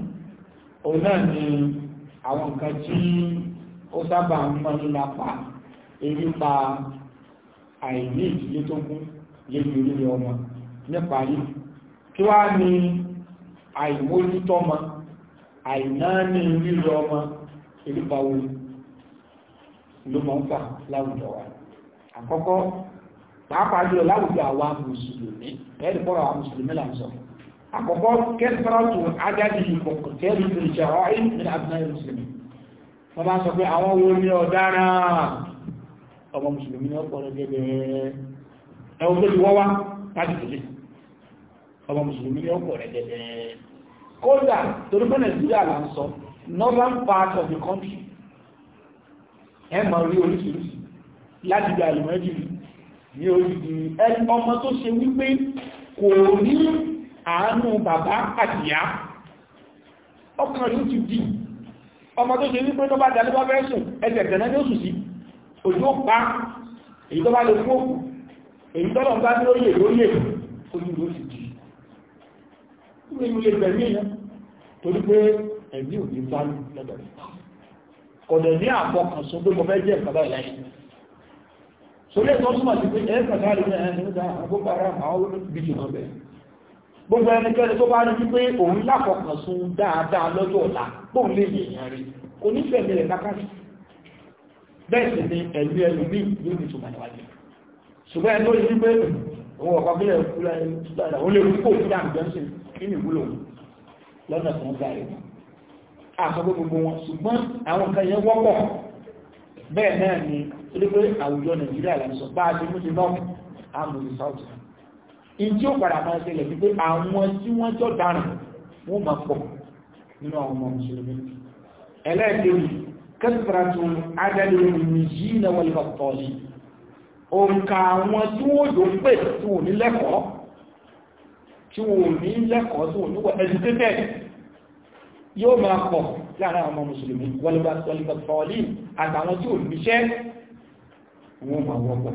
òun ni àwọn nǹkan tí ó sábà ń mọ́ nílá pa èyí pa àìní ìdílé tó kún lórí orílẹ̀ ọmọ nípa rí kí wá ní àìmójútọ́mọ àìnáání orílẹ̀ ọmọ ìrìbáwo ló máa ń fà láwùjọ wa àkọ́kọ́ pàápàá jùlọ láwùjọ àwa mùsùlùmí ẹ̀rì àwa mùsùlùmí là ń sọ̀rọ̀ àkọ́kọ́ kẹsàrọ̀tù adájí ìkọ̀kọ̀tẹ́lì ìjàwá ìpínlẹ̀ àbúnáyé mùsùlùmí wọ́n bá sọ pé àwọn wo ni ọ̀daràn ọmọ mùsùlùmí ní ọ̀pọ̀ rẹ̀gẹ̀dẹ̀ ẹwọ́n tó ti wọ́ wá láti tẹ̀lé ọmọ mùsùlùmí ní northern part of the country ẹ mọ̀ rí oríṣiríṣi láti bí àlùmọ́jì ní orí ọmọ tó ṣe wípé kò ní àánú bàbá àtìyá ọkùnrin yóò ti di ọmọ tó ṣe wípé tó bá dalẹ́ bá fẹ́ sùn ẹsẹ̀ tẹ̀lẹ́ ní oṣù sí òjò pa èyí tó bá lè fún òkú èyí tó lọ bá lóyè lóyè ojú ló ti di ìwé ìlú lè gbẹ̀mí èèyàn torí pé ẹ̀mí ò ní sálù lọ́dọ̀rẹ̀ kọ̀dẹ̀ ní àfọkànsó pé mo fẹ́ jẹ́ ìkàbá ìlàyé sólè tó túmọ̀ sí pé ẹ̀ẹ́kàtà rí ẹ̀ẹ́ nígbà àgbóbára àwọn olóògbé jù náà bẹ̀rẹ̀ gbogbo ẹnikẹ́ni tó bá rí wípé òun láfọkànsún dáadáa lọ́jọ́ ọ̀la bóun lè yẹ̀yàn rí kò ní fẹ̀mí rẹ̀ lákàtì bẹ́ẹ̀ sì ni ẹ̀lú ẹlú ní yóò ní túnmọ̀ níwájú ṣùgbọ́n ẹni tó yí wípé òun ọ̀pá bílẹ̀ kúlẹ̀ ó lè kó fún àgbẹ̀nsìn nínú ìwúlò lọ́nà tó ń gbà rẹ̀ àkọ́gbé gbogbo wọn ṣùgbọ́n àwọn nǹkan yẹn wọ́pọ̀ bẹ́ẹ̀ náà ni ó lé pé àwùjọ Nàìjíríà làmìsọ̀ bá a ti mú ti náà àmì ìsáwùjọ ìjí ò padà máa ṣẹlẹ̀ wípé àwọn tí wọ́n jọ dáràn wọ́n máa pọ̀ nínú àwọn ọmọ mùsùlùmí ẹlẹ́ẹ̀kejì kẹsìtìrátù adájọ́ ìmìjì náà wọlé bàtọ̀ yìí òǹkà àwọn tí wọ́n yóò pè tí wọ́n ní lẹ́kọ̀ọ́ tí wọ́n ní lẹ́kọ̀ọ́ tí wọ́n ní wọ́n educated yóò máa pọ̀ láàrin àwọn ọmọ mùsùlùmí wọlé bàtọ̀ yìí àtàwọn tí wọ́n níṣẹ́ wọ́n máa wọ́pọ̀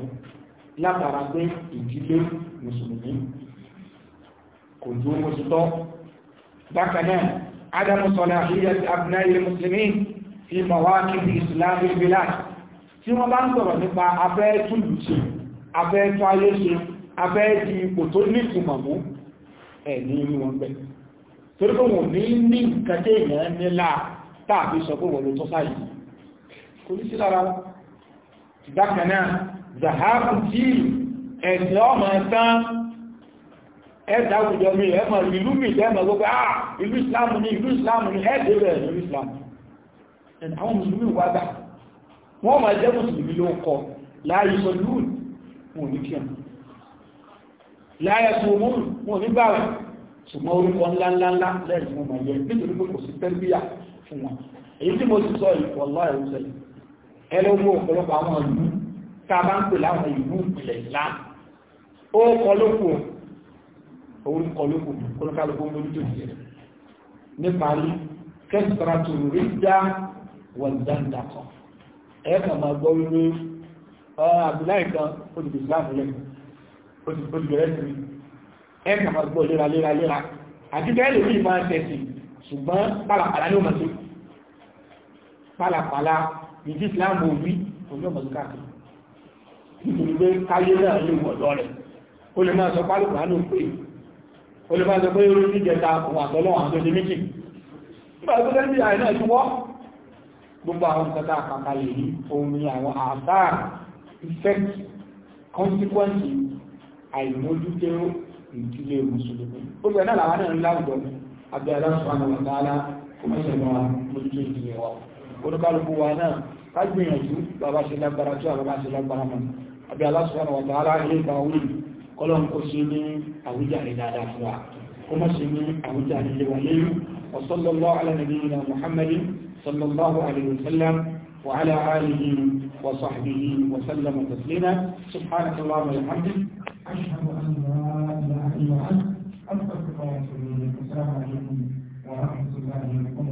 látara pé ìdílé mùsùlùmí kò jú mo sì tọ́ bákanáà adamu sọ̀lá ìyẹ́ abúná ilẹ̀ mùsùlùmí fi mọ̀wáàkì bí islamic village tí wọ́n bá ń sọ̀rọ̀ nípa abẹ́ túlù ṣe abẹ́ tó ayé ṣe abẹ́ di ipò tó ní ìtumọ̀ mú ẹ̀ ní inú wọn bẹ́ẹ̀ torí tí ẹ̀sìn ọmọ tán ẹ̀dà àwùjọ mi ẹ̀mọ̀ ìlú mi lẹ́mọ̀ gbogbo àà ah, ìlú ìsìláàmù ní ìlú ìsìláàmù ní ẹ̀dẹ̀ rẹ̀ ìlú ìsìláàmù àwọn mùsùlùmí wà gbà wọ́n máa jẹ́ mùsùlùmí ló kọ láàyè sọ lúùn wọn ní kíọ̀n láyé tó mú wọn ní báwẹ̀ ṣùgbọ́n orúkọ ọ̀pọ̀lọpọ̀ àwọn ìlú tá bá ń pè láwọn ìlú ìpìlẹ̀ ìsìláàmù ó kọ lókù òun kọ lókù olùkálùkù lórí tó jẹ níparí kẹsìtàràtù rí dá wọ̀lùdáńdàkọ̀ ẹ̀ẹ́kà máa gbọ́ wíwé àbúláì kan olùdó ìsìláàmù lẹ́nu olùbẹ̀rẹ̀ sí ẹ̀ẹ́kà máa gbọ́ léra léra léra àti bẹ́ẹ̀lì rí máa tẹ̀sì ṣùgbọ́n pàlàpàlà ní òmàṣe pàlàpàlà ìdí ó lè máa sọ pálùpá ló pé ó lè máa sọ pé orí ní jẹta òun àtọ́lọ́wọ̀n àtọ́jẹ méjì nígbà tó effect consequence àìmójútó ìdílé mùsùlùmí ó bẹ̀rẹ̀ náà làwọn náà ń láwùjọ àbí aláṣọ́nà wàtàlá kó mẹ́sẹ̀ lọ mójútó ìdílé wa olúkálùkù wa náà ká gbìyànjú bàbá ṣe lágbára tó àbábá ṣe lágbára mọ́ àbí aláṣọ́nà wàtàlá ilé ìgbà orí kọ́lọ́n kó ṣe ní àwùjáde dáadáa fún wa kó má ṣe ní àwùjáde lè wà lẹ́yìn وصلى الله على نبينا محمد صلى الله عليه وسلم وعلى آله وصحبه وسلم تسليما سبحانك اللهم وبحمدك أشهد أن لا إله إلا أنت أستغفرك وأتوب إليك السلام عليكم ورحمة الله وبركاته